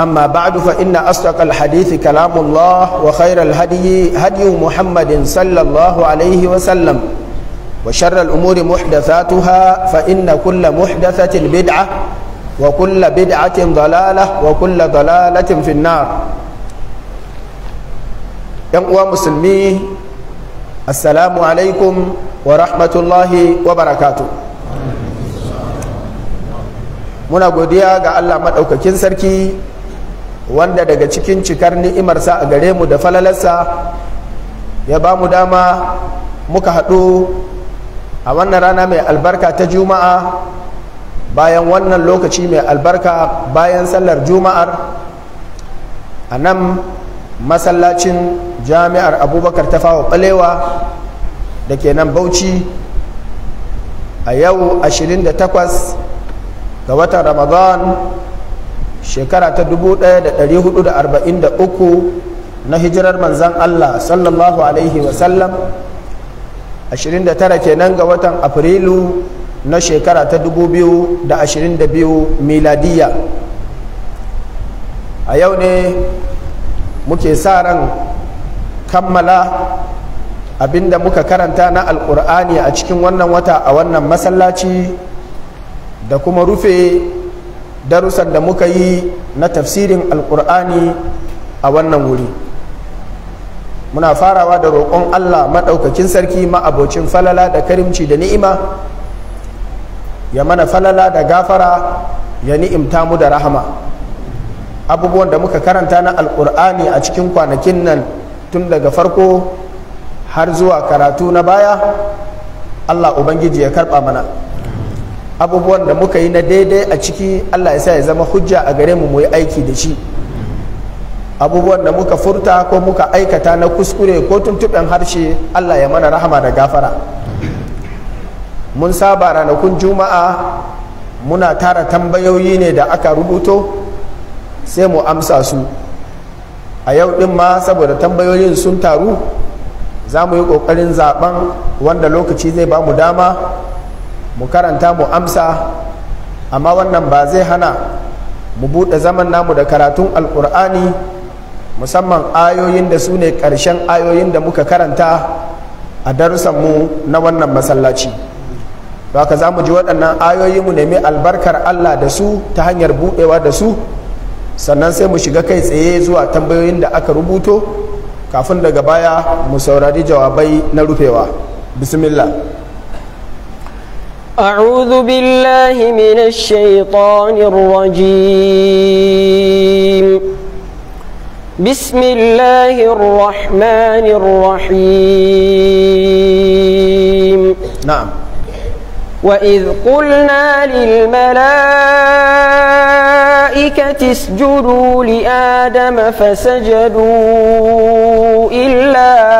أما بعد فإن أصدق الحديث كلام الله وخير الهدي هدي محمد صلى الله عليه وسلم وشر الأمور محدثاتها فإن كل محدثة بدعة وكل بدعة ضلالة وكل ضلالة في النار يقوى مسلمي السلام عليكم ورحمة الله وبركاته muna godiya ga Allah maɗaukakin sarki wanda daga cikin cikar ni'imarsa a gare mu da falalarsa ya ba mu dama muka haɗu a wannan rana mai albarka ta juma'a bayan wannan lokaci mai albarka bayan sallar juma'ar a nan masallacin jami'ar abubakar ta fawo ɓalewa da ke nan bauchi a yau 28 ga watan ramadan shekara ta 1443 na hijirar manzan Allah sallallahu alaihi wasallam 29 kenan ga watan afrilu na shekara ta 2022 miladiya a yau ne muke sa ran kammala abinda muka karanta na alkur'ani a cikin wannan wata a wannan masallaci da kuma rufe darussan da muka yi na tafsirin alkur'ani a wannan wuri muna farawa da roƙon allah maɗaukakin sarki ma'abocin falala da karimci da ni'ima ya mana falala da gafara ya ni'imta mu da rahama abubuwan da muka karanta na alkur'ani a cikin kwanakin nan tun daga farko har zuwa karatu na baya allah ubangiji ya karɓa mana abubuwan da muka yi na daidai a ciki allah ya sa ya zama hujja a gare mu mu yi aiki da shi abubuwan da muka furta ko muka aikata na kuskure ko tuntuɓen harshe allah ya mana rahama da gafara mun saba ranakun juma'a muna tara tambayoyi ne da aka rubuto sai mu amsa su a yau din ma saboda tambayoyin sun taru za mu yi ƙoƙarin zaɓen wanda lokaci zai ba mu dama mu karanta mu amsa amma wannan ba zai hana mu buɗe zaman namu da karatun alkur'ani musamman ayoyin da su ne ƙarshen ayoyin da muka karanta a darussan mu na wannan masallaci ba ka za mu ji waɗannan ayoyi mu nemi albarkar allah da su ta hanyar buɗewa da su sannan sai mu shiga kai tsaye zuwa tambayoyin da aka rubuto kafin daga baya mu saurari jawabai na rufewa bismillah أعوذ بالله من الشيطان الرجيم بسم الله الرحمن الرحيم نعم وإذ قلنا للملائكة اسجدوا لآدم فسجدوا إلا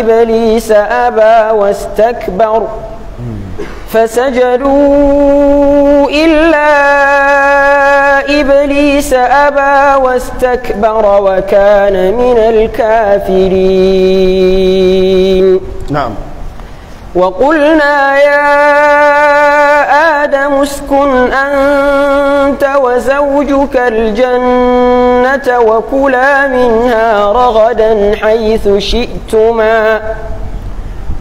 إبليس أبى واستكبر فسجدوا إلا إبليس أبى واستكبر وكان من الكافرين نعم وقلنا يا آدم اسكن أنت وزوجك الجنة وكلا منها رغدا حيث شئتما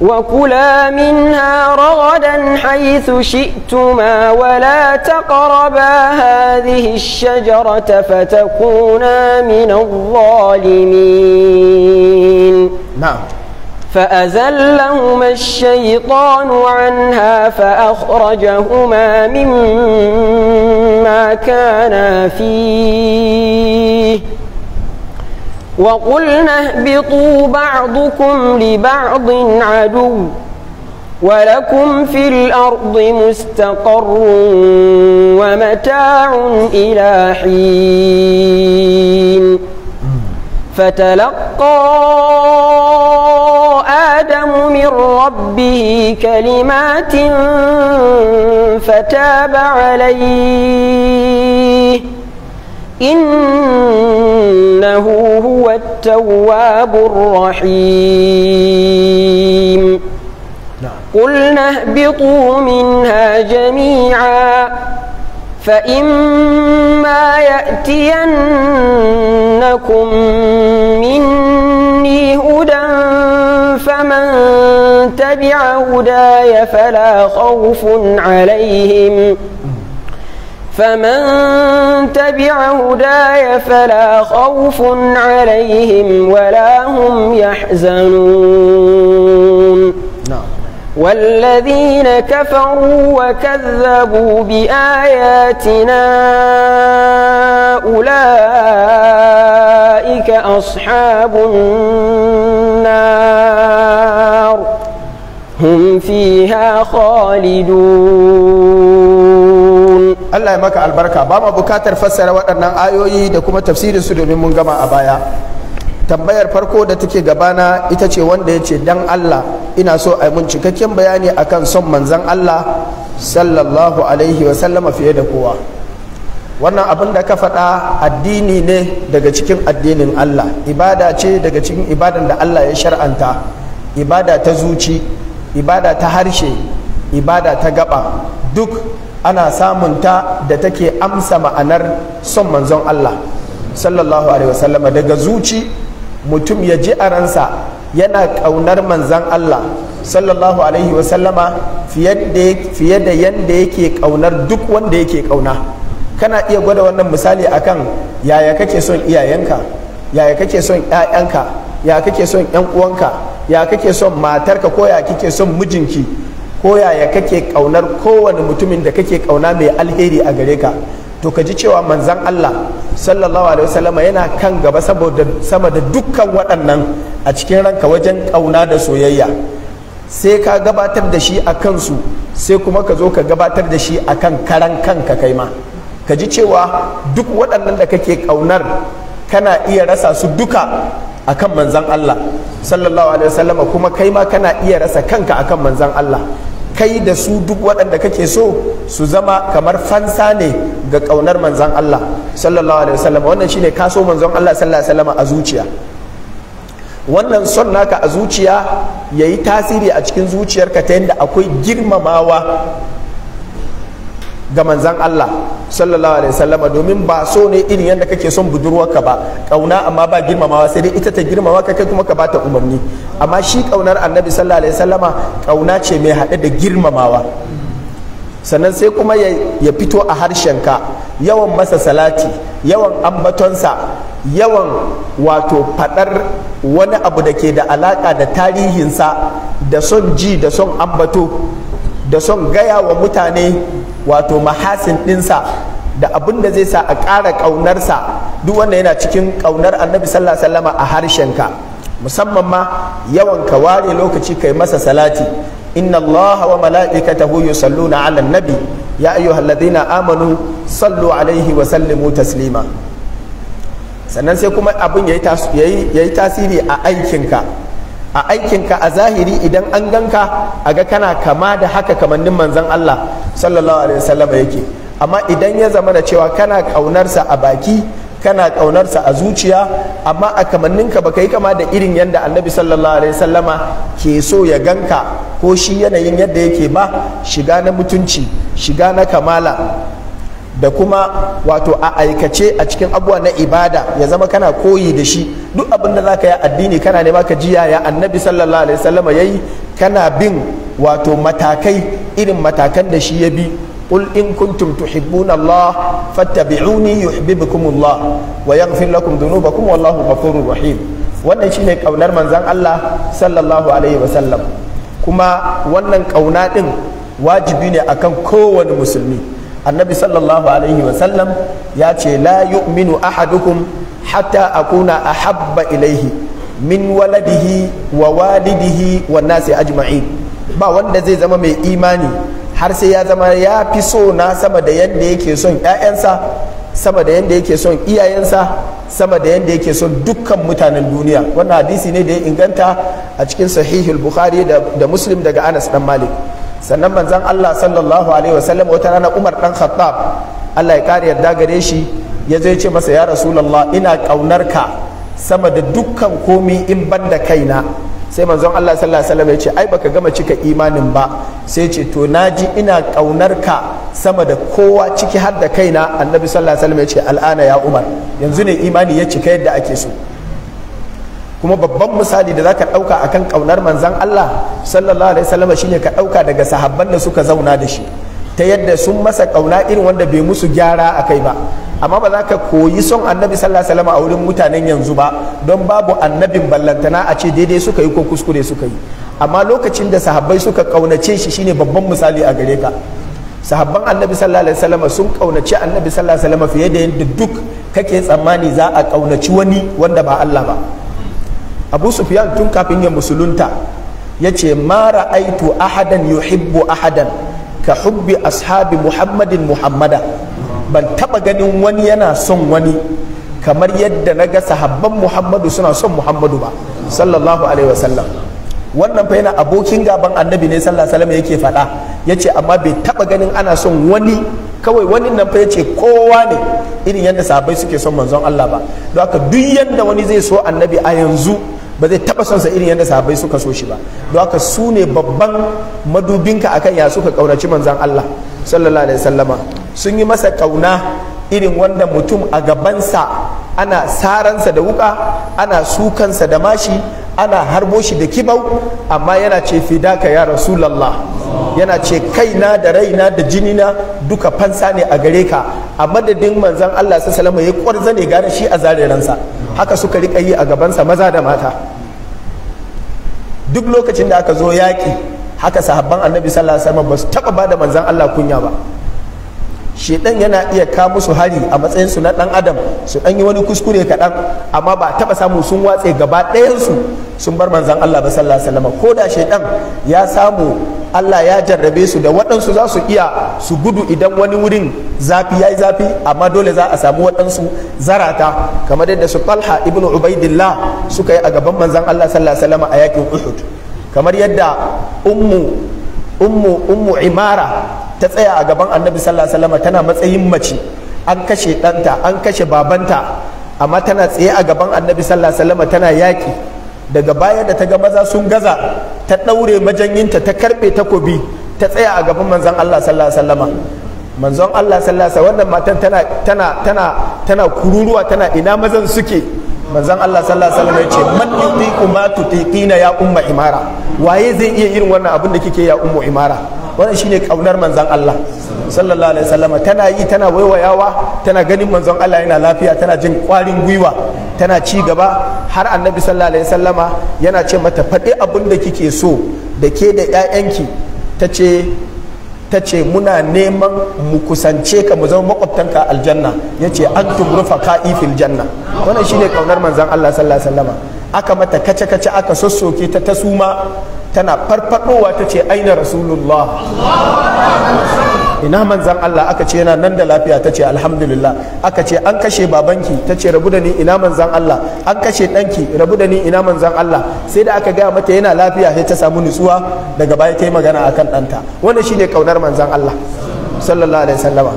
وكلا منها رغدا حيث شئتما ولا تقربا هذه الشجرة فتكونا من الظالمين نعم فأزلهما الشيطان عنها فأخرجهما مما كانا فيه وقلنا اهبطوا بعضكم لبعض عدو ولكم في الأرض مستقر ومتاع إلى حين فتلقى آدم من ربه كلمات فتاب عليه إنه هو التواب الرحيم نعم. قلنا اهبطوا منها جميعا فإما يأتينكم مني هدى فمن تبع هداي فلا خوف عليهم ۖ فمن تبع هداي فلا خوف عليهم ولا هم يحزنون نعم. والذين كفروا وكذبوا بآياتنا أولئك أصحاب النار هم فيها خالدون Allah ya maka albarka ba ma bukatar fassara waɗannan ayoyi da kuma tafsirin su domin mun gama a baya tambayar farko da take gabana ita ce wanda ya ce dan Allah ina so a mun cikakken bayani akan son manzan Allah sallallahu alaihi wa sallama fiye da kowa wannan abin da ka faɗa addini ne daga cikin addinin Allah ibada ce daga cikin ibadan da Allah ya shar'anta ibada ta zuci ibada ta harshe ibada ta gaba duk ana samun ta da take amsa ma'anar son manzon Allah sallallahu alaihi wasallama daga zuci mutum ya ji a ransa yana ƙaunar manzon Allah sallallahu alaihi wasallama fiye da yadda yake ƙaunar duk wanda yake ƙauna kana iya gwada wannan misali akan yaya kake son iyayenka yaya kake son 'ya'yanka ya kake son 'yan uwanka ya kake son matarka ko ya kake son mijinki ko yaya kake kaunar kowane mutumin da kake kauna mai alheri a gare ka to ka ji cewa manzan Allah sallallahu alaihi wasallama yana kan gaba saboda sama da dukkan waɗannan a cikin ranka wajen kauna da soyayya sai ka gabatar da shi a kansu sai kuma ka zo ka gabatar da shi a kan karan kanka kai ma ka ji cewa duk waɗannan da kake kaunar kana iya rasa su duka akan manzan Allah sallallahu alaihi wasallama kuma kai ma kana iya rasa kanka akan manzan Allah kai da su duk waɗanda kake so su zama kamar fansa ne ga ƙaunar manzon Allah sallallahu alaihi wasallam wannan shine kaso manzon Allah sallallahu alaihi wasallam a zuciya wannan son naka a zuciya yayi tasiri a cikin zuciyarka ta yadda akwai girmamawa ga manzan Allah sallallahu alaihi wasallama domin ba so ne irin yadda kake son budurwarka ba kauna amma ba girmamawa sai dai ita ta girmama ka kai kuma ka bata umarni amma shi kaunar annabi sallallahu alaihi wasallama kauna ce mai haɗe da girmamawa sannan sai kuma ya fito a harshen ka yawan masa salati yawan ambatonsa yawan wato fadar wani abu da ke da alaka da tarihinsa da son ji da son ambato da son gaya wa mutane wato mahasin ɗinsa da abin da zai sa a ƙara ƙaunarsa duk wanda yana cikin ƙaunar annabi sallallahu alaihi wasallama a harshenka musamman ma yawan ka ware lokaci kai masa salati inna Allah wa mala'ikatahu yusalluna 'alan nabi ya ayyuhalladhina amanu sallu alaihi wa sallimu taslima sannan sai kuma abin yayi tasiri a aikinka a aikinka a zahiri idan an ganka a ga kana kama da haka kamannin manzan Allah sallallahu alaihi wasallam yake amma idan ya zama da cewa kana kaunarsa a baki kana kaunarsa a zuciya amma a kamanninka baka yi kama da irin yadda annabi sallallahu alaihi wasallama ke so ya ganka ko shi yanayin yadda yake ba shiga na mutunci shiga na kamala da kuma wato a aikace a cikin abuwa na ibada ya zama kana koyi da shi duk abin da za yi addini kana nema ka jiya ya annabi sallallahu alaihi wasallama ya kana bin wato matakai irin matakan da shi ya bi قل إن كنتم تحبون الله فاتبعوني يحببكم الله ويغفر لكم ذنوبكم والله غفور رحيم wannan shine kaunar manzon Allah sallallahu alaihi wasallam kuma wannan kauna din wajibi ne akan kowane musulmi annabi sallallahu alaihi wasallam ya ce la yu'minu ahadukum hatta akuna ahabba ilaihi min waladihi wa walidihi wa nasi ajma'in ba wanda zai zama mai imani har sai ya zama ya fi so na sama da yadda yake son 'ya'yansa sama da yadda yake son iyayensa sama da yadda yake son dukkan mutanen duniya wannan hadisi ne da ya inganta a cikin sahihul bukhari da muslim daga anas dan malik sannan manzan Allah sallallahu alaihi wasallam wata rana Umar dan Khattab Allah ya kare yarda gare shi ya zo ce masa ya Rasulullah ina kaunar ka sama da dukkan komi in ban da kaina sai manzon Allah sallallahu alaihi wasallam ya ce ai baka gama cika imanin ba sai ce to naji ina kaunar ka sama da kowa ciki har da kaina annabi sallallahu alaihi wasallam ya ce al'ana ya Umar yanzu ne imani ya cika yadda ake so kuma babban misali da za zaka ɗauka akan ƙaunar manzan Allah sallallahu alaihi wasallam shine ka ɗauka daga sahabban da suka zauna da shi ta yadda sun masa ƙauna irin wanda bai musu gyara a kai ba amma ba za ka koyi son annabi sallallahu alaihi wasallam a wurin mutanen yanzu ba don babu annabin ballantana a ce daidai suka yi ko kuskure suka yi amma lokacin da sahabbai suka ƙaunace shi shine babban misali a gare ka sahabban annabi sallallahu alaihi wasallam sun ƙaunace annabi sallallahu alaihi wasallam fiye da yadda duk kake tsammani za a ƙaunaci wani wanda ba Allah ba abu sufyan tun kafin ya musulunta ya ce mara aitu ahadan yuhibbu ahadan ka hubbi ashabi muhammadin muhammada ban taba ganin wani yana son wani kamar yadda na ga sahabban muhammadu suna son muhammadu ba sallallahu alaihi wasallam wannan fa yana abokin gaban annabi ne sallallahu alaihi yake faɗa ce amma bai taba ganin ana son wani kawai wani nan fa ya ce kowa ne irin yadda sahabbai suke son manzon Allah ba don haka duk yadda wani zai so annabi a yanzu ba zai taba son sa irin yadda sahabbai suka so shi ba don haka su ne babban madubinka akan ya suka kaunaci manzan Allah sallallahu alaihi sallama. sun yi masa ƙauna irin wanda mutum a gabansa ana saransa da wuka ana sukansa da mashi ana harbo shi da kibau amma yana ce fidaka ya rasulallah yana ce 'Kai na da raina da jini na duka fansa ne a gare ka a madadin manzan allah sallallahu ya kwarza ne gane shi a zare ransa haka suka riƙa yi a gabansa maza da mata duk lokacin da aka zo yaƙi haka sahabban annabi sallallahu alaihi wasallam ba su taɓa ba da manzan Allah kunya ba shedan yana iya ka musu hari a matsayin su na dan adam su dan yi wani kuskure kaɗan amma ba taba samu sun watse gaba ɗayansu sun bar manzan Allah ba sallallahu alaihi wasallam ko da shedan ya samu Allah ya jarrabe su da waɗansu za su iya su gudu idan wani wurin zafi yayi zafi amma dole za a samu waɗansu zarata kamar yadda su falha ibnu Ubaidillah suka yi a gaban manzan Allah sallallahu alaihi wasallam a yakin Uhud kamar yadda ummu ummu ummu imara ta tsaya a gaban annabi sallallahu alaihi tana matsayin mace an kashe ɗanta an kashe babanta amma tana tsaye a gaban annabi sallallahu alaihi tana yaki daga baya da ta ga maza sun gaza ta ɗaure majanyinta ta karɓe takobi ta tsaya a gaban manzon Allah sallallahu alaihi wasallam manzon Allah sallallahu alaihi wannan matan tana tana tana tana kururuwa tana ina mazan suke manzon Allah sallallahu alaihi wasallam ya ce man yutiqu ma tutiqina ya umma imara waye zai iya irin wannan abin da kike ya ummu imara wannan shine kaunar manzon Allah sallallahu alaihi wasallam tana yi tana waiwayawa tana ganin manzon Allah yana lafiya tana jin kwarin gwiwa tana ci gaba har annabi sallallahu alaihi wasallam yana ce mata faɗi abin da kike so da ke da 'ya'yanki ta ce ta ce muna neman mu kusance ka mu zama makwabtanka aljanna ya ce an tumrufa ka'ifil janna wannan shine kaunar manzan Allah sallallahu alaihi wasallama aka mata kace kace aka sossoke ta ta suma tana farfadowa ta ce aina rasulullah ina manzan Allah aka ce yana nan da lafiya ta ce alhamdulillah aka ce an kashe babanki ta ce rabu da ni ina manzan Allah an kashe ɗanki rabu da ni ina manzan Allah sai da aka gaya mata yana lafiya sai ta samu nutsuwa daga baya ta yi magana akan ɗanta wanda shine kaunar manzan Allah sallallahu alaihi wasallama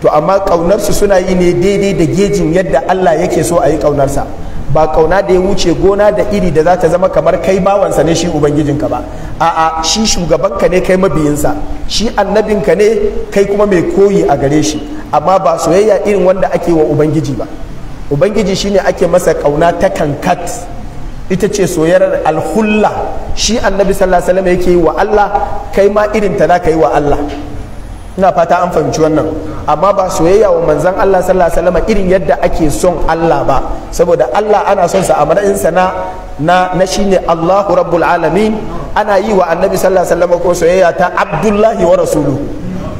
to amma ƙaunarsu suna yi ne daidai da gejin yadda Allah yake so a yi ƙaunarsa ba kauna da ya wuce gona da iri da za ta zama kamar kai bawansa ne shi ubangijinka ba a'a shi shugabanka ne kai mabiyinsa shi annabinka ne kai kuma mai koyi a gare shi amma ba soyayya irin wanda ake wa ubangiji ba ubangiji shine ake masa kauna ta kankat ita ce soyayyar alhulla shi annabi sallallahu alaihi wasallam yake yi wa Allah kai ma irin ta za ka yi wa Allah ina fata an fahimci wannan amma ba soyayya wa manzan Allah sallallahu alaihi wasallam irin yadda ake son Allah ba saboda Allah ana son sa a matsayin na na shine Allahu rabbul alamin ana yi wa annabi sallallahu alaihi wasallam ko soyayya ta Abdullahi wa rasulu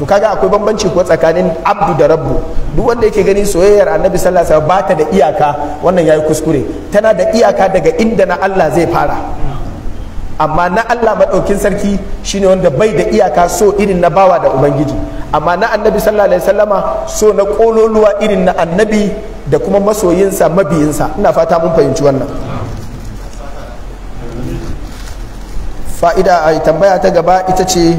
to kaga akwai bambanci ko tsakanin abdu da rabbu duk wanda yake gani soyayyar annabi sallallahu alaihi wasallam bata da iyaka wannan yayi kuskure tana da iyaka daga inda na Allah zai fara amma na Allah maɗaukin sarki shine wanda bai da iyaka so irin na bawa da ubangiji amma na annabi sallallahu alaihi wasallama so na ƙololuwa irin na annabi da kuma masoyinsa mabiyinsa ina fata mun fahimci wannan fa'ida a tambaya ta gaba ita ce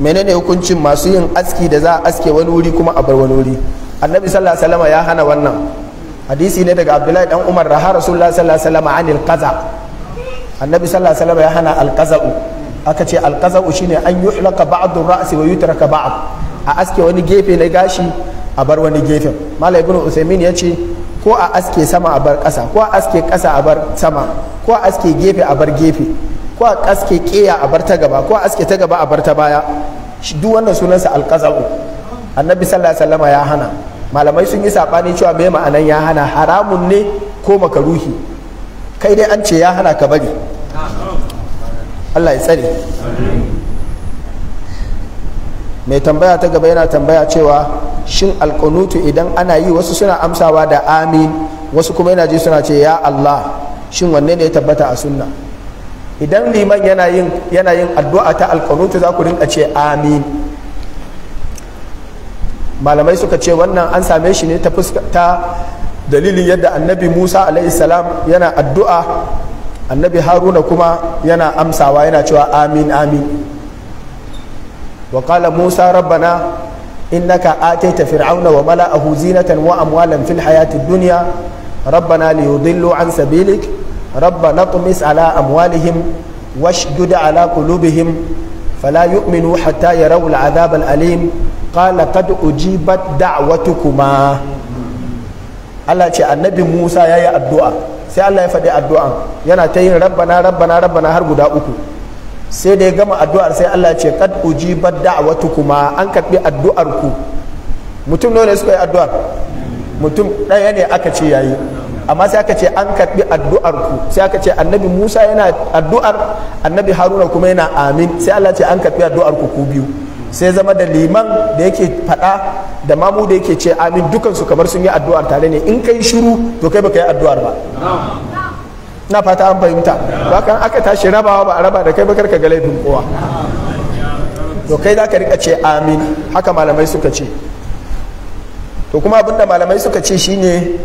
menene hukuncin masu yin aski da za a aske wani wuri kuma a bar wani wuri annabi sallallahu alaihi wasallama ya hana wannan hadisi ne daga abdullahi dan umar raha rasulullah sallallahu alaihi wasallam anil qaza annabi sallallahu alaihi wasallam ya hana qaza aka ce qaza shine an yuhlaka ba'd ar-ra's wa yutraka ba'd a aske wani gefe na gashi a bar wani gefe malam ibnu usaymin ya ce ko a aske sama a bar ƙasa ko a aske ƙasa a bar sama ko a aske gefe a bar gefe ko a aske ƙeya a bar ta gaba ko a aske ta gaba a bar ta baya duk wannan sunansa qaza annabi sallallahu alaihi wasallam ya hana malamai sun yi saɓani cewa mai ma'anan ya hana haramun ne ko makaruhi kai dai an ce ya hana ka bari Allah ya tsare mai tambaya ta gaba yana tambaya cewa shin alƙunutu idan ana yi wasu suna amsawa da amin wasu kuma yana ji suna ce ya Allah shin wanne ne ya tabbata a sunna idan liman yana yin addu'a ta alƙunutu za ku rinka ce amin malamai suka ce wannan an same shi ne ta fuska dalilin yadda annabi musa salam yana addu'a annabi haruna kuma yana amsawa yana cewa amin amin wa qala musa rabbana innaka ataita fir'auna wa mala'ahu zinatan wa amwalan fil hayati dunya rabbana liyudillu an sabilik rabbana tumis ala amwalihim washdud ala qulubihim fala yu'minu hatta yarawu azabal alim qala qad ujibat da'watukuma Allah ce annabi Musa yayi addu'a sai Allah ya faɗi addu'an yana ta yin rabbana rabbana rabbana har guda uku sai da ya gama addu'ar sai Allah ce qad ujibat da'watukuma an karbi addu'ar ku mutum nawa ne suka yi addu'ar mutum ɗaya ne aka ce yayi amma sai aka ce an karbi addu'ar ku sai aka ce annabi Musa yana addu'ar annabi Haruna kuma yana amin sai Allah ce an karbi addu'ar ku ku biyu sai zama da liman da yake faɗa da mamu da yake ce amin dukansu kamar sun yi addu'ar tare ne in kai shiru to kai baka yi addu'ar ba na fata an fahimta ba kan aka tashi rabawa ba a raba da kai bakar ka ga laifin kowa to kai za ka rika ce amin haka malamai suka ce to kuma abinda malamai suka ce shine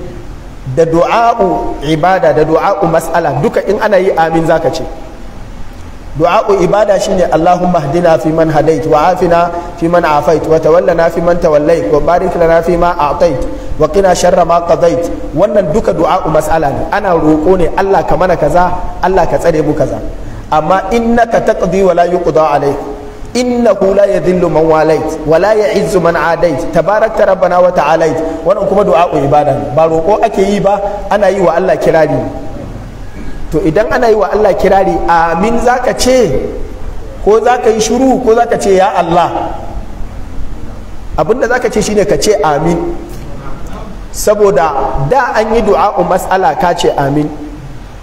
da du'a'u ibada da du'a'u mas'ala duka in ana yi amin za ka ce du'a'u ibada shine Allahumma hdina fi man hadait wa afina fi man afait wa tawallana fi man tawallait wa barik lana fi ma a'tait wa qina sharra ma qadait wannan duka du'a'u mas'ala ne ana roko ne Allah ka mana kaza Allah ka tsare mu kaza amma innaka taqdi wa la yuqda alayk innahu la yadhillu man walait wa la ya'izzu man adait tabarakta rabbana wa ta'alait wannan kuma du'a'u ibada ba roko ake yi ba ana yi wa Allah kirari to idan ana yi wa Allah kirari amin za ka ce ko za ka yi shuru ko za ka ce ya Allah abinda za ka ce shine ka ce amin saboda da an yi du'a'u matsala ka ce amin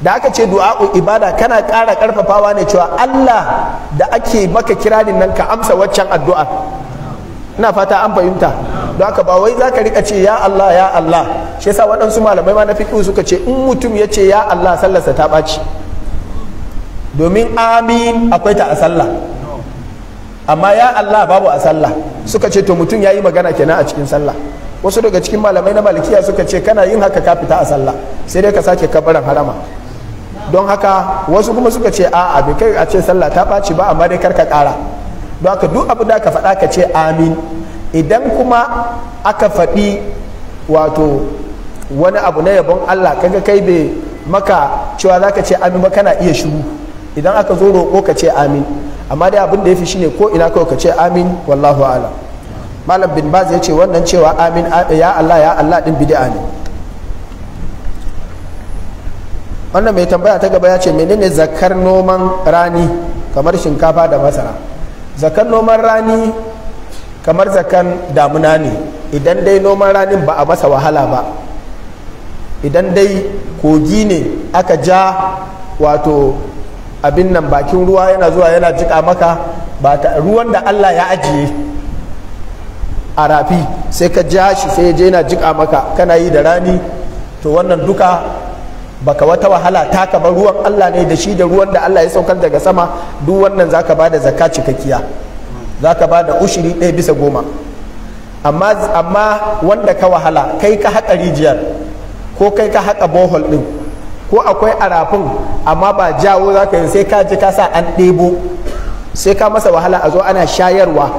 da aka ce du'a'u ibada kana ƙara ƙarfafawa ne cewa Allah da ake maka kirarin nan ka amsa waccan addu'a ina fata an fahimta don haka ba wai zaka rika ce ya Allah ya Allah shi yasa waɗansu malamai ma na fiƙi suka ce in mutum ya ce ya Allah sallarsa ta ɓaci domin amin akwai ta a sallah amma ya Allah babu a sallah suka ce to mutum ya yi magana kenan a cikin sallah wasu daga cikin malamai na malikiya suka ce kana yin haka ka fita a sallah sai dai ka sake kabarin harama don haka wasu kuma suka ce a'a bai kai a ce sallah ta ɓaci ba amma dai kar ka ƙara don ka duk abin da aka faɗa ka ce amin idan kuma aka faɗi wato wani abu na yabon Allah kaga kai bai maka cewa za ka ce amin ba kana iya shiru idan aka zo roƙo ka ce amin amma dai abin da ya fi shine ko ina kawai ka ce amin wallahu ala malam bin baz ya ce wannan cewa amin ya Allah ya Allah din bid'a ne wannan mai tambaya ta gaba ya ce menene zakar noman rani kamar shinkafa da masara zakan noman rani kamar zakan damuna ne idan dai noman ranin ba a masa wahala ba idan dai kogi ne aka ja wato abin nan bakin ruwa yana zuwa yana jika maka ba ta ruwan da Allah ya ajiye a rafi sai ka ja shi sai je yana jika maka kana yi da rani to wannan duka baka wata wahala taka ba ruwan Allah ne da shi da ruwan da Allah ya saukar daga sama duk wannan zaka bada zakka cikakkiya zaka bada ushiri ɗaya bisa goma amma amma wanda ka wahala kai ka haƙa rijiyar ko kai ka haƙa bohol ɗin ko akwai arafin amma ba jawo zaka yi sai ka ji ka an ɗebo sai ka masa wahala a zo ana shayarwa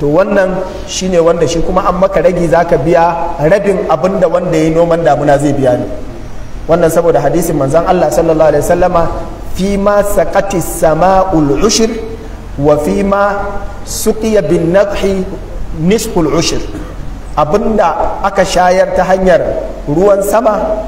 to wannan shine wanda shi kuma an maka ragi zaka biya rabin abinda wanda ya yi noman damuna zai biya ne wannan saboda hadisin manzan Allah sallallahu alaihi wasallama fi ma saqati sama'ul ushir wa fi ma suqiya bin nadhi nisful ushir abinda aka shayar ta hanyar ruwan sama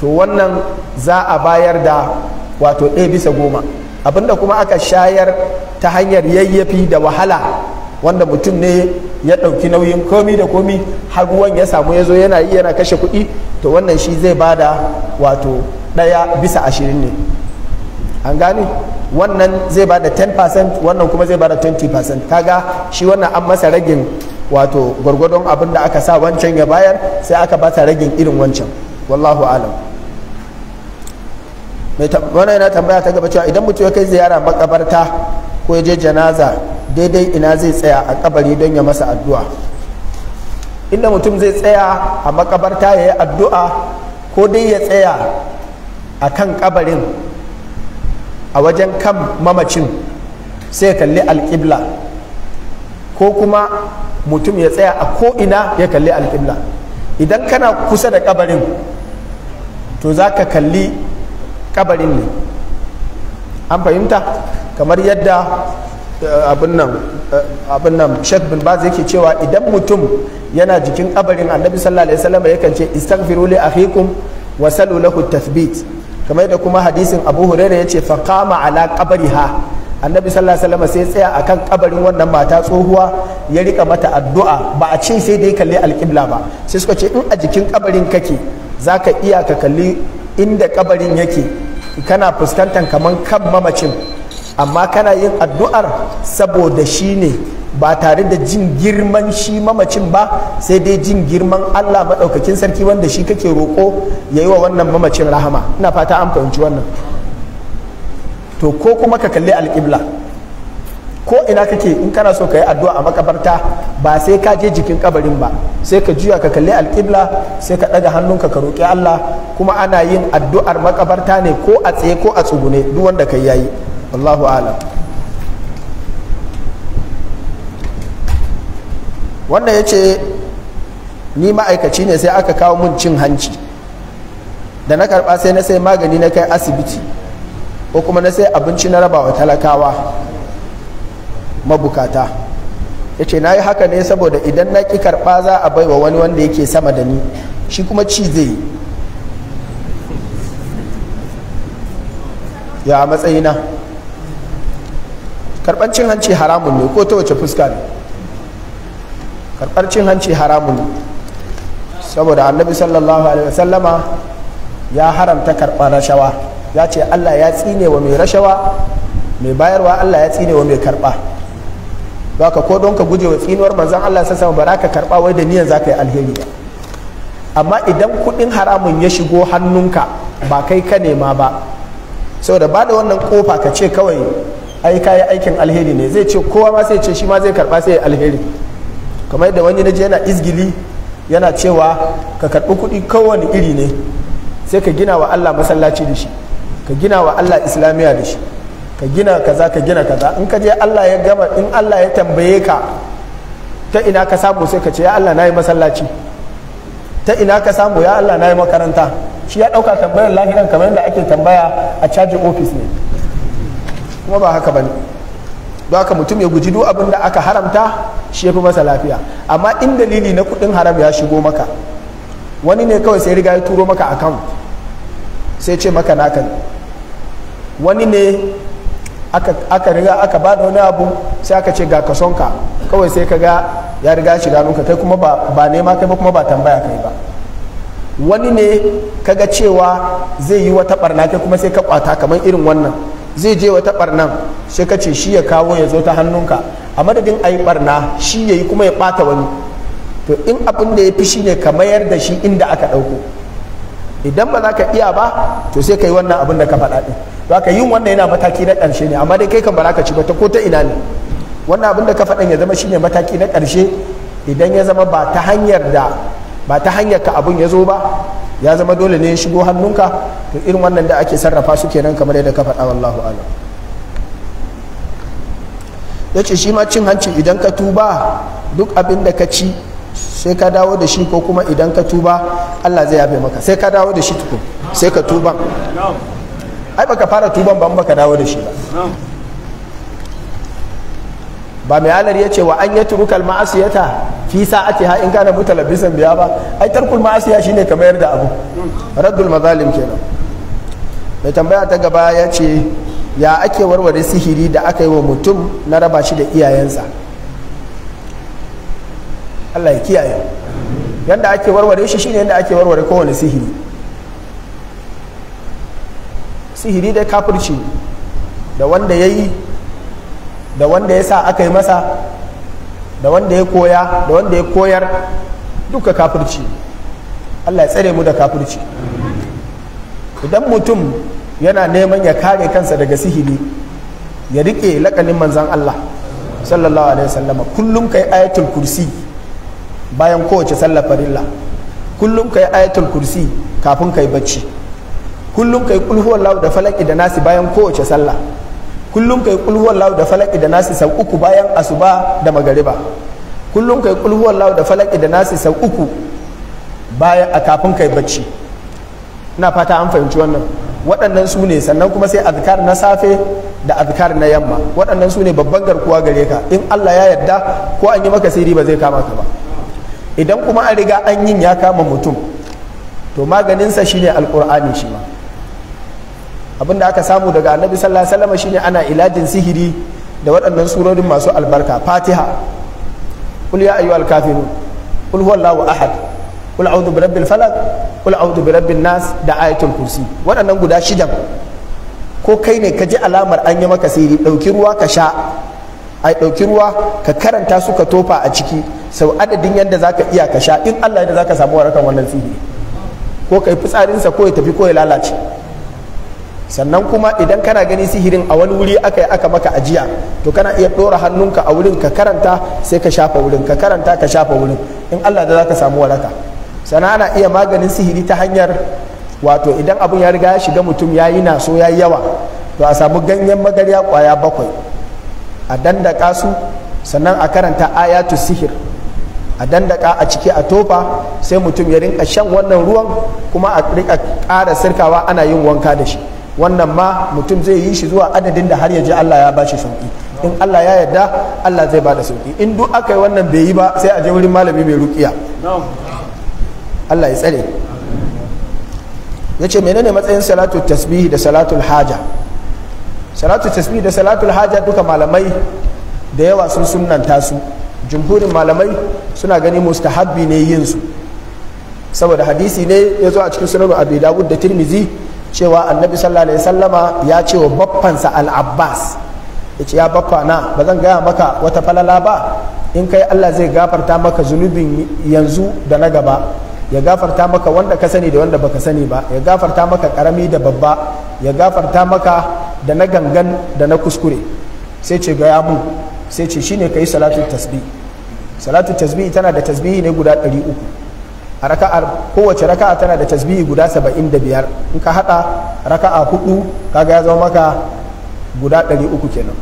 to wannan za a bayar da wato ɗaya bisa goma abinda kuma aka shayar ta hanyar yayyafi da wahala wanda mutum ne ya ɗauki nauyin komi da komi har ruwan ya samu ya zo yana yi yana kashe kuɗi to wannan shi zai ba da wato ɗaya bisa ashirin ne an gane wannan zai ba da 10% wannan kuma zai ba da 20% kaga shi wannan an masa ragin wato gwargwadon abin da aka sa wancan ya bayar sai aka ba ta ragin irin wancan wallahu alam mai yana tambaya ta gaba cewa idan mutum ya kai ziyara makabarta ko ya je janaza daidai ina zai tsaya a kabari don ya masa addu'a inda mutum zai tsaya a makabarta ya yi addu'a ko dai ya tsaya a kan kabarin a wajen kan mamacin sai ya kalli alƙibla ko kuma mutum ya tsaya a ko'ina ya kalli alƙibla idan kana kusa da kabarin to za ka kalli kabarin ne an fahimta kamar yadda Eh, abin nan eh, shek bin baz yake cewa idan mutum yana jikin ƙabarin annabi sallallahu alaihi wasallam yakan ce istaghfiru li akhikum wa salu lahu tathbit kamar da kuma hadisin abu huraira ya ce faqama ala qabriha annabi sallallahu alaihi wasallam sai tsaya akan kabarin wannan mata tsohuwa ya rika mata addu'a ba a ce sai dai kalli alqibla ba sai suka ce in a jikin kabarin kake zaka iya ka kalli inda kabarin yake kana fuskantar kaman kan mamacin amma kana yin addu'ar saboda shi ne ba tare da jin girman shi mamacin ba sai dai jin girman Allah maɗaukakin sarki wanda shi kake roƙo ya yi wa wannan mamacin rahama ina fata an fahimci wannan to ko kuma ka kalli alƙibla ko ina kake in kana so ka yi addu'a a makabarta ba sai ka je jikin kabarin ba sai ka juya ka kalli alƙibla sai ka ɗaga hannunka ka roƙi Allah kuma ana yin addu'ar makabarta ne ko a tsaye ko a tsugune duk wanda ka yayi Allahu alam wanda ya ce ni ma'aikaci ne sai aka kawo mun cin hanci da na karba sai na sai magani na kai asibiti ko kuma na sai abinci na rabawa talakawa mabukata ya ce na yi haka ne saboda idan na ƙi karɓa za a baiwa wani wanda yake sama da ni shi kuma ci zai ya matsayina karɓar cin hanci haramun ne ko ta wace fuska ne karɓar cin hanci haramun ne saboda annabi sallallahu alaihi wasallama ya haramta karɓar rashawa ya ce allah ya tsine wa mai rashawa mai bayarwa allah ya tsine wa mai karɓa ka ko don ka guje wa tsinuwar manzan allah sai sama karɓa wai da niyan za ka yi alheri amma idan kuɗin haramun ya shigo hannunka ba kai ka nema ba saboda ba da wannan kofa ka ce kawai ai kayi aikin alheri ne zai ce kowa ma sai ce shi ma zai karba sai ya alheri kamar yadda wani naje yana izgili yana cewa ka karbi kuɗi kowane iri ne sai ka gina wa Allah masallaci da shi ka gina wa Allah islamiya da shi ka gina kaza ka gina kaza in ka je Allah ya gama in Allah ya tambaye ka ta ina ka samu sai ka ce ya Allah nayi masallaci ta ina ka samu ya Allah nayi makaranta shi ya dauka tambayar lahiran kamar yadda ake tambaya a cajin ofis ne kuma ba haka bane don haka mutum ya guji duk abin da aka haramta shi ya fi masa lafiya amma in dalili na kudin haram ya shigo maka wani ne kawai sai riga ya turo maka account sai ce maka naka ne wani ne aka riga aka ba da wani abu sai aka ce ga kasonka kawai sai ka ga ya riga shiga nuka kai kuma ba nema kai ba kuma ba tambaya kai ba wani ne kaga cewa zai yi wata barna kai kuma sai ka kwata kamar irin wannan zai je wata barnan sai ka ce shi ya kawo ya zo ta hannunka a madadin a yi barna shi ya yi kuma ya ɓata wani to in abin da ya fi shi ne ka mayar da shi inda aka ɗauko idan ba za ka iya ba to sai ka yi wannan abin da ka faɗa ɗin ba ka yin wannan yana mataki na ƙarshe ne amma dai kai kan ba za ka ci ba ta ko ta ina ne wannan abin da ka faɗan ya zama shi ne mataki na ƙarshe idan ya zama ba ta hanyar da ba ta hanyar ka abin ya zo ba ya zama dole ne ya shigo hannunka to irin wannan da ake sarrafa su kenan kamar yadda ka faɗa wallahu alam ya ce shi ma cin hanci idan ka tuba duk abin da ka ci sai ka dawo da shi ko kuma idan ka tuba Allah zai yafe maka sai ka dawo da shi tukun sai ka tuba ai baka fara tuban ban baka dawo da shi ba ba mai alar ya ce wa an ya turukal ma'asiyata fi sa'ati ha in kana mutalabbisan biya ba ai tarkul ma'asiya shine ka mayar da abu raddul mazalim kenan mai tambaya ta gaba ya ce ya ake warware sihiri da aka yi wa mutum na raba shi da iyayensa Allah ya kiyaye yadda ake warware shi shine yadda ake warware kowane sihiri sihiri dai kafirci da wanda ya yi da wanda ya sa aka yi masa da wanda ya koya da wanda ya koyar duka kafirci Allah ya tsare mu da kafirci idan mutum yana neman ya kare kansa daga sihiri ya rike lakalin manzan Allah sallallahu alaihi wasallama kullum kai ayatul kursi bayan kowace sallar farilla kullum kai ayatul kursi kafin kai bacci kullum kai kulhuwallahu da falaki da nasi bayan kowace sallah kullum kai kulhuwar lau da falaki da nasi sau uku bayan asuba da magariba kullum kai kulhuwar lau da falaki da nasi sau uku bayan a kafin kai bacci ina fata an fahimci wannan waɗannan su ne sannan kuma sai azkar na safe da azkar na yamma waɗannan su ne babban garkuwa gare ka in Allah ya yarda ko an yi maka sirri ba zai kama ka ba idan kuma an riga an yin ya kama mutum to maganinsa shine alkur'ani shi ma Abin da aka samu daga annabi sallallahu alaihi wasallam shine ana ilajin sihiri da waɗannan surorin masu albarka fatiha qul ya ayyuhal kafirun qul huwallahu ahad qul a'udhu birabbil falaq qul a'udhu birabbin nas da ayatul kursi waɗannan guda shida ko kai ne ka ji alamar an yi maka sihiri ɗauki ruwa ka sha ai ɗauki ruwa ka karanta su ka tofa a ciki sau adadin yadda za ka iya ka sha in allah yadda za ka samu warakan wannan sihiri ko ka yi fitsarinsa ko ya tafi ko ya lalace sannan kuma idan kana gani sihirin a wani wuri aka yi aka maka ajiya to kana iya ɗora hannunka a wurin ka karanta sai ka shafa wurin ka karanta ka shafa wurin in allah da za ka samu waraka sana ana iya maganin sihiri ta hanyar wato idan abin ya riga ya shiga mutum ya yi naso ya yi yawa to a samu ganyen magarya kwaya bakwai a dandaka su sannan a karanta ayatu sihir a dandaka a ciki a tofa sai mutum ya rinka shan wannan ruwan kuma a rika ƙara sirkawa ana yin wanka da shi wannan ma mutum zai yi shi zuwa adadin da har ya ji Allah ya bashi sauki in Allah ya yarda Allah zai bada sauki in duk aka yi wannan bai yi ba sai a je wurin malami mai ruƙiya. Allah ya tsare yace menene matsayin salatu tasbih da Salatu haja salatu tasbih da Salatu haja duka malamai da yawa sun sunnanta su jumhurin malamai suna gani mustahabbi ne yin su saboda hadisi ne ya zo a cikin sunan abi dawud da tirmizi cewa annabi sallallahu alaihi sallama ya ce wa baffansa al-abbas ya ce ya baffa na ba zan gaya maka wata falala ba in kai allah zai gafarta maka zunubin yanzu da na gaba ya gafarta maka wanda ka sani da wanda baka sani ba ya gafarta maka karami da babba ya gafarta maka da na gangan da na kuskure sai ce gaya mu sai ce shine kai salatu tasbih salatu tasbih tana da tasbihi ne guda 300 raka'ar kowace raka'a tana da tasbihi guda saba'in da biyar in ka haɗa raka'a hudu kaga ya zama maka guda ɗari uku kenan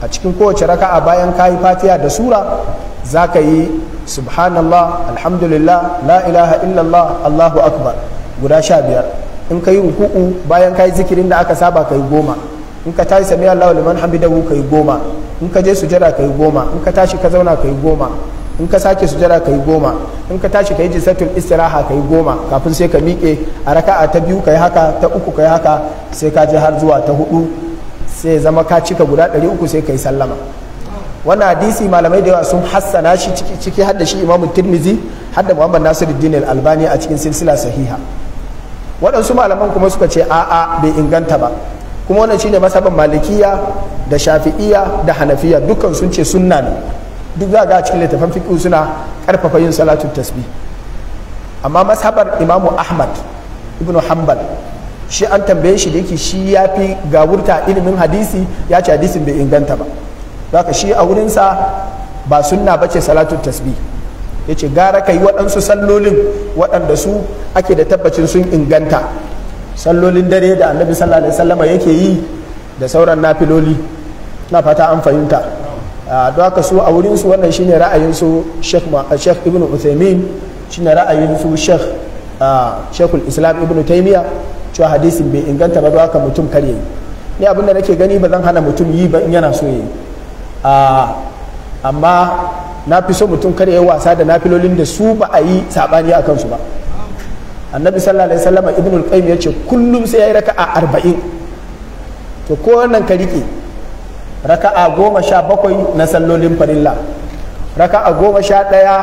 a cikin kowace raka'a bayan ka yi fatiha da sura za ka yi subhanallah alhamdulillah la ilaha illallah allahu akbar guda sha biyar in ka yi ruku'u bayan ka yi zikirin da aka saba ka yi goma in ka tashi sami allahu liman hamidahu ka yi goma in ka je sujada ka yi goma in ka tashi ka zauna ka yi goma in ka sake sujada ka yi goma in ka tashi ka yi jisatul istiraha ka yi goma kafin sai ka miƙe a raka'a ta biyu ka yi haka ta uku ka yi haka sai ka je har zuwa ta hudu sai zama ka cika guda ɗari uku sai ka yi sallama wannan hadisi malamai da yawa sun hassana shi ciki har da shi imamu tirmizi har da Nasiru nasiruddin albani a cikin silsila sahiha waɗansu malaman kuma suka ce a'a bai inganta ba kuma wannan shine masaban malikiya da shafi'iya da hanafiya dukkan sun ce sunna ne duk za a cikin littafin fiƙi suna karfafa yin salatu tasbi. amma masabar imamu ahmad ibn hanbal shi an tambaye shi da yake shi ya fi gawurta ilimin hadisi ya ce hadisin bai inganta ba zaka shi a wurinsa ba sunna ba ce salatu tasbi ya ce gara ka yi waɗansu sallolin waɗanda su ake da tabbacin sun inganta sallolin dare da annabi sallallahu alaihi wasallama yake yi da sauran nafiloli na fata an fahimta don haka su a wurinsu wannan shine ra'ayin su Sheikh Ibn Uthaymeen shine ra'ayin su Sheikh Sheikhul Islam Ibn taimiya cewa hadisin bai inganta ba don haka mutum kar ni abin da nake gani ba zan hana mutum yi ba in yana so yayi amma na fi so mutum kar wasa da nafilolin da su ba a yi saɓani a kansu ba annabi sallallahu alaihi wasallam ibn al-qayyim yace kullum sai yayi raka'a 40 to ko wannan ka rike raka'a goma sha bakwai na sallolin farilla raka'a goma sha ɗaya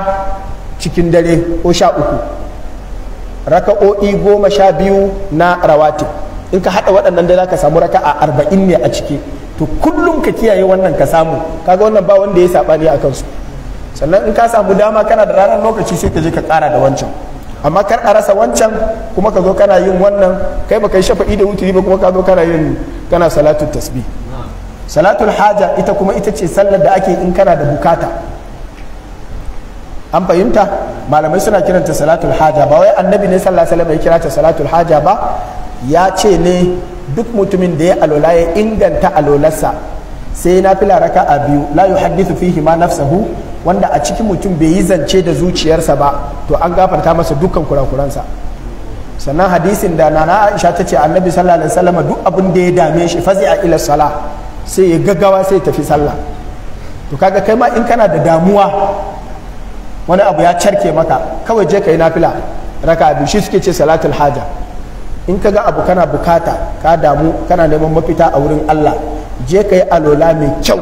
cikin dare ko sha uku raka'o'i goma sha biyu na rawati in ka haɗa waɗannan da za ka samu raka'a arba'in ne a ciki to kullum ka kiyaye wannan ka samu kaga wannan ba wanda ya saɓani a kansu sannan in ka samu dama kana da ranar lokaci sai ka je ka ƙara da wancan amma kar a rasa wancan kuma ka zo kana yin wannan kai ba kai shafa'i da wuturi ba kuma ka zo kana yin kana salatu tasbih salatul haja ita kuma ita ce sallar da ake in kana da bukata an fahimta malamai suna kiranta salatul haja ba wai annabi ne sallallahu alaihi ya kira ta salatul haja ba ya ce ne duk mutumin da ya alola ya inganta alolarsa sai na fila raka a biyu la yuhaddithu fihi ma nafsahu wanda a cikin mutum bai yi zance da zuciyarsa ba to an gafarta masa dukkan kurakuransa sannan hadisin da nana aisha ta ce annabi sallallahu alaihi wasallam duk abin da ya dame shi fazi'a a ila salah sai ya gaggawa sai tafi sallah to kaga kai ma in kana da damuwa wani abu ya carke maka kawai je ka yi nafila raka biyu shi suke ce salatul haja in ka ga abu kana bukata ka damu kana neman mafita a wurin Allah je ka yi alola mai kyau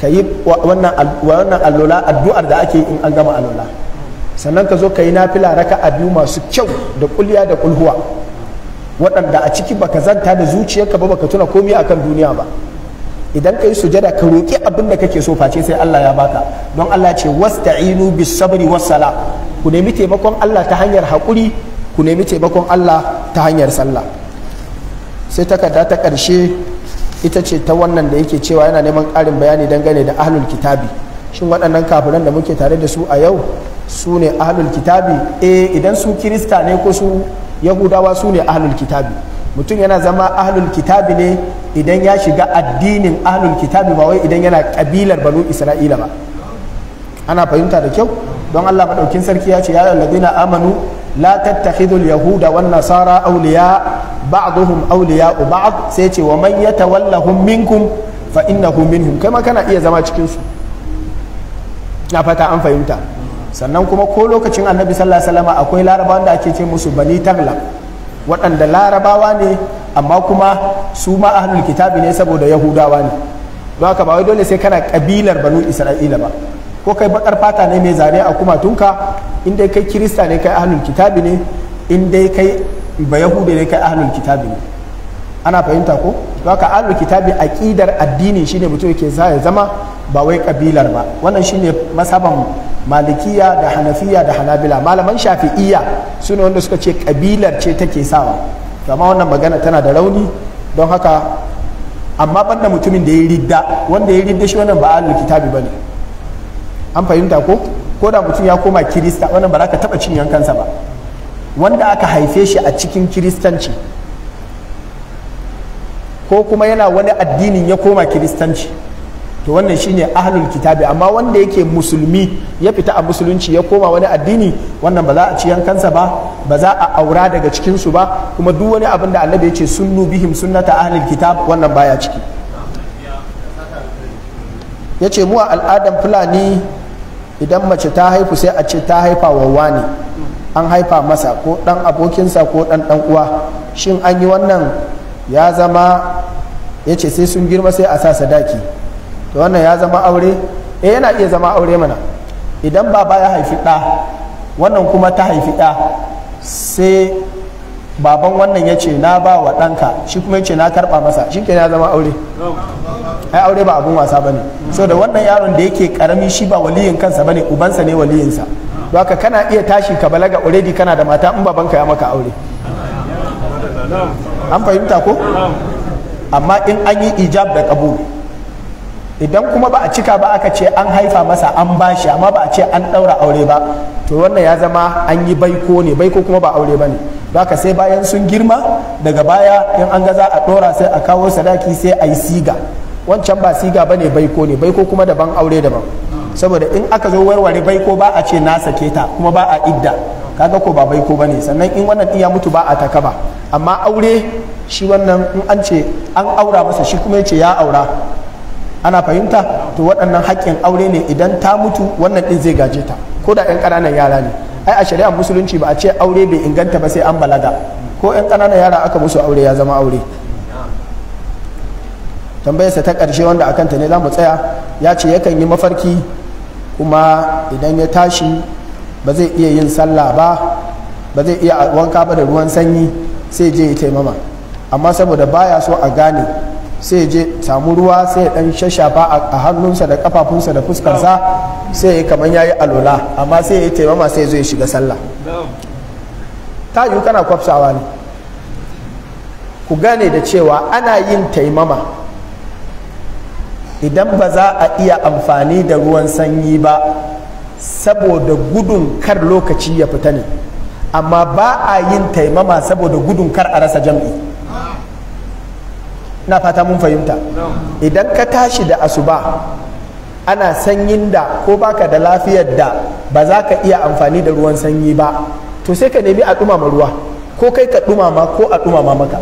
ka yi wannan alola addu'ar da ake in an gama alola sannan ka zo ka yi nafila raka abu biyu masu kyau da kulya da kulhuwa waɗanda a ciki baka zanta da zuciyarka ba baka tuna komi akan duniya ba idan ka yi sujada ka roƙi abin da kake so face sai Allah ya baka don Allah ce wasta'inu bis sabri was sala ku nemi taimakon Allah ta hanyar hakuri ku nemi taimakon Allah ta hanyar sallah sai takarda ta ƙarshe ita ce ta wannan da yake cewa yana neman ƙarin bayani dangane da ahlul kitabi shin waɗannan kafiran da muke tare da su a yau su ne ahlul kitabi eh idan su kirista ne ko su yahudawa su ne ahlul kitabi mutum yana zama ahlul kitabi ne idan ya shiga addinin ahlul kitabi ba wai idan yana kabilar banu isra'ila ba ana fahimta da kyau don allah maɗaukin sarki ya ce ya ladina amanu la tattakhidul yahuda wan nasara awliya ba'dhum awliya ba'd sai ce wa man yatawallahum minkum fa innahu minhum kai ma kana iya zama cikin su na fata an fahimta sannan kuma ko lokacin annabi sallallahu alaihi wasallam akwai larabawa da ake ce musu bani tagla waɗanda larabawa ne amma kuma su ma ahlul kitabi ne saboda yahudawa ne don haka ba wai dole sai kana kabilar banu isra'ila ba ko kai bakar fata ne mai zane a kumatunka in dai kai kirista ne kai ahlul kitabi ne in dai kai ba yahudi ne kai ahlul kitabi ne ana fahimta ko don haka ahlul kitabi aqidar addini shine mutum yake zama ba wai kabilar ba wannan shine masaban malikiya da hanafiya da hanabila malaman shafi'iya su ne wanda suka ce kabilar ce take sawa amma wannan magana tana da rauni don haka amma banda mutumin da ya ridda wanda ya ridda shi wannan ba ahlul kitabi bane an fahimta ko ko da mutum ya koma kirista wannan ba za ka taba cin yankansa ba wanda aka haife shi a cikin kiristanci ko kuma yana wani addinin ya koma kiristanci to wannan shine ahlul kitabi amma wanda yake musulmi ya fita a musulunci ya koma wani addini wannan ba za a ci yankansa ba ba za a aura daga cikin su ba kuma duk wani abin da annabi ya ce sunnu bihim sunnata ahlul kitab wannan baya ciki Yace mu a al'adan fulani idan mace ta haifu sai a ce ta haifa wa wani an haifa masa ko dan abokinsa ko dan dan uwa shin an yi wannan ya zama ya sai sun girma sai a sa sadaki to wannan ya zama aure eh yana iya zama aure mana idan baba ya haifi ɗa wannan kuma ta haifi ɗa sai baban wannan ya ce na ba wa ɗanka shi kuma ya ce na karɓa masa shi ke ya zama aure ai aure ba abin wasa bane so da wannan yaron da yake karami shi ba waliyin kansa bane ubansa ne waliyinsa to haka kana iya tashi ka balaga already kana da mata in babanka ya maka aure an fahimta ko amma in an yi ijab da kabul idan kuma ba a cika ba aka ce an haifa masa an bashi amma ba a ce an ɗaura aure ba to wannan ya zama an yi baiko ne baiko kuma ba aure ba ne haka sai bayan sun girma daga baya in an ga za a ɗora sai a kawo sadaki sai a yi siga wancan ba siga ba ne baiko ne baiko kuma daban aure daban saboda in aka zo warware baiko ba a ce na sake ta kuma ba a idda kaga ko ba baiko ba ne sannan in wannan iya mutu ba a taka ba amma aure shi wannan in an ce an aura masa shi kuma ya ce ya aura ana fahimta to waɗannan haƙƙin aure ne idan ta mutu wannan ɗin zai gaje ta ko da 'yan ƙananan yara ne ai a shari'ar musulunci ba a ce aure bai inganta ba sai an balaga ko 'yan ƙananan yara aka musu aure ya zama aure tambayarsa ta ƙarshe wanda akan ta ne za mu tsaya ya ce yakan yi mafarki kuma idan ya tashi ba zai iya yin sallah ba ba zai iya wanka ba da ruwan sanyi sai je ya taimama amma saboda baya so a gane sai je samu ruwa sai dan shashafa a hannunsa da kafafunsa da fuskarsa sai kamar ya yi alola amma sai ya taimama sai zo ya shiga sallah ta yi kana kwafsawa ne ku gane da cewa ana yin taimama idan ba za a iya amfani da ruwan sanyi ba saboda gudun kar lokaci ya fita ne amma ba a yin taimama saboda gudun kar a rasa jam'i na fata mun fahimta idan ka tashi da asuba ana sanyin da ko baka da lafiyar da ba za ka iya amfani da ruwan sanyi ba to sai ka nemi a dumama ruwa ko kai ka dumama ko a dumama maka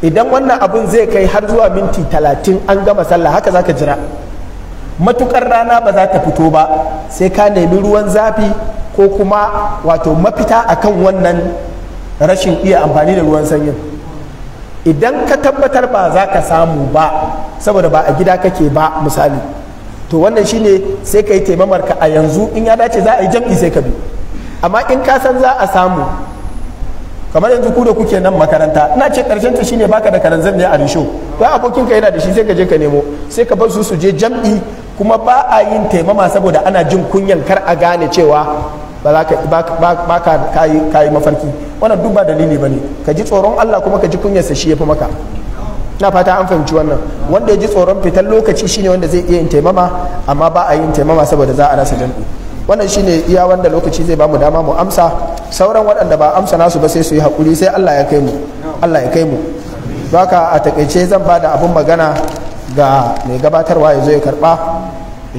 idan wannan abun zai kai har zuwa minti talatin an gama sallah haka za ka jira matukar rana ba za ta fito ba sai ka nemi ruwan zafi ko kuma wato mafita akan wannan rashin iya amfani da ruwan sanyin idan ka tabbatar ba za ka samu ba saboda ba a gida kake ba misali to wannan shine sai ka yi taimamar a yanzu in ya dace za a yi jam'i sai ka bi amma in ka san za a samu kamar yanzu ku da kuke nan makaranta Ina ce karshen ta shine baka da karanzan ne a risho ba abokin ka yana da shi sai ka je ka nemo sai ka bar su su je jam'i kuma ba a yin taimama saboda ana jin kunyan kar a gane cewa ba za ka kayi mafarki wannan duk ba dalili ba ne ka ji tsoron allah kuma ka ji kunyarsa shi ya fi maka na fata an fahimci wannan wanda ya ji tsoron fitar lokaci shine wanda zai iya yin taimama amma ba a yin taimama saboda za a rasa jam'i wannan shine iya wanda lokaci zai bamu dama mu amsa sauran waɗanda ba amsa nasu ba sai su yi hakuri sai allah ya kai mu allah ya kai mu haka a takaice zan ba da abun magana ga mai gabatarwa ya zo ya karɓa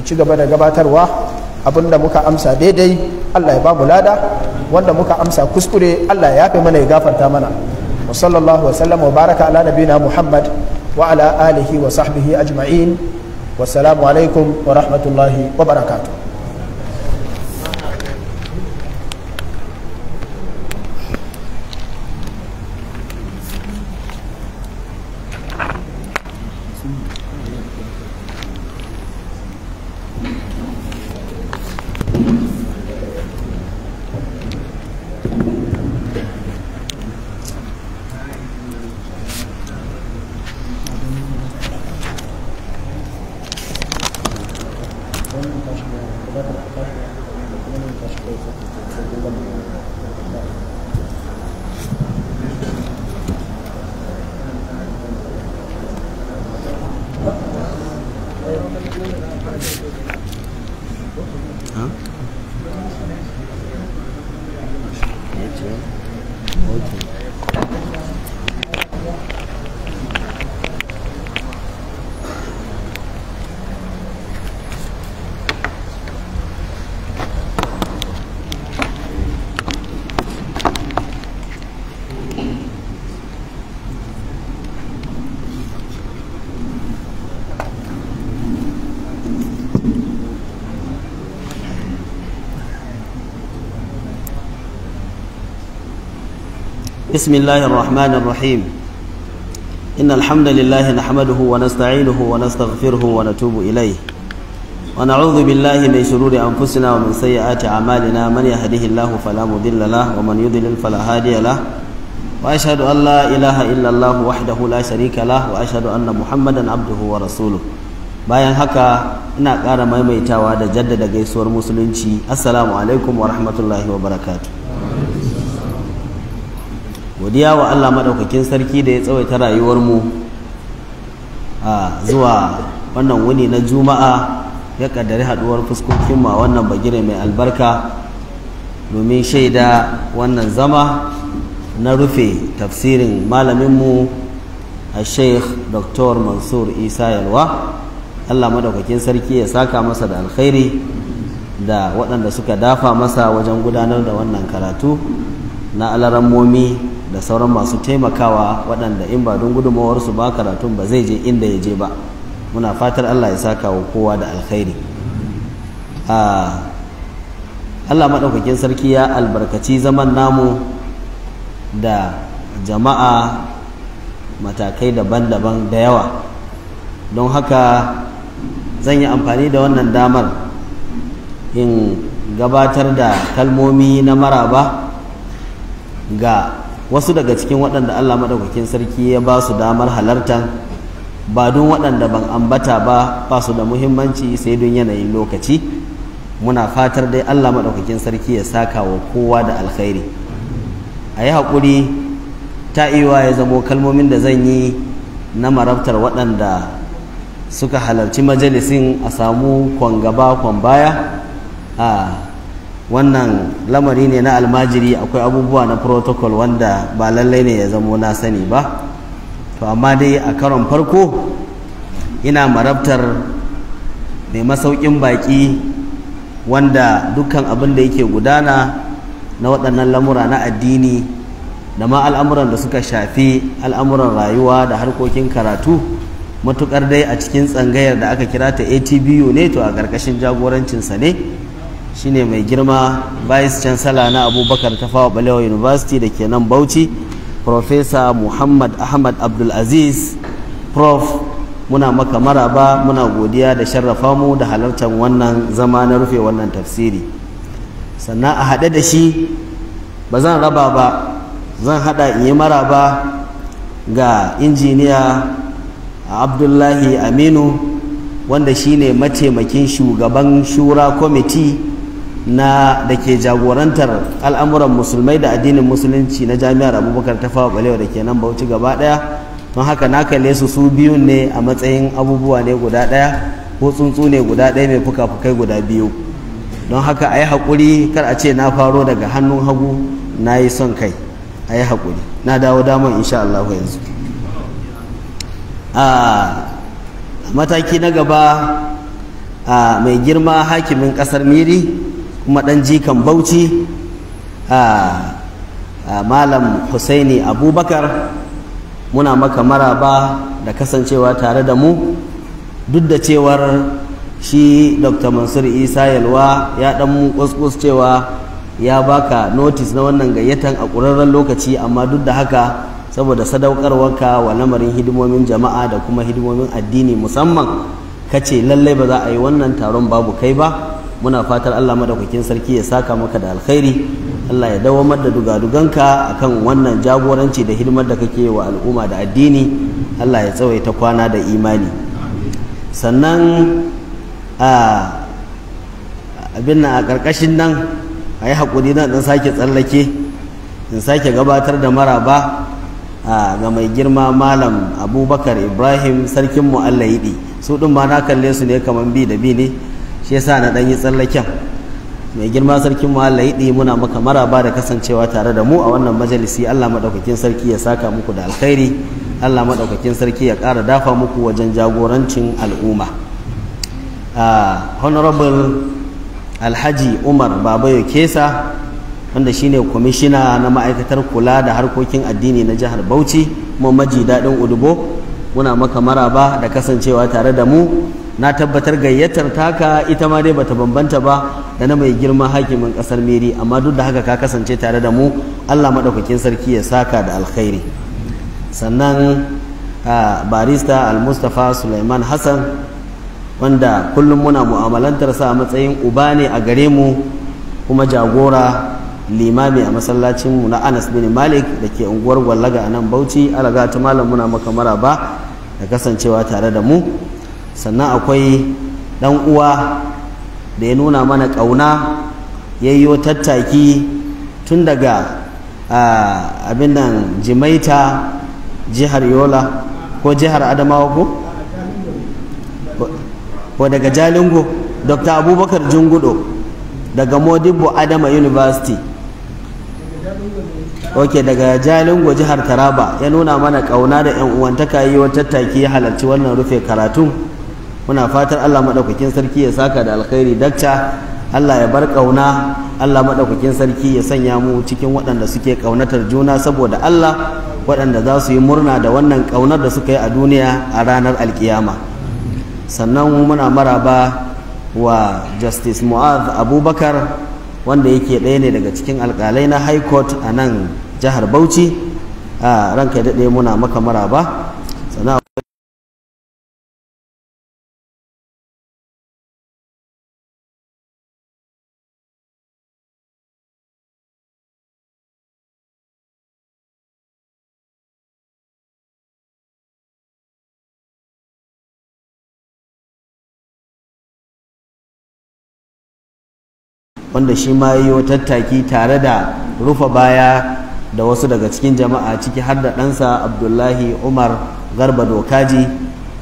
ya ci gaba da gabatarwa abinda muka amsa daidai Allah ya bamu lada wanda muka amsa kuskure Allah ya yafe mana ya gafarta mana wa sallallahu wa sallam wa baraka ala nabina Muhammad wa ala alihi wa sahbihi ajma'in salamu alaikum wa rahmatullahi wa barakatuh بسم الله الرحمن الرحيم إن الحمد لله نحمده ونستعينه ونستغفره ونتوب إليه ونعوذ بالله من شرور أنفسنا ومن سيئات أعمالنا من يهده الله فلا مضل له ومن يضلل فلا هادي له وأشهد أن لا إله إلا الله وحده لا شريك له وأشهد أن محمدا عبده ورسوله bayan haka ina ƙara maimaitawa da jaddada gaisuwar musulunci assalamu alaikum wa rahmatullahi wa barakatuh godiya wa Allah madaukakin sarki da ya tsawaita rayuwar mu a zuwa wannan wuni na juma'a ya kaddari haduwar fuskokin ma wannan bagire mai albarka domin shaida wannan zama na rufe tafsirin malaminmu a sheikh dr mansur isa yalwa allah madaukakin sarki ya saka masa da alkhairi da waɗanda suka dafa masa wajen gudanar da wannan karatu na alarammomi da sauran masu taimakawa waɗanda in ba don su ba karatun ba zai je inda ya je ba muna fatar allah ya saka wa kowa da alkhairi allah maɗaukakin sarki ya albarkaci zaman namu da jama'a matakai daban-daban da yawa don haka zan yi amfani da wannan damar in gabatar da kalmomi na maraba ga wasu daga cikin waɗanda Allah maɗaukakin sarki ya ba su damar halarta ba don waɗanda ban ambata ba ba su da muhimmanci sai don yanayin lokaci muna fatar dai Allah maɗaukakin sarki ya saka wa kowa da alkhairi a yi haƙuri ta iwa ya zamo kalmomin da zan yi na marabtar waɗanda suka halarci majalisin a samu kwan gaba kwan baya a ah, wannan lamari ne na almajiri akwai abubuwa na protocol wanda ba lallai ne ya zamo na sani ba to amma dai a karon farko ina marabtar mai masaukin baki wanda dukkan abin da yake gudana na waɗannan lamura na addini da ma al'amuran da suka shafi al'amuran rayuwa da harkokin karatu matukar dai a cikin tsangayar da aka kira ta atbu ne to a ƙarƙashin jagorancinsa ne shine mai girma vice chancellor na abubakar tafawa balewa university da ke nan bauchi professor muhammad ahmad abdulaziz prof muna maka maraba muna godiya da sharrafa mu da halartar wannan zama na rufe wannan tafsiri sannan a haɗe da shi ba zan raba ba zan haɗa in yi maraba ga injiniya abdullahi aminu wanda shine mataimakin shugaban shura kwamiti na da ke jagorantar al'amuran musulmai da addinin musulunci na jami'ar abubakar ta fawa balewa da ke nan bauchi gaba daya don haka na kalle su su biyun ne a matsayin abubuwa ne guda daya ko tsuntsu ne guda daya mai fuka-fukai guda biyu don haka a yi haƙuri kar a ce na faro daga hannun hagu na yi son kai a yi haƙuri na dawo damar insha Allah yanzu a mataki na gaba mai girma hakimin ƙasar miri kuma ɗan jikan bauchi a malam husaini abubakar muna maka maraba da kasancewa tare da mu duk da cewar shi dr mansur isa yalwa ya ɗan mu kuskus cewa ya baka notice na wannan gayyatan a ƙurarren lokaci amma duk da haka saboda sadaukarwarka wa lamarin hidimomin jama'a da kuma hidimomin addini musamman kace lallai ba za a yi wannan taron babu kai ba muna fatar Allah madaukakin sarki ya saka maka da alkhairi Allah ya dawamar da dugaduganka akan wannan jagoranci da hidimar da kake wa al'umma da addini Allah ya tsawaita kwana da imani sannan abin nan a ƙarƙashin nan a yi haƙuri na ɗan sake tsallake in sake gabatar da maraba ga mai girma malam abubakar ibrahim sarkin mu'allayiɗi su ɗin ma na kalle su ne kamar bi da bi ne shi yasa na dan yi tsallaken mai girma sarkin muhalla yi muna maka maraba da kasancewa tare da mu a wannan majalisi Allah madaukakin sarki ya saka muku da alkhairi Allah maɗaukakin sarki ya ƙara dafa muku wajen jagorancin al'umma ah, honorable alhaji umar babayo kesa wanda shine kwamishina na ma'aikatar kula da harkokin addini na jihar bauchi kuma maji daɗin udubo muna maka maraba da kasancewa tare da mu na tabbatar gayyatar taka ita ma dai bata bambanta ba da na mai girma hakimin kasar meri amma duk da haka ka kasance tare da mu allah maɗaukakin sarki ya saka da alkhairi sannan barista al-mustapha suleiman hassan wanda kullum muna mu'amalantar sa a matsayin uba ne a gare mu kuma jagora limami a masallacinmu na anas bin malik da ke unguwar gwallaga a nan bauchi alaga ta malam muna makamara ba da kasancewa tare da mu sannan akwai dan uwa da ya nuna mana ƙauna yi tattaki tun daga abin nan jimaita jihar yola ko jihar adamawa ko ko daga jalingo dr abubakar jungudo daga modibbo adama university ok daga jalingo jihar taraba ya nuna mana ƙauna da 'yan uwantaka yi wa tattaki ya halarci wannan rufe karatun muna fatan Allah madaukakin sarki ya saka da alkhairi dakta Allah ya bar kauna Allah madaukakin sarki ya sanya mu cikin waɗanda suke kaunatar juna saboda Allah waɗanda za su yi murna da wannan kaunar da suka yi a duniya a ranar alkiyama sannan muna maraba wa Justice muaz Abubakar wanda yake ɗaya ne daga cikin alkalai na High Court a nan jihar Bauchi ranka daɗe muna maka maraba wanda shi ma yi tattaki tare da rufe baya da wasu daga cikin jama'a ciki har da ɗansa abdullahi umar garba dokaji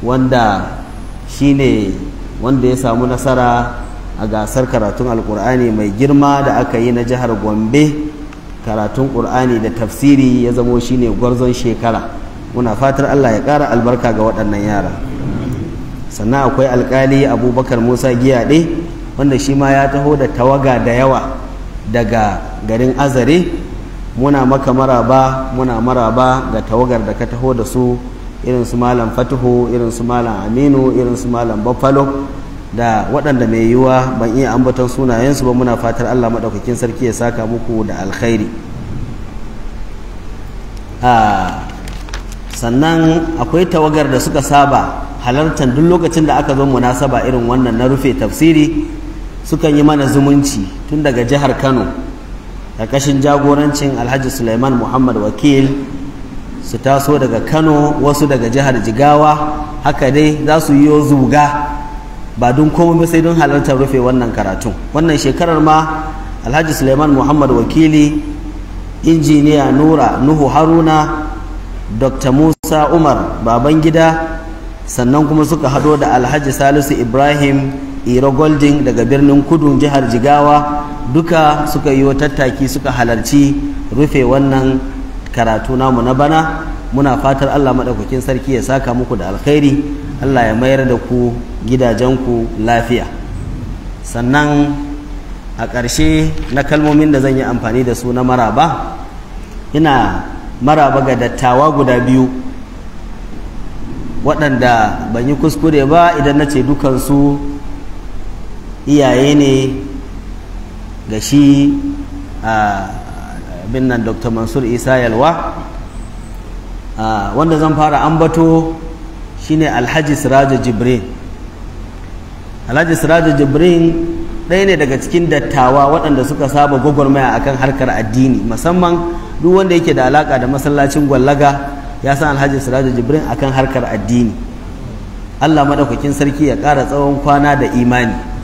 wanda shi ne wanda ya samu nasara a gasar karatun alkur'ani mai girma da aka yi na jihar gombe karatun ƙur'ani da tafsiri ya zamo shi ne gwarzon shekara muna fatar allah ya ƙara albarka ga waɗannan yara sannan akwai alƙali abubakar musa giyaɗe wanda shi ma ya taho da tawaga da yawa daga garin azare muna maka maraba muna maraba ga tawagar da ka taho da su irin su malam fatihu irin su malam aminu irin su malam buffalo da waɗanda mai yiwuwa ban iya ambaton sunayensu ba muna fatar allah maɗaukakin sarki ya saka muku da alkhairi ah, sannan akwai tawagar da suka saba halartar duk lokacin da aka zo munasaba irin wannan na rufe tafsiri sukan yi mana zumunci tun daga jihar kano ƙarƙashin jagorancin alhaji suleiman muhammad wakil su taso daga kano wasu daga jihar jigawa haka dai za su yi zuga ba don komai sai don halartar rufe wannan karatun wannan shekarar ma alhaji suleiman muhammad wakili injiniya nura nuhu haruna dr musa umar babangida sannan kuma suka hado da alhaji salisu ibrahim iro golding daga birnin kudu jihar jigawa duka suka yi tattaki suka halarci rufe wannan karatu namu na bana muna fatar allah maɗaukakin sarki ya saka muku da alkhairi allah ya mayar da ku gidajenku lafiya sannan a ƙarshe na kalmomin da zan yi amfani da su na maraba ina maraba ga dattawa guda biyu waɗanda ban yi kuskure ba idan na ce dukansu iyaye ne ga shi abin nan dr mansur isa yalwa wanda zan fara ambato shine alhaji siraja jibrin alhaji siraja jibrin ɗaya ne daga cikin dattawa waɗanda suka saba gwagwarmaya akan harkar addini musamman duk wanda yake da alaka da masallacin gwallaga ya san alhaji siraja jibrin akan harkar addini allah maɗaukakin sarki ya ƙara tsawon kwana da imani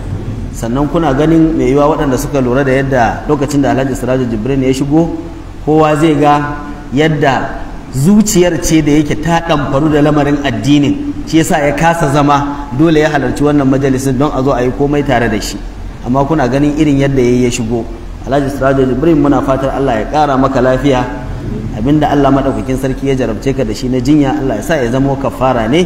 sannan kuna ganin mai yiwa waɗanda suka lura da yadda lokacin da alhaji sirajin jibrin ya shigo kowa zai ga yadda zuciyar ce da yake ta ɗamfaru da lamarin addinin shi yasa ya kasa zama dole ya halarci wannan majalisin don a zo a yi komai tare da shi amma kuna ganin irin yadda ya shigo alhaji sirajin jibrin muna fatar allah ya ƙara maka lafiya abinda Allah maɗaukakin sarki ya jarabce ka da shi na jinya Allah ya sa ya zama kafara ne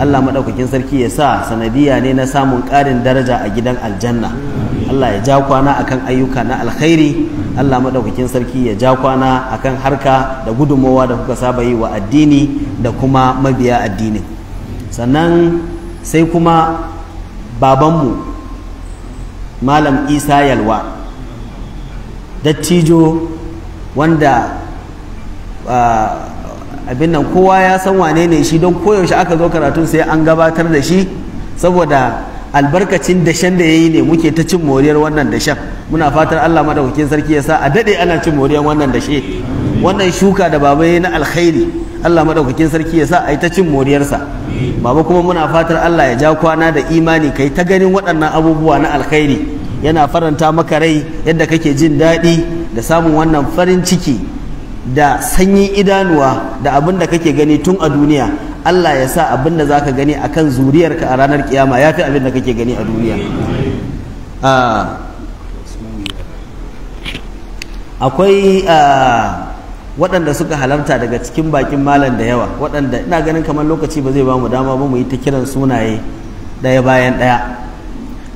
Allah maɗaukakin sarki ya sa sanadiyya ne na samun ƙarin daraja a gidan aljanna Allah ya ja kwana akan ayyuka na alkhairi Allah maɗaukakin sarki ya ja kwana akan harka da gudummawa da kuka saba yi wa addini da kuma mabiya addini sannan sai kuma babanmu malam isa yalwa dattijo wanda abin nan kowa ya san wane ne shi don koyaushe aka zo karatun sai an gabatar da shi saboda albarkacin dashen da ya yi ne muke ta cin moriyar wannan dashen muna fatar allah madaukakin sarki ya sa a daɗe ana cin moriyar wannan dashe wannan shuka da baba ya na alkhairi allah madaukakin sarki ya sa a yi ta cin moriyarsa baba kuma muna fatar allah ya ja kwana da imani kai ta ganin waɗannan abubuwa na alkhairi yana faranta maka rai yadda kake jin daɗi da samun wannan farin ciki da sanyi idanuwa da abin da kake gani tun a duniya Allah ya sa abin da zaka gani akan zuriyarka a ranar kiyama ya fi abin da kake gani a duniya ah, akwai ah, waɗanda suka halarta daga cikin bakin malam da yawa waɗanda ina ganin kamar lokaci ba zai ba mu dama ba mu yi ta kiran sunaye ɗaya bayan ɗaya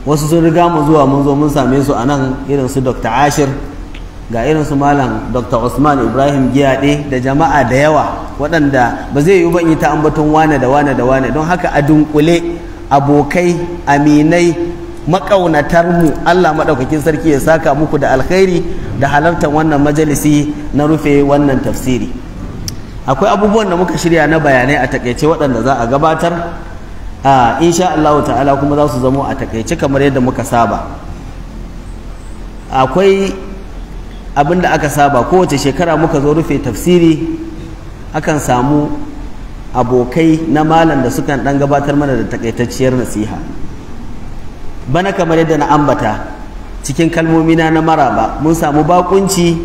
wasu sun riga mu zuwa mun zo mun same su anan irin su dr ashir ga irin su malam dr usman ibrahim giyaɗe da jama'a da yawa waɗanda ba zai yi ban yi ta ambaton wane da wane da wane don haka a dunkule abokai aminai maƙaunatar mu allah maɗaukakin sarki ya saka muku da alkhairi da halartar wannan majalisi na rufe wannan tafsiri akwai abubuwan da muka shirya na bayanai a takaice waɗanda za a gabatar a insha allahu ta'ala kuma za su zamo a takaice kamar yadda muka saba akwai abin da aka saba kowace shekara muka zo rufe tafsiri akan samu abokai na malam da sukan dan gabatar mana da takaitacciyar nasiha bana kamar yadda na ambata cikin kalmomina na maraba mun samu bakunci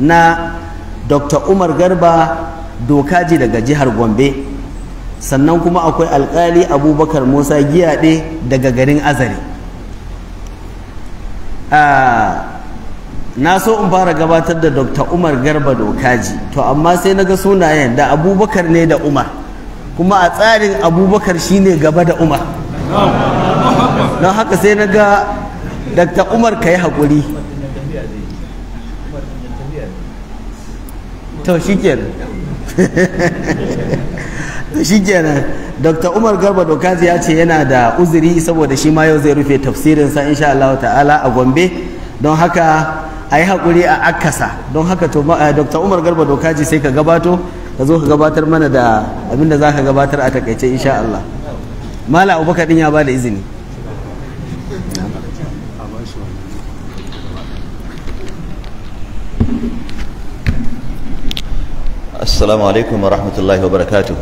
na dr umar garba dokaji daga jihar gombe sannan kuma akwai alkali abubakar musa giyaɗe daga garin azare ah, na so in fara gabatar da dr umar garba dokaji to amma sai na ga sunayen da abubakar ne da umar kuma a tsarin abubakar shine gaba da umar don haka sai na ga dr umar ka yi haƙuri to shikenan dr umar garba dokaji ya ce yana da uzuri saboda shi ma yau zai rufe tafsirinsa insha Allah ta'ala a gombe don haka a yi haƙuri a akasa don haka to eh, dr umar garba dokaji sai ka gabato ka zo ka gabatar mana da abin da za ka gabatar a takaice insha Allah mala abubakar din ya ba da izini assalamu alaikum wa rahmatullahi wa barakatuh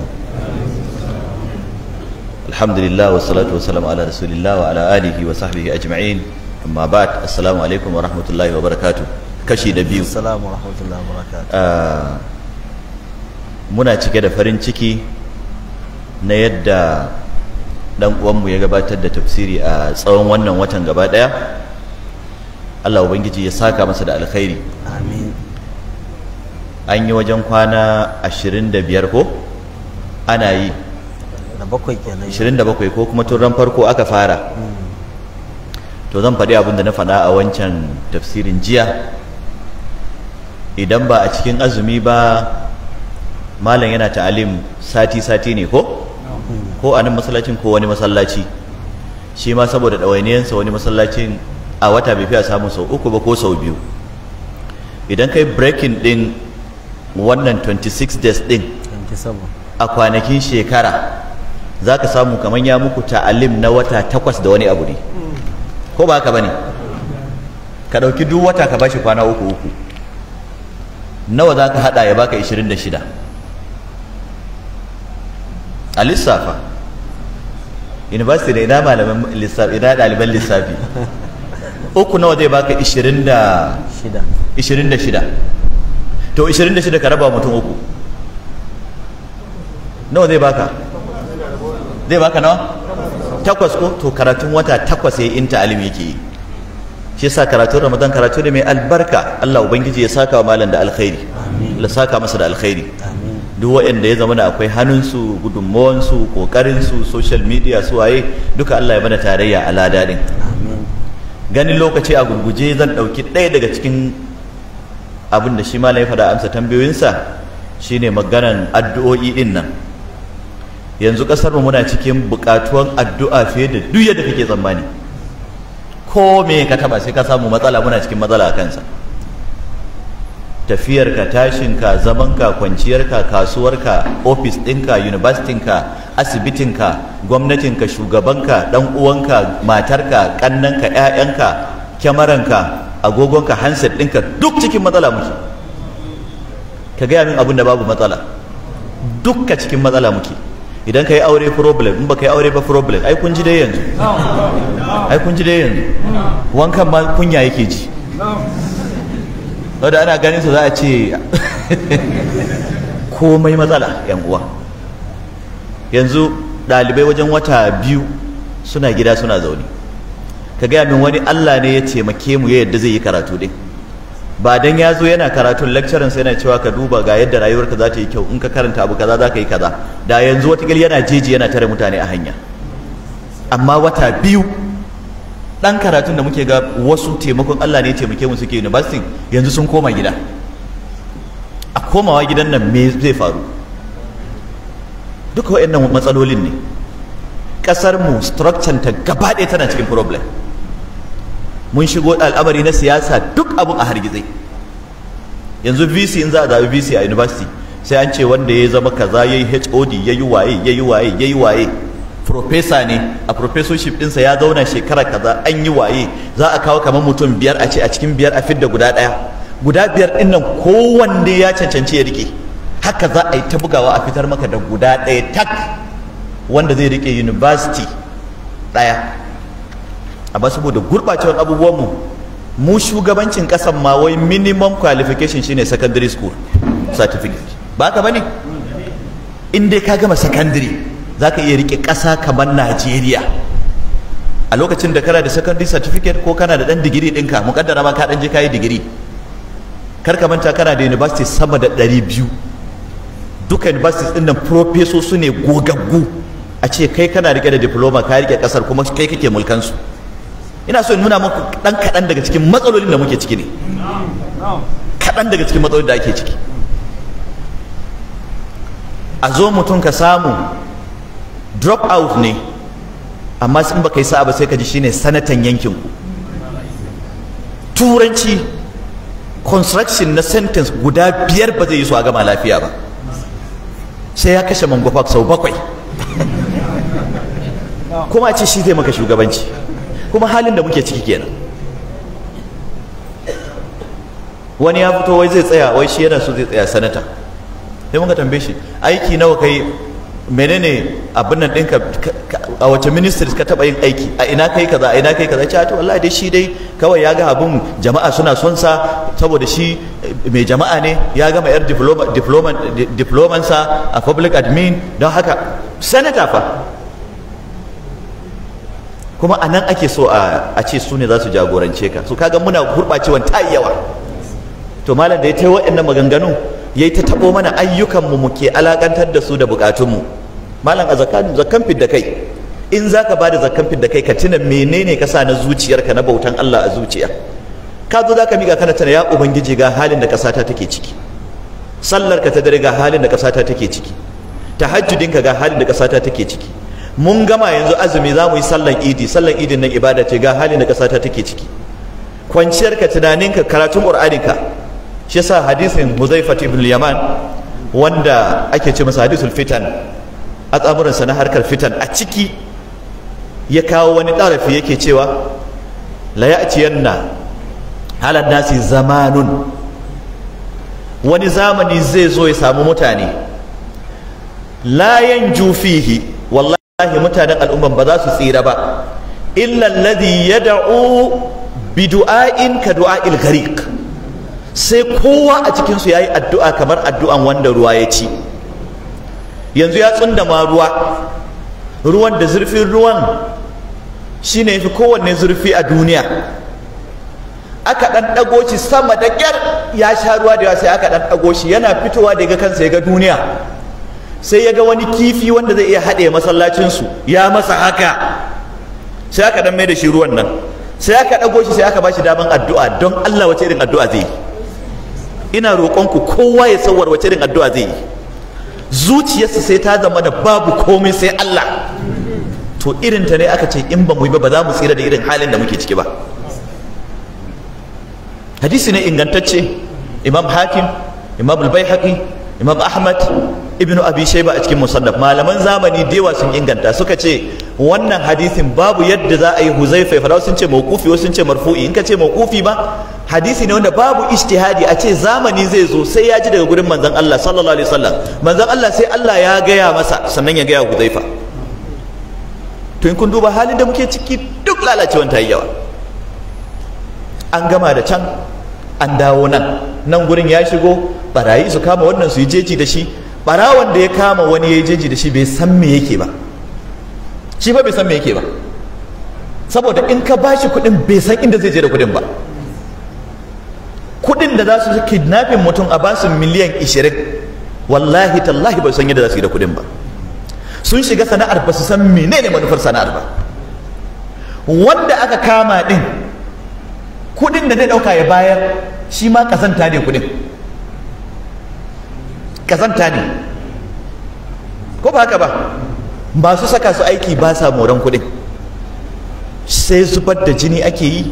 alhamdulillah wa salatu wa salam ala rasulillah wa ala alihi wa sahbihi ajma'in amma ba assalamu alaikum wa rahmatullahi wa barakatu kashi da biyu assalamu rahmatullahi wa barakatu ah, muna cike da farin ciki na yadda dan uwanmu ya gabatar da tafsiri a tsawon wannan watan gaba daya Allah ubangiji ya saka masa da alkhairi amin an yi wajen kwana 25 ko ana yi 27 ko kuma tun ran farko aka fara hmm. to zan faɗi abin da na faɗa a wancan tafsirin jiya idan ba a cikin azumi ba malam yana ta'alim sati-sati ne ko? ko a nan masallacin ko wani masallaci shi ma saboda ɗawainiyarsa wani masallacin a wata bai fiya samun sau uku ba ko sau biyu idan kai breaking din wannan 26 days din a kwanakin shekara za ka samu kamar ya muku ta'alim na wata takwas da wani abu ne ko ba haka bane ka ɗauki duk wata ka bashi kwana uku uku nawa za ka haɗa ya baka 26 a lissafa university da ina malaman lissafi ina ɗaliban lissafi uku nawa zai baka 26 to 26 ka raba mutum uku nawa zai baka zai baka nawa takwas ko to karatun wata takwas ya in ta'alim yake yi shi yasa karatun ramadan karatu da mai albarka Allah ubangiji ya saka wa malam da alkhairi la saka masa da alkhairi duk wa'anda ya zama da akwai hannunsu gudunmawansu kokarinsu social media su waye duka Allah ya bada tarayya a lada din ganin lokaci a gurguje zan ɗauki ɗaya daga cikin abin da shi malam ya faɗa amsa tambayoyinsa shine maganan addu'o'i din nan yanzu kasar mu muna cikin bukatuwan addu'a fiye da duk yadda kake tsammani ko me ka taba sai ka samu matsala muna cikin matsala a kansa tafiyarka tashinka zamanka kwanciyarka ka ofis ɗinka ka asibitinka gwamnatinka shugabanka ɗan uwanka matarka kyamaran ka kyamaranka ka handset ɗinka duk cikin matsala muke ka gaya min abun da babu matsala dukka cikin matsala muke idan ka yi aure problem in ka yi aure ba problem ai kun ji dai yanzu ai kun ji dai yanzu wankan ma kunya yake ji wadda ana ganin su za a ce komai matsala yan uwa yanzu ɗalibai wajen wata biyu suna gida suna zaune ka gaya min wani allah ne ya taimake mu ya yadda zai yi karatu din ba dan ya zo yana karatun lecturer sai yana cewa ka duba ga yadda rayuwarka za ta yi kyau in ka karanta abu kaza za ka yi kaza da yanzu watakila yana jeji yana tare mutane a hanya amma wata biyu dan karatun da muke ga wasu taimakon Allah ne taimake mu ke university yanzu sun koma gida a komawa gidan nan me zai faru duka waɗannan matsalolin ne ƙasar mu structure ta gaba ɗaya tana cikin problem mun shigo al'amari na siyasa duk abin a hargitse yanzu vc in za a zaɓi vc a university sai an ce wanda ya zama kaza ya yi hod ya yi waye ya yi waye ya yi waye profesa ne a professorship ɗinsa ya zauna shekara kaza an yi waye za a kawo kamar mutum biyar a ce a cikin biyar a fidda guda ɗaya guda biyar ɗin nan kowanne ya cancanci ya rike haka za a yi ta bugawa a fitar maka da guda ɗaya tak wanda zai rike university ɗaya amma saboda gurɓacewar abubuwanmu mu shugabancin ƙasan ma wai minimum qualification shine secondary school certificate ba ka bane in dai ka gama secondary za ka iya rike ƙasa kamar Najeriya a lokacin da kana da secondary certificate ko kana da ɗan digiri ɗinka muƙaddara ma ka ɗan je kayi digiri kar ka manta kana da university sama da ɗari biyu duka universities ɗin nan professor su ne gogaggu a ce kai kana rike da diploma ka rike ƙasar kuma kai kake mulkansu su ina so in nuna muku dan kaɗan daga cikin matsalolin da muke ciki ne kaɗan daga cikin matsalolin da ake ciki a zo mutum ka samu drop out ne amma in baka yi sa'a ba sai ka ji shine sanatan yankin ku turanci construction na sentence guda biyar ba zai yi su a gama lafiya ba sai ya kashe mangofa sau bakwai kuma a ce shi zai maka shugabanci kuma halin da muke ciki kenan wani ya fito wai zai tsaya wai shi yana so zai tsaya sanata sai muka tambaye shi aiki nawa kai menene abin nan ɗinka a wace ministries ka taɓa yin aiki a ina kai kaza a ina kai kaza ce to wallahi dai shi dai kawai ya ga abin jama'a suna son sa saboda shi eh, mai jama'a ne ya gama yar diploma diploma sa a public admin don haka senator fa kuma a nan ake so a ce su ne za su jagorance ka su kaga muna gurɓacewan ta yawa to malam da ya ta yi waɗannan maganganu ya yi ta taɓo mana ayyukanmu mu ke alaƙantar da su da buƙatunmu malam a zakkan fidda kai in za ka ba da zakkan fidda kai ka tuna menene ka sa na zuciyarka na bautan Allah a zuciya ka zo za ka miƙa kana tana ya ubangiji ga halin da ƙasata take ciki sallar ka ta dare ga halin da ƙasata take ciki ka ga halin da ƙasata take ciki mun gama yanzu azumi za mu yi sallan idi sallan idin nan ibada ce ga halin da ƙasa ta take ciki kwanciyar ka tunaninka karatun ƙur'aninka shi yasa hadisin Huzaifa ibn Yaman wanda ake ce masa hadisul fitan al'amuransa na harkar fitan a ciki ya kawo wani ɗarafi yake cewa la yanna ala nasi zamanun wani zamani zai zo ya samu mutane la jufihi. fihi wallahi Allah mutanen al'umman ba za su tsira ba illa alladhi yad'u bi du'ain ka du'ail gariq sai kowa a cikin su yayi addu'a kamar addu'an wanda ruwa ya ci yanzu ya tsunda ma ruwa ruwan da zurfin ruwan shine fi kowanne zurfi a duniya aka dan dago shi sama da kyar ya sha ruwa da yawa sai aka dan dago shi yana fitowa daga kansa ya ga duniya sai ya ga wani kifi wanda zai iya haɗe masallacinsu ya masa haka sai aka dan mai da shi ruwan nan sai aka ɗago shi sai aka ba shi daman addu'a don Allah wace irin addu'a zai yi ina roƙonku kowa ya sauwar wace irin addu'a zai yi zuciyarsa sai ta zama da babu komai sai Allah to irin ta ne aka ce in ba mu yi ba ba za mu tsira da irin halin da muke ciki ba hadisi ne ingantacce imam hakim imam al-baihaqi imam ahmad ibn abi shayba a cikin musannaf malaman zamani da yawa sun inganta suka ce wannan hadisin babu yadda za a yi huzaifa fa sun ce mawqufi wasu sun ce marfu'i in ka ce mawqufi ba hadisi ne wanda babu ijtihadi a ce zamani zai zo sai ya ji daga gurin manzon Allah sallallahu alaihi wasallam manzon Allah sai Allah ya gaya masa sannan ya gaya huzaifa to in kun duba halin da muke ciki duk lalacewan ta yi yawa an gama da can an dawo nan nan gurin ya shigo barayi su kama wannan su yi jeji da shi barawan da ya kama wani ya yi jeji da shi bai san me yake ba shi ba bai san me yake ba saboda in ka bashi kuɗin bai san inda zai je da kuɗin ba kuɗin da za su kidnafin mutum a basu miliyan ishirin wallahi tallahi ba san yadda za su yi da kuɗin ba sun shiga sana'ar ba su san menene manufar sana'ar ba wanda aka kama din kuɗin da zai dauka ya bayar shi ma kazanta ne kudin kazanta ne ko ba haka ba masu saka su aiki ba sa moran kudin sai zubar da jini ake yi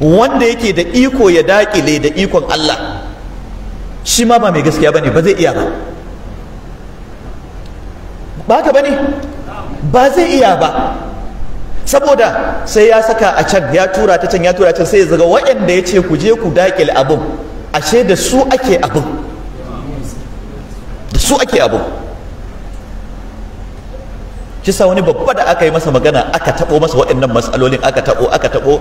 wanda yake da iko ya dakile da ikon Allah shi ma ba mai gaskiya ba ne ba zai iya ba ba ka ne ba zai iya ba saboda sai ya saka a can ya tura ta can ya tura ta sai ya zaga waɗanda ya ce ku je ku daƙil abin ashe da su ake abin da su ake abin kisa wani babba da aka yi masa magana aka taɓo masa waɗannan matsalolin aka taɓo aka taɓo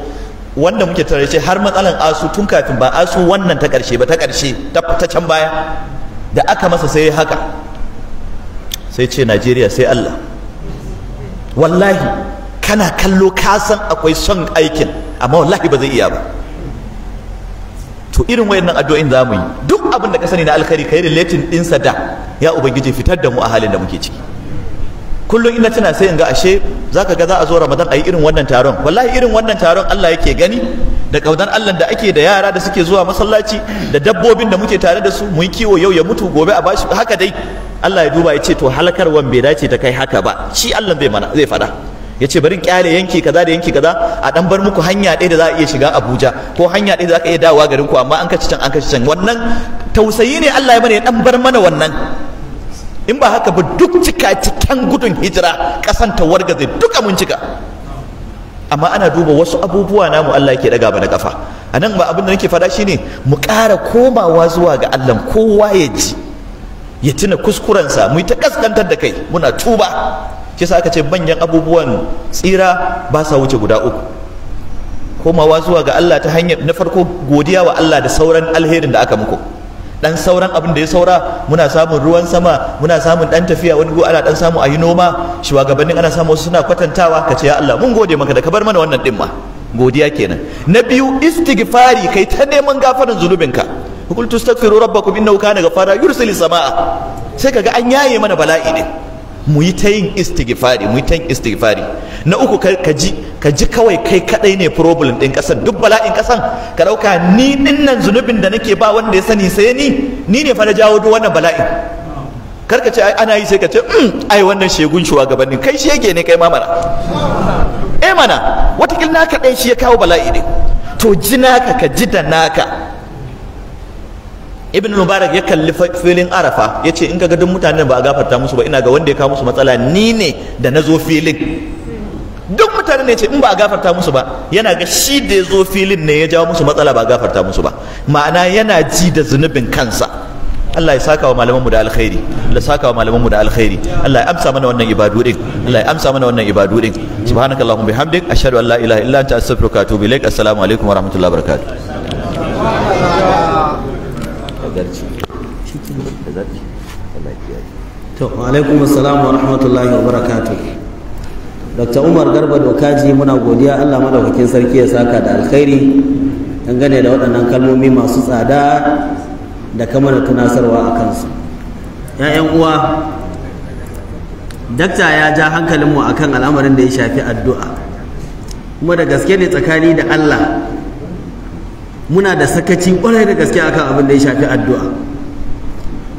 wanda muke tare ce har matsalan asu tun kafin ba asu wannan ta ƙarshe ba ta ƙarshe ta can baya da aka masa sai haka sai ce najeriya sai allah wallahi kana kallo kasan akwai son aikin amma wallahi ba zai iya ba to irin wayannan addu'o'in za mu yi duk abin da ka sani na alkhairi kai relating sa da ya ubangiji fitar da mu a halin da muke ciki kullum ina tana sai in ga ashe zaka ga za a zo Ramadan ayi irin wannan taron wallahi irin wannan taron Allah yake gani da kaudan Allah da ake da yara da suke zuwa masallaci da dabbobin da muke tare da su mu yi kiwo yau ya mutu gobe a bashi haka dai Allah ya duba ya ce to halakarwan bai dace ta kai haka ba shi Allah zai mana zai fada Ya ce bari kyale yanki kaza da yanki kaza a dan bar muku hanya ɗaya da za a iya shiga Abuja ko hanya ɗaya da za ka iya dawowa garin ku amma an kaci can an kaci can wannan tausayi ne Allah ya bane ya dan bar mana wannan in ba haka ba duk cika cikin gudun hijira kasan ta wargaze duka mun cika amma ana duba wasu abubuwa namu Allah yake daga mana kafa anan ba abin da nake faɗa shine mu ƙara komawa zuwa ga Allah kowa ya ji ya tuna kuskurensa mu yi ta kaskantar da kai muna tuba kisa aka ce manyan abubuwan tsira ba sa wuce guda uku komawa zuwa ga Allah ta hanyar na farko godiya wa Allah da sauran alherin da aka muku dan sauran abin da ya saura muna samun ruwan sama muna samun dan tafiya wani go ana dan samu a yi noma shugabannin ana samu wasu suna kwatantawa ka ce ya Allah mun gode maka da ka bar mana wannan din godiya kenan na biyu istighfari kai ta neman gafarin zunubinka qul tastaghfiru rabbakum innahu kana ghafara yursilis samaa sai kaga an yaye mana bala'i ne mu yi ta yin istighfari mu yi ta yin istighfari na uku ka ji ka kawai kai kadai ne problem din kasar duk bala'in kasan ka dauka ni dinnan zunubin da nake ba wanda ya sani sai ni ni ne fa na jawo duk wannan bala'in karka ce ai ana yi sai ka ce hmm, ai wannan shegun ni kai shege ne kai mamara eh mana watakil naka dai shi ya kawo bala'i ne to ji naka ka ji da naka ibn mubarak ya kalli filin arafa ya ce in ka duk mutanen ba a gafarta musu ba ina ga wanda ya kawo musu matsala ni ne da na zo filin duk mutanen ne ce in ba a gafarta musu ba yana ga shi da ya zo filin ne ya jawo musu matsala ba a gafarta musu ba ma'ana yana ji da zunubin kansa Allah ya saka wa malamanmu da alkhairi Allah ya saka wa malamanmu da alkhairi Allah ya amsa mana wannan ibadu din Allah ya amsa mana wannan ibadu din subhanakallahumma bihamdik ashhadu an la ilaha illa anta astaghfiruka wa atubu ilaik assalamu alaikum wa rahmatullahi wa barakatuh adalci da zafi da lafiya to alaikum assalamu wa rahmatullahi wa barakatuh Dr. Umar Garba Dokaji muna godiya Allah madaukakin sarki ya saka da alkhairi dangane da waɗannan kalmomi masu tsada da kama da tunasarwa a kansu. ‘Ya'yan uwa, dakta ya ja hankalinmu akan al'amarin da ya shafi addu'a, kuma da gaske ne tsakani da Allah muna da sakaci kwarai da gaske akan abin da ya shafi addu'a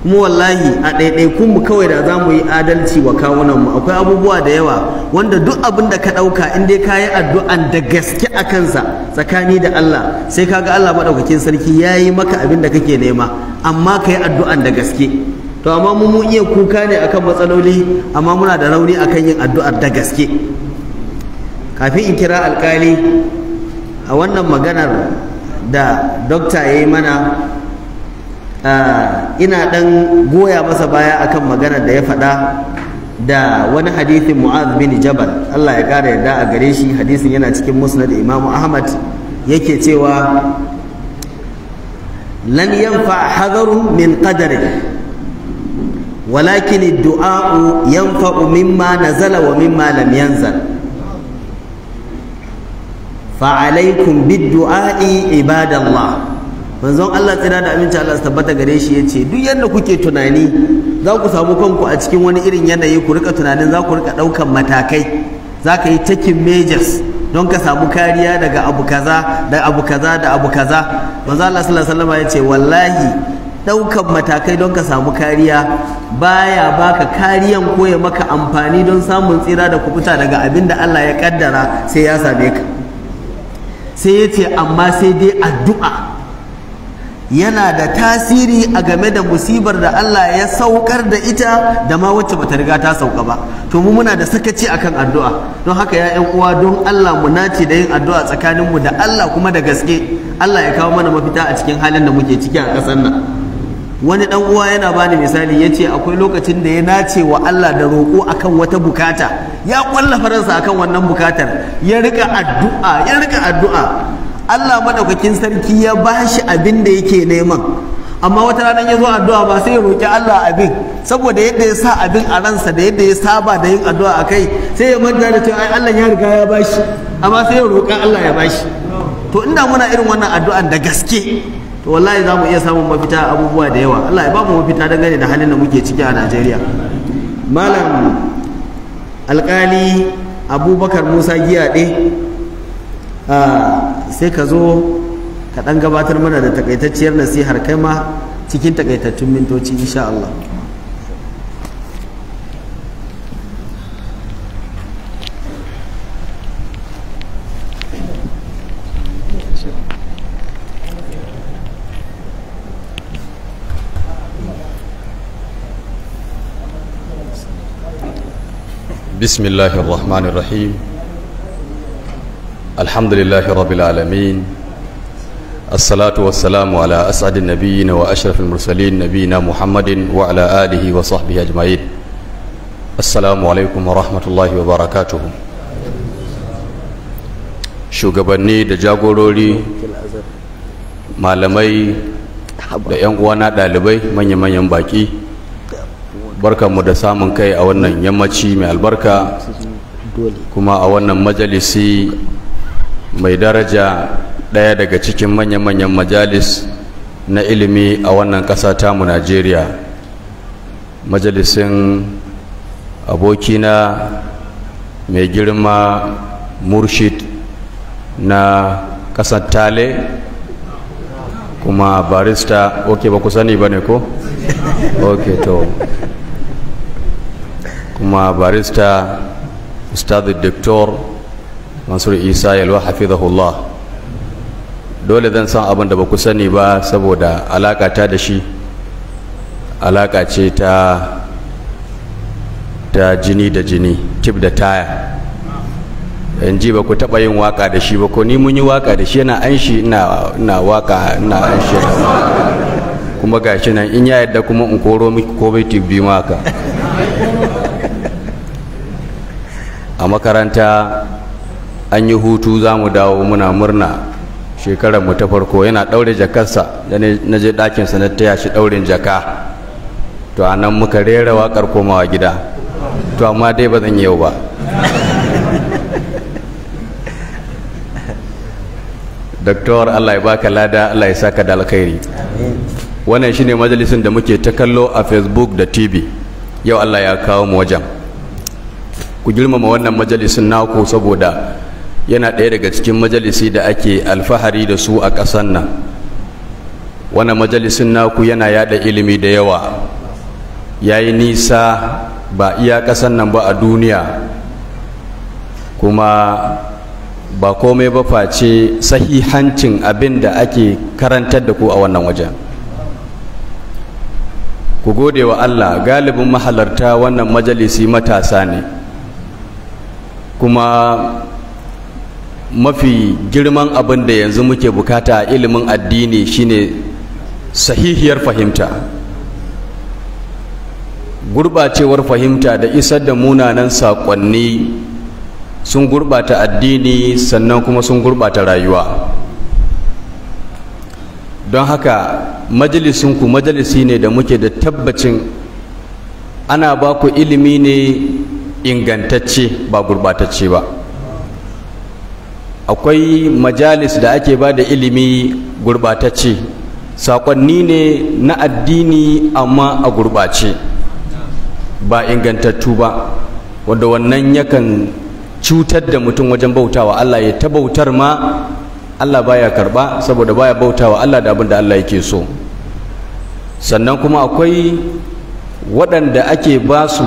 kuma wallahi a ɗaiɗaikun mu kawai da za mu yi adalci wa kawunanmu akwai abubuwa da yawa wanda duk abin da ka ɗauka in dai ka yi addu'an da gaske a kansa tsakani da Allah sai ka ga Allah maɗaukakin sarki ya yi maka abin da kake nema amma ka yi addu'an da gaske to amma mu mun iya kuka ne akan matsaloli amma muna da rauni akan yin addu'ar da gaske kafin in kira alkali a wannan maganar da dokta ya yi mana ah, ina ɗan goya masa baya akan magana da ya faɗa da wani hadithin mu'az bin jabal Allah ya ƙara yarda a gare shi hadisin yana cikin musnad imamu ahmad yake cewa lan yanfa hadaru min qadari walakin du'a'u ma mimma nazala wa mimma lam yanzal bid biddu'a'i ibadallah manzon Allah tsira da aminci Allah su tabbata gare shi yace duk yadda kuke tunani za ku samu kanku a cikin wani irin yanayi ku rika tunanin za ku rika ɗaukan matakai za ka yi taking Majors don ka samu kariya daga abu kaza da abu kaza da abu kaza manzon Allah sallallahu alaihi wasallam yace wallahi ɗaukan matakai don ka samu kariya baya baka kariyan koya maka amfani don samun tsira da kubuta daga abin da Allah ya kaddara sai ya same ka sai ya ce amma sai dai addu'a yana da tasiri a game da musibar da Allah ya saukar da ita da ma wacce bata riga ta sauka ba to mu muna da sakaci akan addu'a don haka ya ƴan uwa don Allah mu nace da yin addu'a tsakaninmu da Allah kuma da gaske Allah ya kawo mana mafita a cikin halin da muke ciki a ƙasar nan wani dan uwa yana bani misali ya ce akwai lokacin da ya nace wa Allah da roƙo akan wata bukata ya kwalla faransa akan wannan bukatar ya rika addu'a ya rika addu'a Allah madaukakin sarki ya bashi abin da yake neman amma wata ranar ya zo addu'a ba sai ya roƙi Allah abin saboda yadda ya sa abin a ransa da yadda ya saba da yin addu'a a kai sai ya manta da cewa ai Allah ya riga ya bashi amma sai ya roƙa Allah ya bashi to inda muna irin wannan addu'an da gaske to wallahi za mu iya samun mafita abubuwa da yawa Allah ya ba mu mafita dangane da halin da muke ciki a Najeriya malam alkali abubakar musa giya giyaɗe sai ka zo ka ɗan gabatar mana da takaitacciyar nasihar kai ma cikin takaitattun mintoci insha Allah بسم الله الرحمن الرحيم الحمد لله رب العالمين الصلاة والسلام على أسعد النبيين وأشرف المرسلين نبينا محمد وعلى آله وصحبه أجمعين السلام عليكم ورحمة الله وبركاته shugabanni da jagorori malamai da 'yan uwana ɗalibai manya-manyan baƙi barkanmu da samun kai a wannan yammaci mai albarka kuma a wannan majalisi mai daraja ɗaya daga cikin manya-manyan majalis na ilimi a wannan ƙasa tamu najeriya majalisin abokina mai girma murshid na ƙasar tale kuma barista ok ba ku sani ba ne ko ok to kuma barista ustadi doktor mansur isa yalwa hafizahullah dole zan san abin da ba ku sani ba saboda alaka ta da shi alaka ce ta ta jini da jini tip da taya in ji ba ku taɓa yin waka da shi ba ko ni mun yi waka da shi yana an shi ina waka ina an shi kuma gashi nan in ya yadda kuma in koro miki komai tv ma a makaranta an yi hutu za mu dawo muna murna shekarar mu ta farko yana ɗaure jakarsa da na je ɗakinsa na taya shi ɗaurin jaka to a nan muka rera waƙar komawa gida to amma dai ba zan yau ba Doktor Allah ya baka lada Allah ya saka da alkhairi wannan shine majalisin da muke ta kallo a Facebook da TV yau Allah ya kawo mu wajen ku girmama wannan majalisin naku saboda yana ɗaya daga cikin majalisi da ake alfahari da su a ƙasar nan wannan majalisin naku yana yada ilimi da yawa ya yi nisa ba iya ƙasar nan ba a duniya kuma ba komai ba face sahihancin abin da ake karantar da ku a wannan wajen ku gode wa Allah galibin mahalarta wannan majalisi matasa ne kuma mafi girman abin da yanzu muke bukata a ilimin addini shine sahihiyar fahimta gurbacewar fahimta da isar da munanan saƙonni sun gurbata addini sannan kuma sun gurbata rayuwa don haka majalisinku majalisi ne da muke da tabbacin ana ba ku ilimi ne ingantacce ba gurbatacce ba akwai majalis da ake ba da ilimi gurbatacce saƙonni ne na addini amma a gurbace ba ingantattu ba wanda wannan yakan cutar da mutum wajen bautawa Allah ya ta bautar ma Allah baya karba saboda baya bautawa Allah da abin da Allah yake so sannan kuma akwai waɗanda ake ba su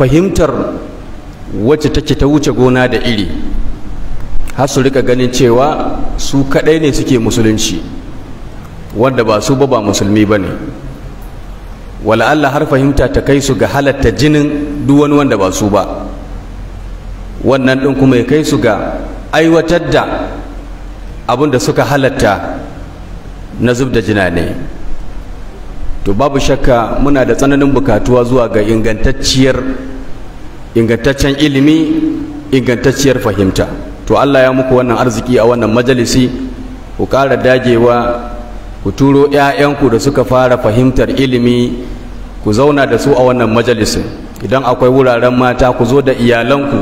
fahimtar wacce take ta wuce gona da iri har su rika ganin cewa su kadai ne suke musulunci wanda ba su ba musulmi ba ne wala Allah har fahimta ta kai su ga halatta jinin duwan wanda ba su ba wannan ɗin kuma ya kai su ga aiwatar da abin da suka halatta na zub da jina ne to babu shakka muna da tsananin bukatuwa zuwa ga ingantacciyar ingantaccen ilimi ingantacciyar fahimta to Allah ya muku wannan arziki a wannan majalisi ku kara dagewa ku turo 'ya'yanku da suka fara fahimtar ilimi ku zauna da su a wannan majalisin idan akwai wuraren mata ku zo da iyalanku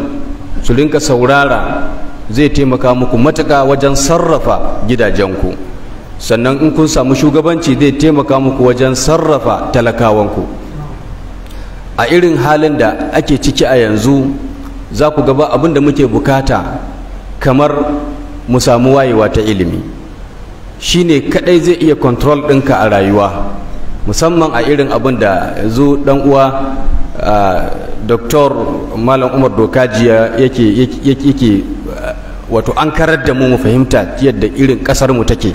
su rinka saurara zai taimaka muku matuka wajen sarrafa gidajenku sannan in kun samu shugabanci zai taimaka muku wajen sarrafa talakawanku a irin halin da ake ciki a yanzu za ku gaba abin da muke bukata kamar mu samu wayewa ta ilimi shi ne kadai zai iya kontrol ɗinka a rayuwa musamman a irin abin da yanzu ɗan uwa doktor malam umar dokajiya yake wato an karar da mu mu fahimta yadda irin ƙasar mu take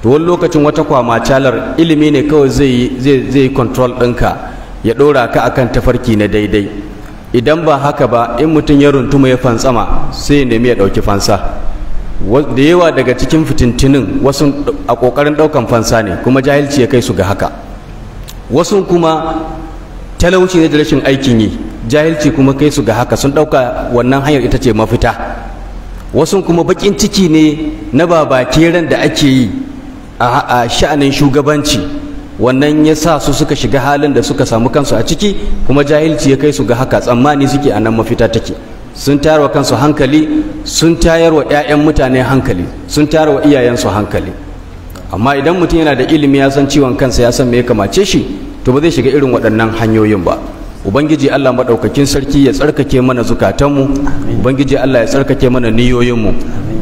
to wani lokacin wata kwama calar ilimi ne kawai zai yi control ɗinka ya ɗora ka akan tafarki na daidai idan ba haka ba in mutum ya runtuma ya fantsama sai ya nemi ya ɗauki fansa da yawa daga cikin fitintinin wasu a ƙoƙarin ɗaukan fansa ne kuma jahilci ya kai su ga haka wasu kuma talauci ne da rashin aikin yi jahilci kuma kai su ga haka sun ɗauka wannan hanyar ita ce mafita wasu kuma bakin ciki ne na babakeran da ake yi a sha'anin shugabanci wannan ya sa su suka shiga halin da suka samu kansu a ciki kuma jahilci ya kai su ga haka tsammani suke a nan mafita take sun tayarwa kansu hankali sun tayarwa 'ya'yan mutane hankali sun tayarwa iyayensu hankali amma idan mutum yana da ilimi ya san ciwon kansa ya san me ya kamace shi to ba zai shiga irin waɗannan hanyoyin ba ubangiji allah maɗaukakin sarki ya tsarkake mana zukatanmu ubangiji allah ya tsarkake mana niyoyinmu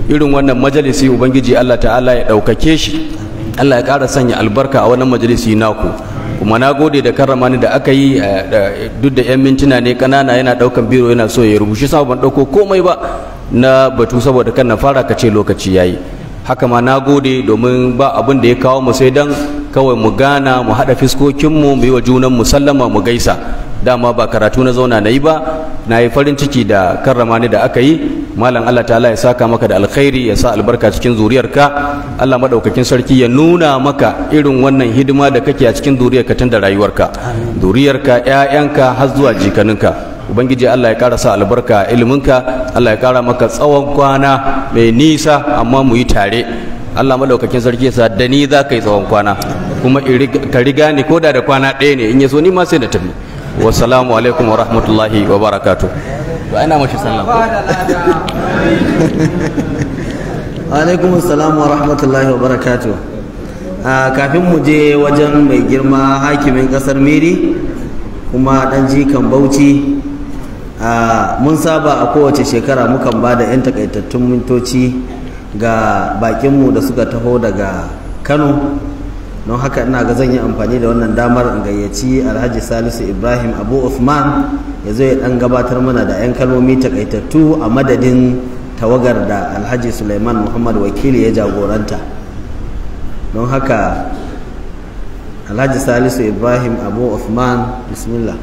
irin wannan majalisi ubangiji allah ta'ala ya ɗaukake shi Allah ya ƙara sanya albarka a wannan majalisi naku kuma na gode da karrama ni da aka yi eh, duk da 'yan mintuna ne kanana yana ɗaukan biro yana so ya rubuci sabon ban ɗauko komai ba na batu saboda kan na fara ka ce lokaci yayi haka ma na gode domin ba abin da ya kawo mu sai dan kawai mu gana mu haɗa fiskokinmu mu yi wa junan musallama mu gaisa dama ba karatu na zauna na yi ba na yi farin ciki da karrama ni da aka yi malam Allah ta'ala ya saka maka da alkhairi ya sa albarka cikin zuriyarka Allah madaukakin sarki ya nuna maka irin wannan hidima da kake a cikin ka tun da rayuwarka zuriyarka ƴaƴanka har zuwa jikaninka ubangiji Allah ya kara sa albarka iliminka Allah ya ƙara maka tsawon kwana mai nisa amma mu yi tare Allah madaukakin sarki ya sa da ni za ka yi tsawon kwana kuma ka riga ni ko da da kwana ɗaya ne in ya so ni ma sai na tafi wasalamu alaikum wa rahmatullahi wa barakatu ba ina mashi sallam wa alaikum assalamu wa rahmatullahi wa barakatu ah, kafin mu je wajen mai girma hakimin kasar miri kuma dan jikan bauchi ah, mun saba a kowace shekara mukan ba da 'yan takaitattun mintoci ga bakinmu da suka taho daga kano don haka ina ga zan yi amfani da wannan damar in gayyaci alhaji salisu ibrahim abu usman ya zo ya dan gabatar mana da 'yan kalmomi takaitattu a madadin tawagar da alhaji suleiman muhammad wakili ya jagoranta don haka alhaji salisu ibrahim abu usman bismillah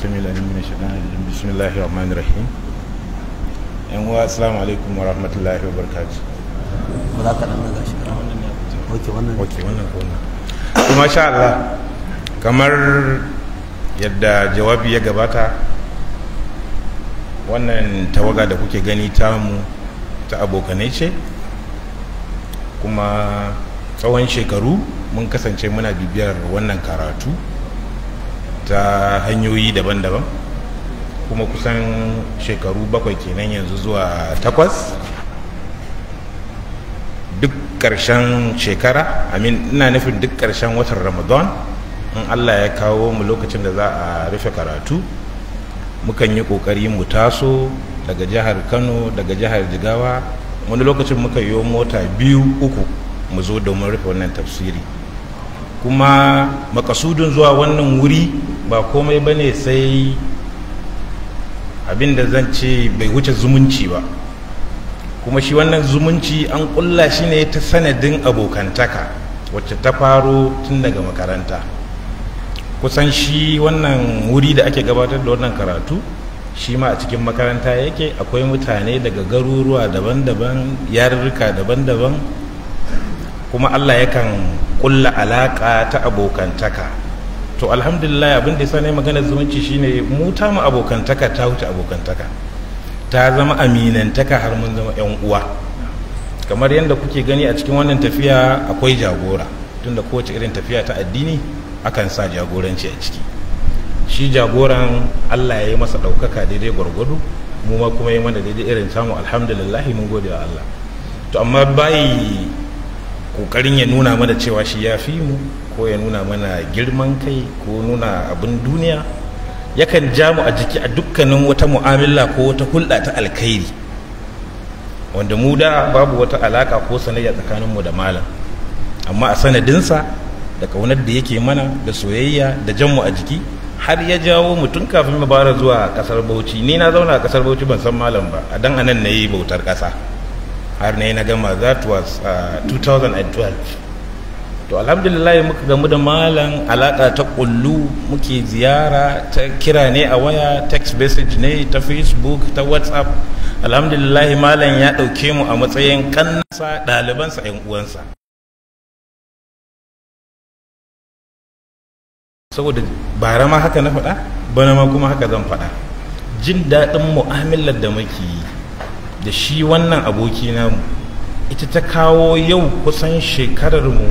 sami yan uwa assalamu alaikum wa rahmatullahi wa barakatuh ba za ka dan shi wannan wannan kuma sha Allah kamar yadda jawabi ya gabata wannan tawaga da kuke gani mu ta abokanai ce kuma tsawon shekaru mun kasance muna bibiyar wannan karatu ta hanyoyi daban-daban kuma kusan shekaru bakwai kenan yanzu zuwa takwas duk ƙarshen shekara amin ina nufin duk ƙarshen watan ramadan in allah ya kawo mu lokacin da za a rufe karatu mukan yi ƙoƙari mu taso daga jihar kano daga jihar jigawa wani lokacin muka yi mota biyu uku mu zo domin rufe wannan tafsiri kuma makasudin zuwa wannan wuri ba komai ba ne sai abinda zan ce bai wuce zumunci ba kuma shi wannan zumunci an kulla shi ne ta sanadin abokantaka wacce ta faro tun daga makaranta kusan shi wannan wuri da ake gabatar da wannan karatu shi ma a cikin makaranta yake akwai mutane daga garuruwa daban-daban yarurruka daban-daban kuma allah yakan kulla alaka ta abokantaka to alhamdulillah abin da yasa sani maganar zumunci shine mu ta mu abokantaka ta wuce abokantaka ta zama aminantaka har mun zama yan uwa kamar yadda kuke gani a cikin wannan tafiya akwai jagora tunda kowace irin tafiya ta addini akan sa jagoranci a ciki shi jagoran Allah ya yi masa ɗaukaka daidai gwargwado mu ma kuma yi mana daidai irin samu alhamdulillah mun gode wa Allah to amma bai kokarin ya nuna mana cewa shi ya fi mu ko ya nuna mana girman kai ko nuna abin duniya yakan ja mu a jiki a dukkanin wata mu'amala ko wata hulɗa ta alkhairi wanda mu da babu wata alaka ko sanayya tsakanin mu da malam amma a sanadinsa da kaunar da yake mana da soyayya da jan mu a jiki har ya jawo mu tun kafin mu bara zuwa kasar bauchi ni na zauna a kasar bauchi ban san malam ba a dan anan na yi bautar ƙasa har na yi na gama that was uh, 2012 to alhamdulillah muka gamu da malam alaka ta kullu muke ziyara ta kira ne a waya text message ne ta facebook ta whatsapp alhamdulillah malam ya ɗauke mu a matsayin kannansa ɗalibansa 'yan uwansa saboda bara ma haka na faɗa bana ma kuma haka zan faɗa jin daɗin mu'amalar da muke yi da shi wannan aboki namu ita ta kawo yau kusan shekarar mu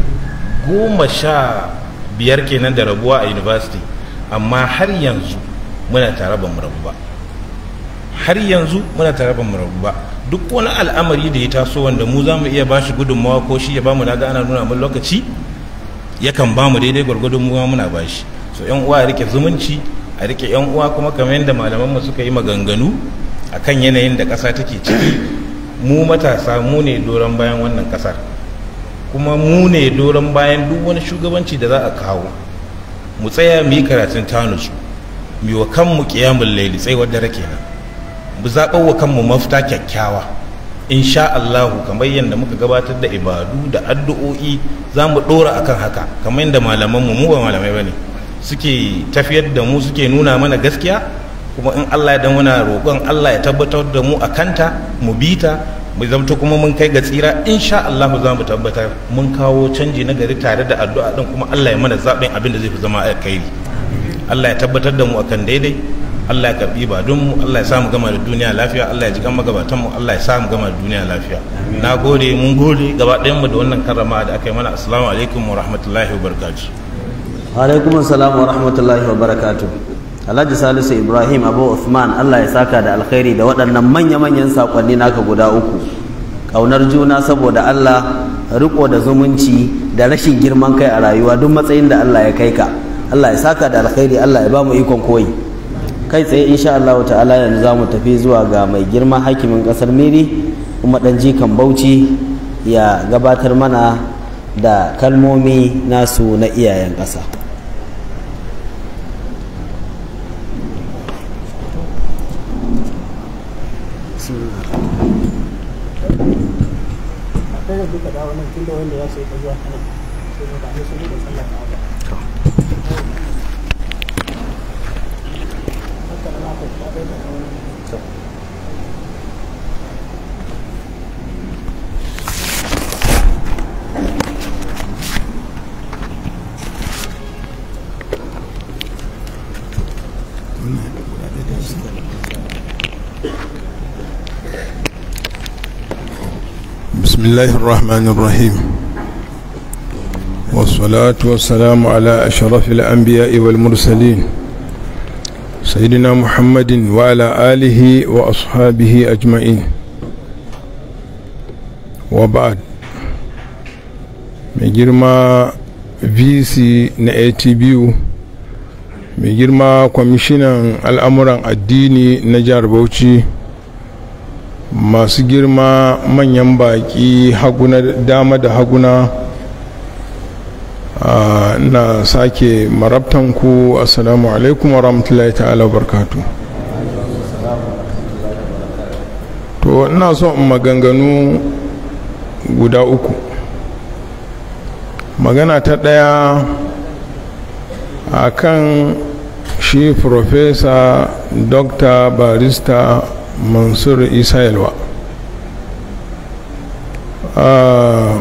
goma sha biyar kenan da rabuwa a university amma har yanzu muna tare ba mu rabu ba har yanzu muna tare ba mu rabu ba duk wani al'amari da ya taso wanda mu za mu iya ba shi gudunmawa ko shi ya ba mu naga ana nuna mun lokaci yakan ba mu daidai gwargwadon mu muna ba shi so yan uwa a rike zumunci a rike yan uwa kuma kamar yadda malaman mu suka yi maganganu akan yanayin da ƙasa take ciki mu matasa mu ne doron bayan wannan ƙasar kuma mu ne doron bayan duk wani shugabanci da za a kawo mu tsaya mu yi karatun tanusu mu yi wa kanmu ƙiyamun laili tsayuwar rake kenan mu zaɓar wa kanmu mafita kyakkyawa insha Allahu kamar yadda muka gabatar da ibadu da addu'o'i za mu ɗora akan haka kamar yadda malamanmu mu ba malamai ba ne suke tafiyar da mu suke nuna mana gaskiya kuma in Allah ya dan muna roƙon Allah ya tabbatar da mu a kanta mu bi ta mu zamto kuma mun kai ga tsira insha Allah za mu tabbatar mun kawo canji na gari tare da addu'a din kuma Allah ya mana zaɓin abin da zai fi zama kai Allah ya tabbatar da mu akan daidai Allah ya karbi badun mu Allah ya samu gama da duniya lafiya Allah ya ji kan magabatan mu Allah ya samu gama da duniya lafiya na gode mun gode gaba ɗayan mu da wannan karrama da aka yi mana assalamu alaikum wa rahmatullahi wa barakatuh wa alaikum assalam wa rahmatullahi wa barakatuh alhaji salisu ibrahim abu usman allah ya saka da alkhairi da waɗannan manya-manyan saƙonni naka guda uku ƙaunar juna saboda allah riƙo da zumunci da rashin girman kai a rayuwa duk matsayin da allah ya kai ka allah ya saka da alkhairi allah ya ba mu ikon koyi kai tsaye insha allah ta'ala yanzu za mu tafi zuwa ga mai girma hakimin ƙasar miri kuma ɗan jikan bauchi ya gabatar mana da kalmomi nasu na iyayen ƙasa duka dawo nan tun da wanda ya sai ka zuwa kan sai da ba sai da sallah الله الرحمن الرحيم والصلاة والسلام على أشرف الأنبياء والمرسلين سيدنا محمد وعلى آله وأصحابه أجمعين وبعد mai girma vc na atbu mai girma kwamishinan al'amuran addini na jihar bauchi masu girma manyan baki haguna dama da haguna na sake marabtanku assalamu alaikum wa rahmatullahi ta'ala barkatu to ina so in maganganu guda uku magana ta ɗaya akan shi professor dokta barista mansur isa yalwa ah,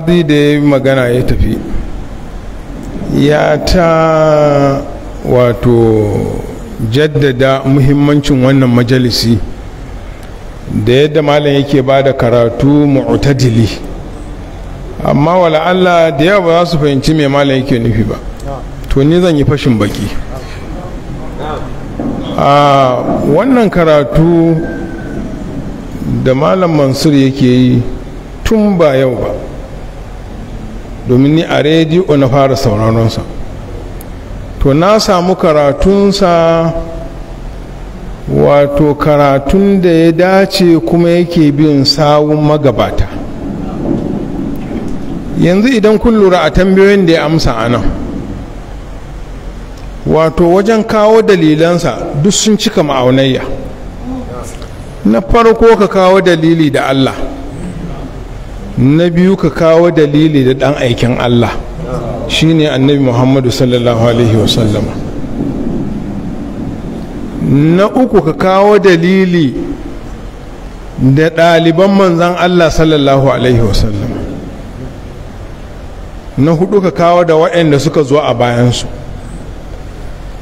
da ya yi magana ya tafi ya ta wato jaddada muhimmancin wannan majalisi da yadda malam yake ba da karatu mu'tadili amma wala da yawa ba za su fahimci mai malam yake nufi ba ah. to ni zan yi fashin baki a wannan karatu da malam mansur yake yi tun ba yau ba domin ni a rediyo na fara sauraronsa to na samu karatunsa wato karatun da ya dace kuma yake bin sawun magabata yanzu idan kun lura a tambayoyin da ya amsa anan. wato wajen kawo dalilansa duk sun cika ma'aunayya na farko ka kawo dalili da Allah na biyu ka kawo dalili da ɗan aikin Allah shine annabi Muhammadu sallallahu alaihi wasallam na uku ka kawo dalili da ɗaliban manzan Allah sallallahu alaihi wasallam na hudu ka kawo da waɗanda suka zo a bayansu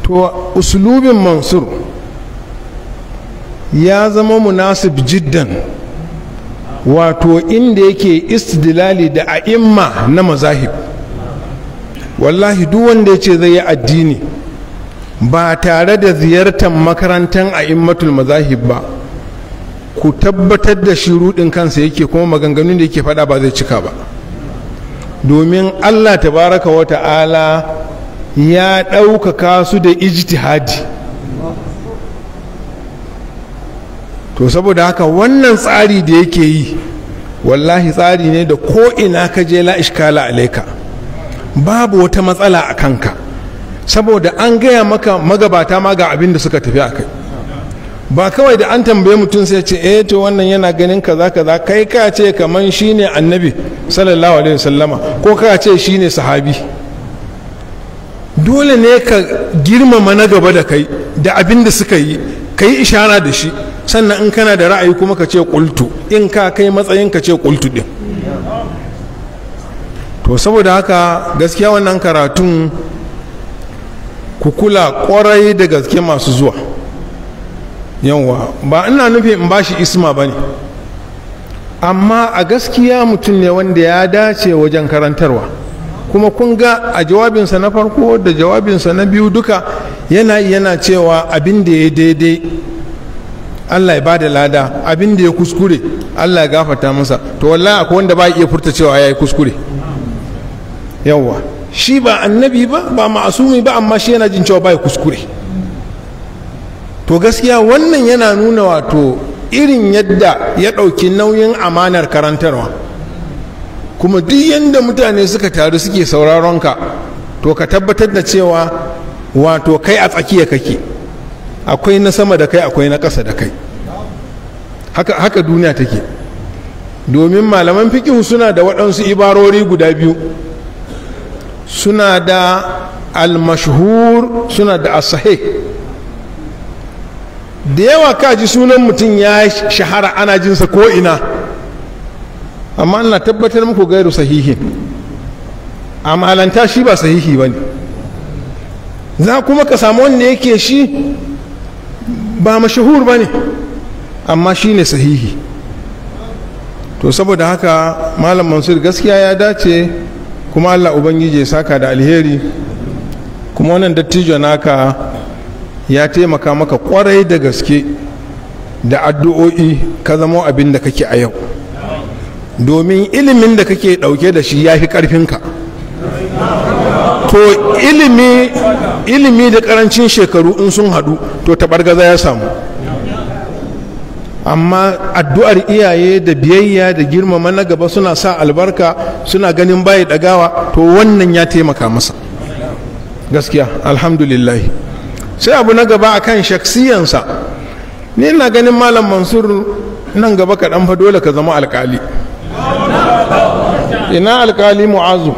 to uslubin mansur ya zama munasib jiddan wato inda yake istidlali da a'imma na mazahib wallahi duk wanda ya ce zai yi addini ba tare da ziyartar makarantar a'immatul mazahib ba ku tabbatar da shiruɗin kansa yake kuma maganganun da yake faɗa ba zai cika ba domin allah ta wa ta'ala ya ɗaukaka su da ijtihadi to saboda haka wannan tsari da yake yi wallahi tsari ne da ko'ina ka je la'ishkala alaika babu wata matsala a kanka saboda an gaya maka magabata ma ga abin da suka tafi a kai ba kawai da an tambaye mutum sai ce eh to wannan yana ganin kaza kaza kai ka ce kaman shine annabi sallallahu alaihi wasallama ko ka ce shine sahabi dole ne ka girmama na gaba da kai da abin da suka yi ka yi ishara da shi sannan in kana da ra'ayi kuma ka ce kultu in ka kai matsayin ka ce kultu ɗin to saboda haka gaskiya wannan karatun ku kula kwarai da gaske masu zuwa yawa ba ina nufin in bashi isma ba ne amma a gaskiya mutum ne wanda ya dace wajen karantarwa kuma kun ga a jawabinsa na farko da jawabinsa na biyu duka yana yana cewa abin da ya daidai allah ya bada lada abin da ya kuskure allah ya gafata masa to wallahi akwai wanda ba iya furta cewa ya yi kuskure yawwa shi ba annabi ba ba ma'asumi ba amma shi yana jin cewa ba ya kuskure to gaskiya wannan yana nuna wato irin yadda ya ɗauki nauyin amanar karantarwa kuma duk yadda mutane suka taru suke sauraron ka to ka tabbatar da cewa wato kai a tsakiya kake akwai na sama da kai akwai na ƙasa da kai haka, haka duniya take domin malaman fikihu suna da waɗansu ibarori guda biyu suna da almashhur suna da asahe da yawa kaji sunan mutum ya shahara ana jinsa ko'ina ina amma na tabbatar muku gairu sahihin amalanta shi ba sahihi ba ne za kuma ka samu wanda yake shi ba mashahur ba ne amma shi ne sahihi to saboda haka malam mansur gaskiya ya dace kuma allah ubangiji ya saka da alheri kuma wannan dattijo naka ya taimaka maka kwarai da gaske da addu'o'i ka zama abin da kake a yau domin ilimin da kake ɗauke da shi ya fi ƙarfinka to ilimi da ƙarancin shekaru in sun hadu to gaza ya samu amma addu'ar iyaye da biyayya da girmama na gaba suna sa albarka suna ganin baya dagawa to wannan ya taimaka masa gaskiya alhamdulillah sai abu na gaba akan shaksiyansa ni na ganin malam mansur nan gaba kaɗan fa dole ka zama alkali ina alkali mu'azu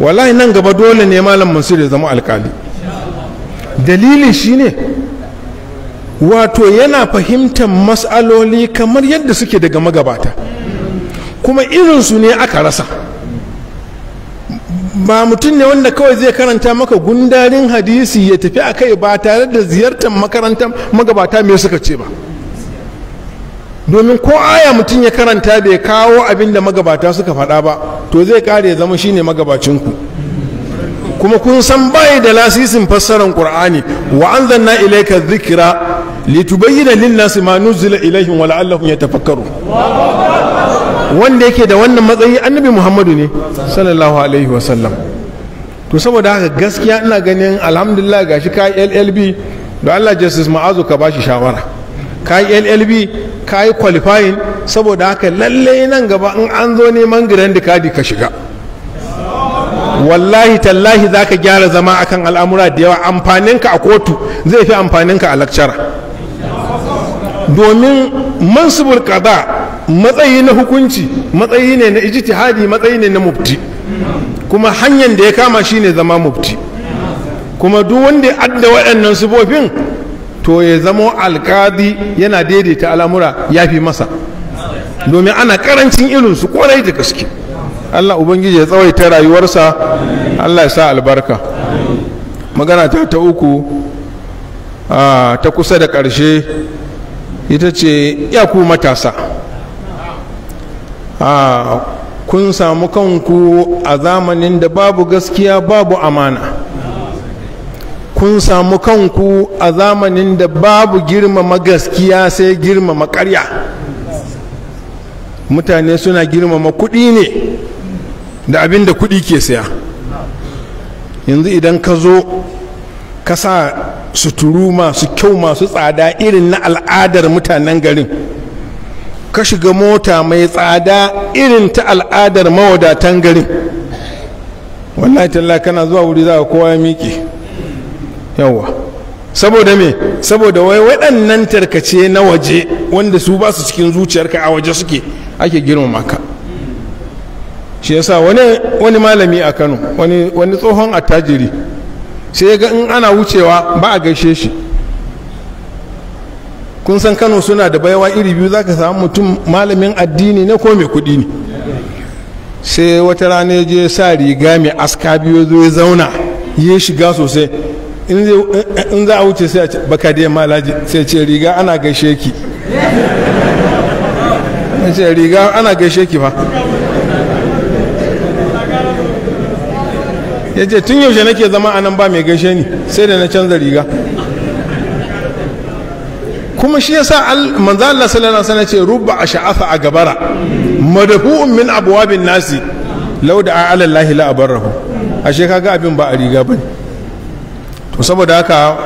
wallahi nan gaba dole ne malam mansur ya zama alkali dalili ne wato yana fahimtar matsaloli kamar yadda suke daga magabata kuma irin su ne aka rasa ba mutum ne wanda kawai zai karanta maka gundarin hadisi ya tafi a kai ba tare da ziyartar makarantar magabata me suka ce ba domin ko aya mutum ya karanta bai kawo abin da magabata suka faɗa ba to zai kare zama shine magabacinku kuma kun san bayi da lasisin fassarar ƙur'ani wa an anzalna zikira, dhikra litubayyana lin su ma nuzila ilayhim wa la'allahum yatafakkaru wanda yake da wannan matsayi annabi Muhammadu ne sallallahu alaihi wa sallam to saboda haka gaskiya ina ganin alhamdulillah gashi ka LLB da Allah justice ma'azu ka bashi shawara ka yi llb ka yi qualifying saboda haka lalle nan gaba in an zo neman grand kadi ka shiga wallahi tallahi za ka gyara zama akan al'amura da yawa amfaninka a kotu zai fi amfaninka a lakcara domin mansubul qada matsayi na hukunci matsayi ne na ijtihadi matsayi ne na mufti kuma hanyar da ya kama shine zama mufti kuma duk wanda adda waɗannan sifofin to ya zamo alkadi yana daidaita al'amura ya fi masa domin ana karancin su kwarai da gaske allah ubangiji ya tsawaita rayuwarsa allah ya sa albarka magana ta ta uku ta kusa da ƙarshe ita ce ya ku matasa kun samu kanku a zamanin da babu gaskiya babu amana kun samu kanku a zamanin da babu girmama gaskiya sai girmama karya mutane suna girmama kuɗi ne da abin da kuɗi ke saya yanzu idan ka zo ka sa suturu masu kyau masu tsada irin na al'adar mutanen garin ka shiga mota mai tsada irin ta al'adar mawadatan garin wallahi talla kana zuwa wuri za ka kowa ya miƙe yawa saboda me saboda wai waɗannan tarkace na waje wanda su ba su cikin zuciyarka a waje suke ake girmama ka shi yasa wani wani malami a Kano wani tsohon attajiri sai ga in ana wucewa ba a gaishe shi kun san Kano suna da baiwa iri biyu zaka samu mutum malamin addini ne ko mai kuɗi ne sai wata rana ya je sa riga mai aska biyu zo ya zauna ya shiga sosai in za a wuce sai a ce baka da yamma alhaji sai ce riga ana gaishe ki ce riga ana gaishe ki fa ya ce tun yaushe nake zama a nan ba mai gaishe ni sai da na canza riga kuma shi yasa manzo Allah sallallahu alaihi wasallam ce rubba sha'afa a gabara madhu'un min abwabin nasi law da'a ala Allah la abarahu ashe kaga abin ba a riga bane to saboda haka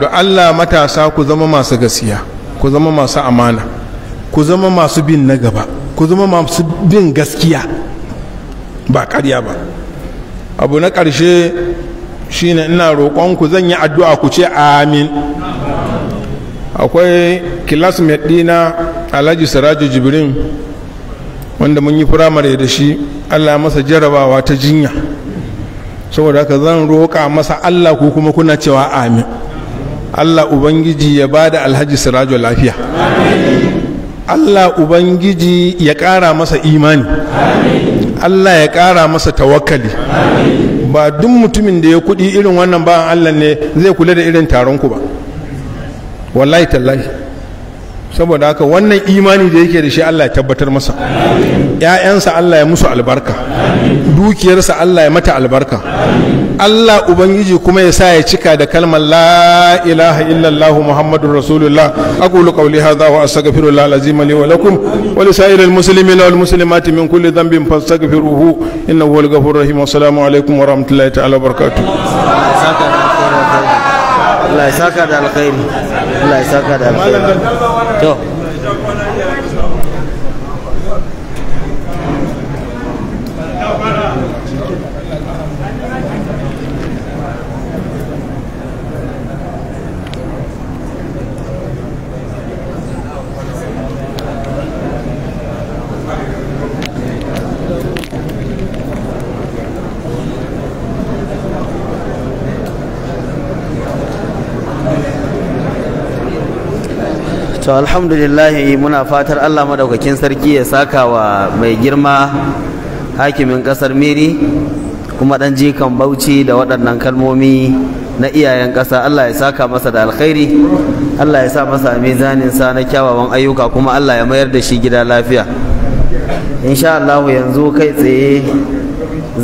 da allah matasa ku zama masu gaskiya ku zama masu amana ku zama masu bin na gaba ku zama masu bin gaskiya ba karya ba abu na ƙarshe shine ina roƙonku zan yi addu'a ku ce amin akwai classmate ɗina alhaji siraju jibrin wanda mun yi firamare da shi allah masa jarabawa ta jinya saboda haka zan roƙa masa Allah ko kuma kuna cewa amin Allah ubangiji ya ba da alhaji sirajo lafiya Allah ubangiji ya ƙara masa imani Allah ya ƙara masa tawakkali ba duk mutumin da ya kuɗi irin wannan ba Allah ne zai kula da irin taron ku ba wallahi tallahi saboda haka wannan imani da yake da shi Allah ya tabbatar masa ‘ya'yansa Allah ya musu albarka dukiyarsa Allah ya mata albarka Allah Ubangiji kuma ya sa ya cika da kalmar la ilaha illallah muhammadur Rasulullah aqulu qawli hadha wa astaghfirullah alazim li wa lakum wa li sa'iril muslimina wal muslimat min kulli dhanbin fastaghfiruhu innahu huwal ghafurur rahim assalamu alaikum wa rahmatullahi ta'ala wa barakatuh Allah ya saka da alkhairi Allah ya saka da alkhairi chưa to alhamdulillah muna fatar Allah madaukakin sarki ya saka wa mai girma hakimin kasar miri kuma dan jikan bauchi da waɗannan kalmomi na iyayen ƙasa Allah ya saka masa da alkhairi Allah ya sa masa mizanin sa na kyawawan ayyuka kuma Allah ya mayar da shi gida lafiya insha Allah yanzu kai tsaye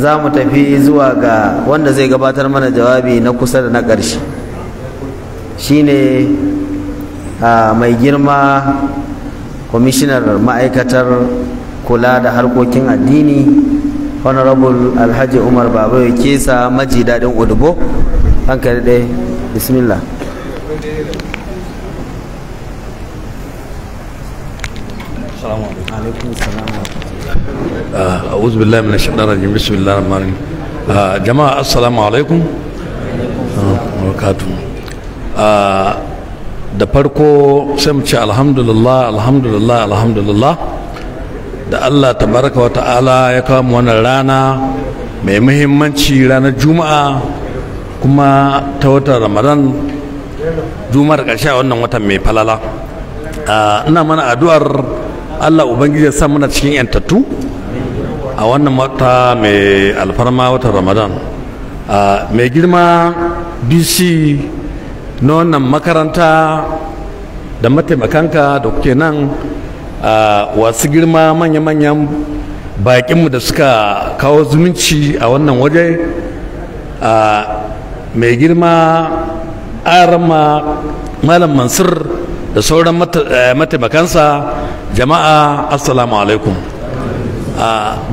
za mu tafi zuwa ga wanda zai gabatar mana jawabi na kusa da na ƙarshe shine mai girma kwamishinar ma'aikatar kula da harkokin addini honorable alhaji umar ya kesa maji daɗin udubo hankali ɗaya bismillah أعوذ بالله من الشيطان الرجيم بسم الله الرحمن الرحيم جماعة السلام عليكم وبركاته da farko sai mu ce alhamdulillah alhamdulillah alhamdulillah da Allah tabaraka wa ta'ala ya kawo mu wannan rana mai muhimmanci ranar juma'a kuma ta watan ramadan juma'ar ƙarshe wannan watan mai falala ina mana addu'ar Allah ubangiji ya sa muna cikin yantattu a wannan wata mai alfarma watan ramadan mai girma bc na wannan makaranta da mataimakanka da kuke nan a wasu girma manya-manyan bakinmu da suka kawo zumunci a wannan waje a mai girma arama malam mansur da sauran eh, mataimakansa jama'a assalamu alaikum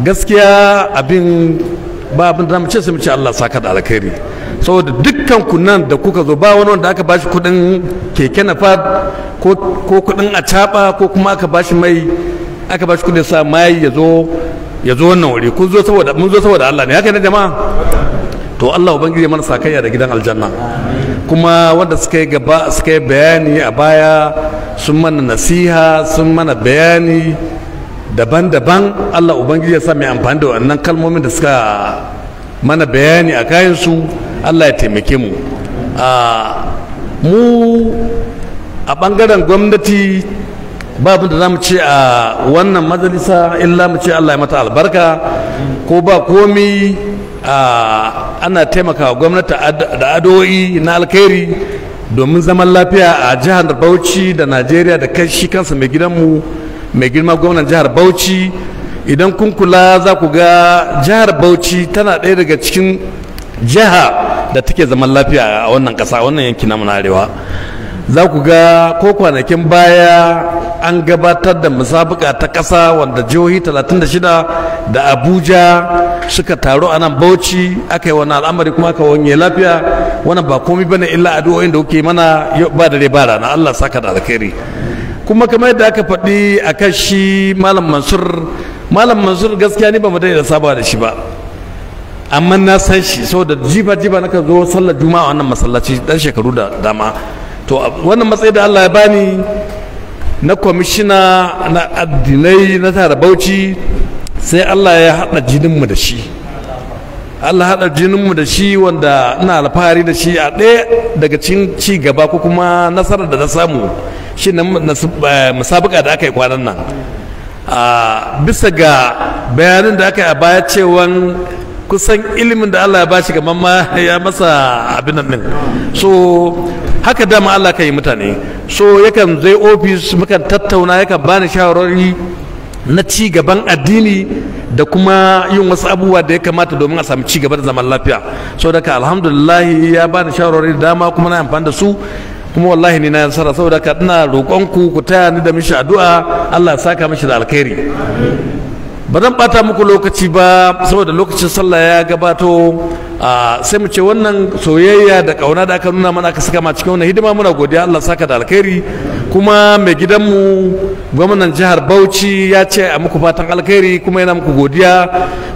gaskiya abin ba abin da na mace su mace allah saka da alkhairi saboda dukkan kunan da kuka zo ba wani wanda aka bashi kudin keke na fad ko kudin a ko kuma aka bashi mai aka bashi kudin sa mai ya zo ya zo wannan wuri kun zo saboda mun zo saboda Allah ne haka ne jama'a to Allah ubangiji mana sakayya da gidan aljanna kuma wanda suka yi gaba suka yi bayani a baya sun mana nasiha sun mana bayani daban-daban Allah ubangiji ya sa mai amfani da wannan kalmomin da suka mana bayani a kayan su allah ya taimake mu mu a bangaren gwamnati babu da za mu ce a wannan majalisa illa mu ce allah ya mata albarka ko ba komi ana taimakawa gwamnati da ado'i na alkhairi domin zaman lafiya a jihar bauchi da najeriya da kai shi kansa mai mu mai girma gwamnan jihar bauchi idan kun kula za ku ga jihar bauchi tana ɗaya daga cikin jiha da take zaman lafiya a wannan ƙasa wannan yanki na arewa za ku ga ko kwanakin baya an gabatar da musabuka ta kasa wanda jihohi 36 da abuja suka taru a nan bauchi aka yi wani al'amari kuma aka wanye lafiya wannan ba komai bane illa addu'o'in da kuke mana ba dare ba rana allah saka da alkhairi kuma kamar yadda aka faɗi a kan shi malam mansur malam mansur gaskiya ni ba mu da saba da shi ba amma na san shi saboda jiba jiba naka zo sallar juma'a wannan masallaci dan shekaru da dama to wannan matsayi da Allah ya bani na kwamishina na addinai na tara bauchi sai Allah ya jinin jininmu da shi Allah jinin jininmu da shi wanda ina alfahari da shi a ɗaya daga cikin ci gaba ko kuma nasarar da na samu shi na eh, musabaka da aka yi kwanan nan a ah, bisa ga bayanin da aka yi a baya cewan kusan ilimin da Allah ya bashi ga ma ya masa abin nan din so haka dama Allah kan yi mutane so yakan zai ofis mukan tattauna yakan bani shawarwari na ci gaban addini da kuma yin wasu abubuwa da ya kamata domin a samu ci gaba da zaman lafiya so daga alhamdulillah ya bani shawarwari da dama kuma na amfani da su kuma wallahi ni na nasara saboda ka ina roƙonku ku taya ni da mishi addu'a Allah ya saka mishi da alkhairi ba zan bata muku lokaci ba saboda lokacin sallah ya gabato sai mu ce wannan soyayya da kauna da aka nuna mana aka saka ma cikin wannan hidima muna godiya Allah saka da alkhairi kuma mai gidanmu gwamnan jihar Bauchi ya ce a muku fatan alkhairi kuma yana muku godiya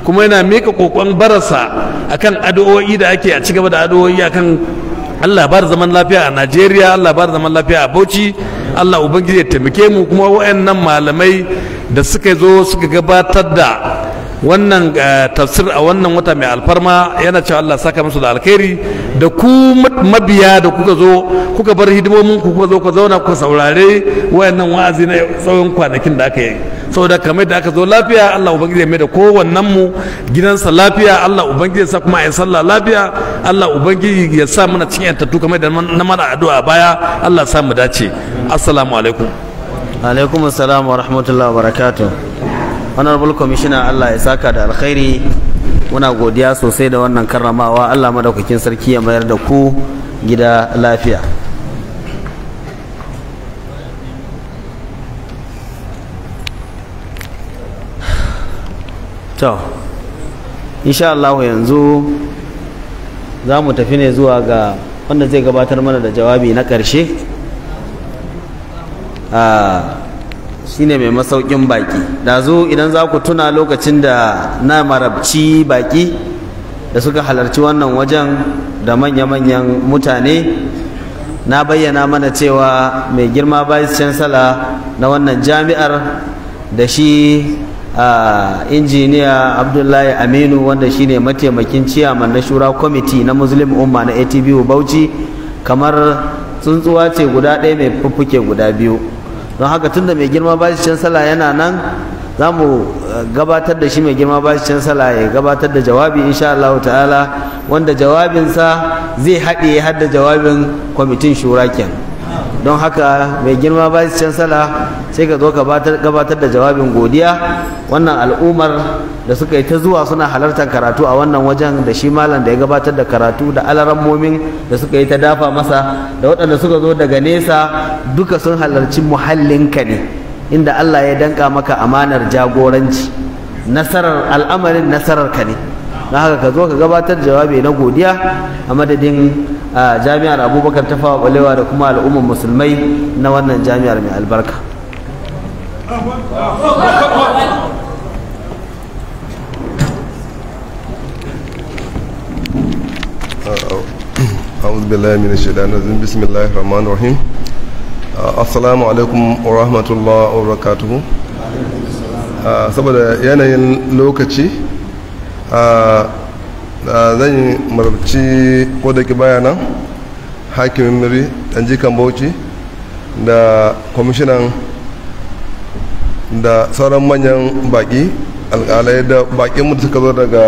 kuma yana mika kokon barasa akan addu'o'i da ake a gaba da addu'o'i akan Allah ba da zaman lafiya a Najeriya Allah ba da zaman lafiya a Bauchi Allah ubangiji ya taimake mu kuma wa'annan malamai da suka zo suka gabatar da wannan eh, tafsir a wannan wata mai alfarma yana cewa Allah saka musu da alkhairi da ku mabiya da kuka zo kuka bar hidimomin ku kuka zo ku zauna ku saurare wayannan wa'azi na tsawon kwanakin da aka yi saboda kamar da aka zo lafiya Allah ubangiji ya mai da kowannen mu gidansa lafiya Allah ubangiji ya sa kuma ayi sallah lafiya Allah ubangiji ya sa mana cikin tattu kamar da na mana addu'a baya Allah ya sa mu dace assalamu alaikum alaikum assalam wa rahmatullahi wa barakatuh honorable commissioner Allah ya saka da alkhairi muna godiya sosai da wannan karramawa Allah madaukakin sarki ya mayar da ku gida lafiya to insha Allah yanzu za mu tafi ne zuwa ga wanda zai gabatar mana da jawabi na ƙarshe ah, shine mai masaukin baki dazu idan za ku tuna lokacin da na marabci baki da suka halarci wannan wajen da manya-manyan mutane na bayyana mana cewa mai girma vice chancellor na wannan jami'ar da shi a injiniya abdullahi aminu wanda shine mataimakin ciyaman na shura kwamiti na muslim umma na atbu bauchi kamar tsuntsuwa ce guda ɗaya mai fuffuke guda biyu don haka tunda mai girma ba shi can sallah yana nan za mu eh, gabatar da shi mai girma ba shi can sallah ya gabatar da jawabi insha Allah ta'ala wanda jawabinsa zai haɗe har da jawabin kwamitin shura kenan don haka mai girma ba can sala sai ka zo ka gabatar da jawabin godiya wannan al'ummar da suka yi ta zuwa suna halartar karatu a wannan wajen da shi malam da ya gabatar da karatu da momin da suka yi ta dafa masa da waɗanda suka zo daga nesa duka sun halarci muhallinka ne inda Allah ya danka maka amanar jagoranci nasarar al'amarin nasararka ne don haka ka zo ka gabatar da jawabi na godiya a madadin jami'ar abubakar ta fawa balewa da kuma al'ummar musulmai na wannan jami'ar mai albarka أعوذ بالله من الشيطان الرجيم بسم الله الرحمن الرحيم السلام عليكم ورحمة الله وبركاته saboda yanayin lokaci Ah, zan marci ko da ki bayanan hakimin miri jikan bauchi da kwamishinan da sauran manyan baki alkalai da bakinmu da suka zo daga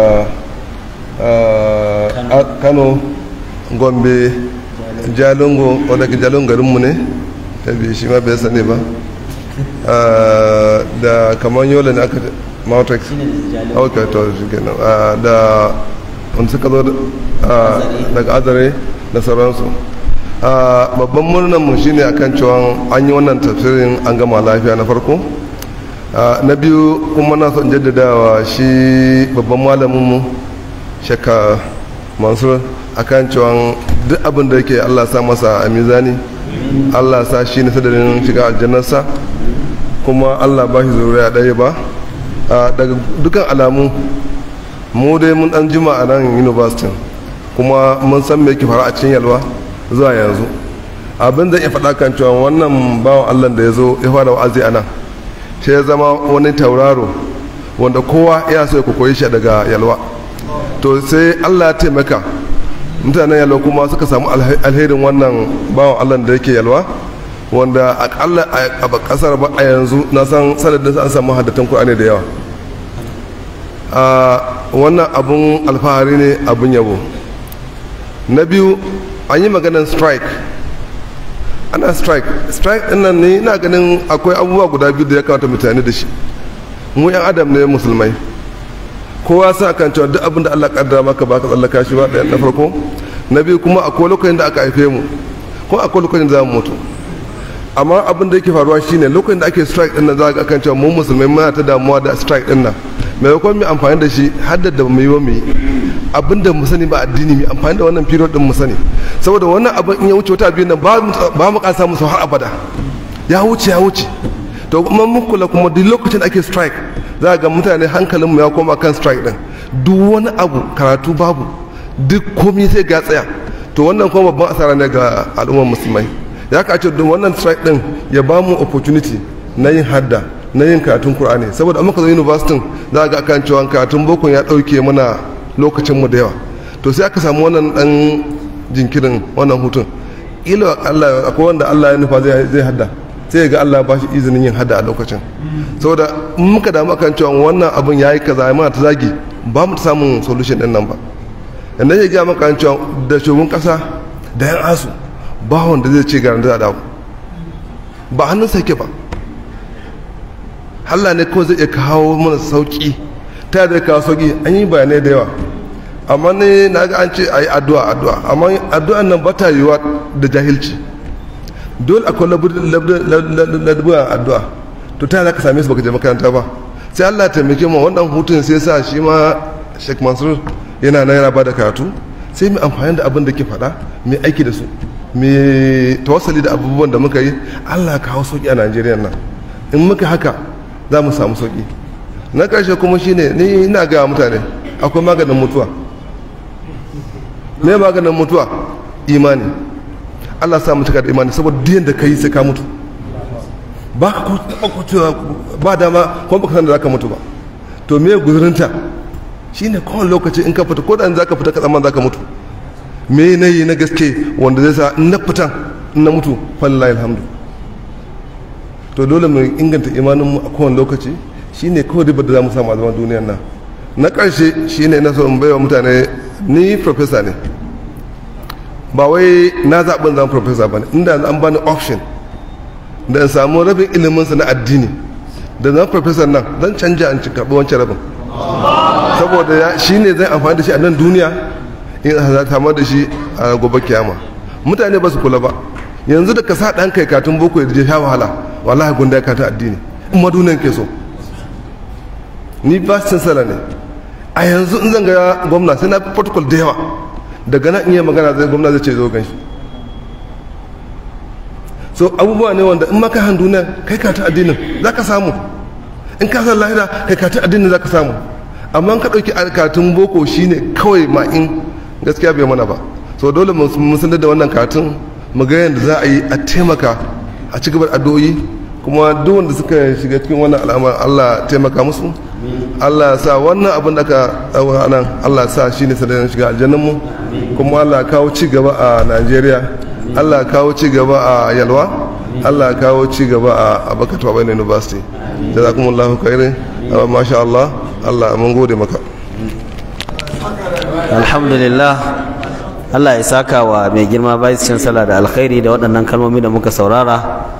ah, kano gombe jalingo wadda ke jalin garinmu ne ta biyu shi ma bai sani ba ah, da kamar yola ne aka da wanda suka zo ah, daga azare da sauransu ah, babban murnan mu shine akan cewa an yi wannan tafsirin an gama lafiya na farko ah, na biyu kuma na son jaddadawa shi babban malaminmu shakka mansur akan cewa duk abin da yake allah sa masa a mizani allah sa shi na sadarin shiga aljannarsa kuma allah ba shi zuriya ɗaya ba daga dukan alamu mu dai mun dan jima a nan university kuma mun san me yake faru a cikin yalwa zuwa yanzu abin da ya faɗa kan cewa wannan bawan allah da ya zo ya fara wa'azi a nan sai ya zama wani tauraro wanda kowa ya so ku koyi shi daga yalwa to sai allah ya taimaka mutanen yalwa kuma suka samu alherin wannan bawan allah da yake yalwa wanda akalla a kasar ba a yanzu na san sanadin an samu haddatan kur'ani da yawa ah, wannan abun alfahari ne abun yabo na biyu an yi maganin strike ana strike strike ɗin nan ne ina ganin akwai abubuwa guda biyu da ya kamata mutane da shi mu yan adam ne musulmai kowa sa kan cewa duk abin da Allah kaddara maka ba ka tsallaka shi ba ɗaya na farko na biyu kuma akwai lokacin da aka haife mu ko akwai lokacin da za mu mutu amma abin da yake faruwa shine lokacin da ake strike ɗin nan za ka kan cewa mu musulmai muna ta damuwa da strike ɗin nan maimakon mai amfani da shi haddar da mai yi mai abin da musani ba addini mai amfani da wannan period din musani saboda wannan abin in ya wuce wata biyu nan ba mu kasa musu har abada ya wuce ya wuce to kuma mun kula kuma duk lokacin ake strike za ga mutane hankalin mu ya koma kan strike din duk wani abu karatu babu duk komai sai ga tsaya to wannan kuma babban asara ne ga al'ummar musulmai ya ka ce wannan strike din ya ba mu opportunity na yin hadda na yin karatun kur'ani saboda amma ka zo university za ga kan cewa karatun boko ya dauke mana lokacin mu da yawa to sai aka samu wannan dan jinkirin wannan hutun ila Allah akwai wanda Allah ya nufa zai zai hadda sai ga Allah ba shi izinin yin hadda a lokacin saboda muka damu kan cewa wannan abun yayi kaza mana ta zagi ba mu samun solution din nan ba yanda ya gaya maka cewa da shugaban kasa da yan asu ba wanda zai ce ga da dawo ba hannun sake ba Allah ne kawai zai iya kawo mana sauki ta da kawo sauki an yi bayanai da yawa amma ne na ga an ce a yi addu'a addu'a amma addu'an nan ba ta yiwuwa da jahilci dole akwai labubuwan addu'a to ta za ka same su baka je makaranta ba sai Allah taimake mu wannan hutun sai sa shi ma Sheikh Mansur yana nan yana bada karatu sai mu amfani da abin da ke faɗa mu aiki da su mu tawassali da abubuwan da muka yi Allah ka kawo sauki a Najeriya nan in muka haka za mu samu sauki na ƙarshe kuma shine ni ina gaya mutane akwai maganin mutuwa me maganin mutuwa imani Allah samu cika da imani saboda duk yanda kai sai ka mutu ba ka taɓa kucewa ba dama kuma baka san da ka mutu ba to me guzurinta shine kowane lokaci in ka fita ko da in ka fita ka za ka mutu me na yi na gaske wanda zai sa in na fitan in na mutu fallahi alhamdu to dole mu inganta imanin mu a kowane lokaci shine kawai ribar da za mu samu a zaman duniyar nan na ƙarshe shine ne so in baiwa mutane ni professor ne ba wai na zaɓin zama professor ba ne inda an bani option da in samu rabin sa na addini da zama professor nan zan canja in ci karɓi wancan rabin saboda shi ne zai amfani da shi a nan duniya in samar da shi a gobe kiyama mutane ba su kula ba yanzu da ka sa ɗan kai katun boko ya je sha wahala wallahi gunda ya kata addini in madunan ke so ni ba sinsala ne a yanzu in zan ga gwamna sai na protocol da yawa daga nan in yi magana zai gwamna zai ce zo gan shi so abubuwa ne wanda in maka hannu na kai kata addinin za ka samu in ka san lahira kai kata addinin za ka samu amma ka ɗauki alkatun boko shine kawai ma in gaskiya bai mana ba so dole mu sanar da wannan katun mu ga yadda za a yi a taimaka a ci addu'o'i kuma duk wanda suka shiga cikin wannan al'amar Allah taimaka musu Allah sa wannan abin da ka tsawo nan Allah sa shi ne sanadin shiga aljannan mu kuma Allah kawo ci gaba a Najeriya Allah kawo ci gaba a Yalwa Allah kawo ci gaba a Abakatu Bayan University jazakumullahu khairan masha Allah Allah mun gode maka alhamdulillah Allah ya saka wa mai girma bayan cin sallah da alkhairi da waɗannan kalmomi da muka saurara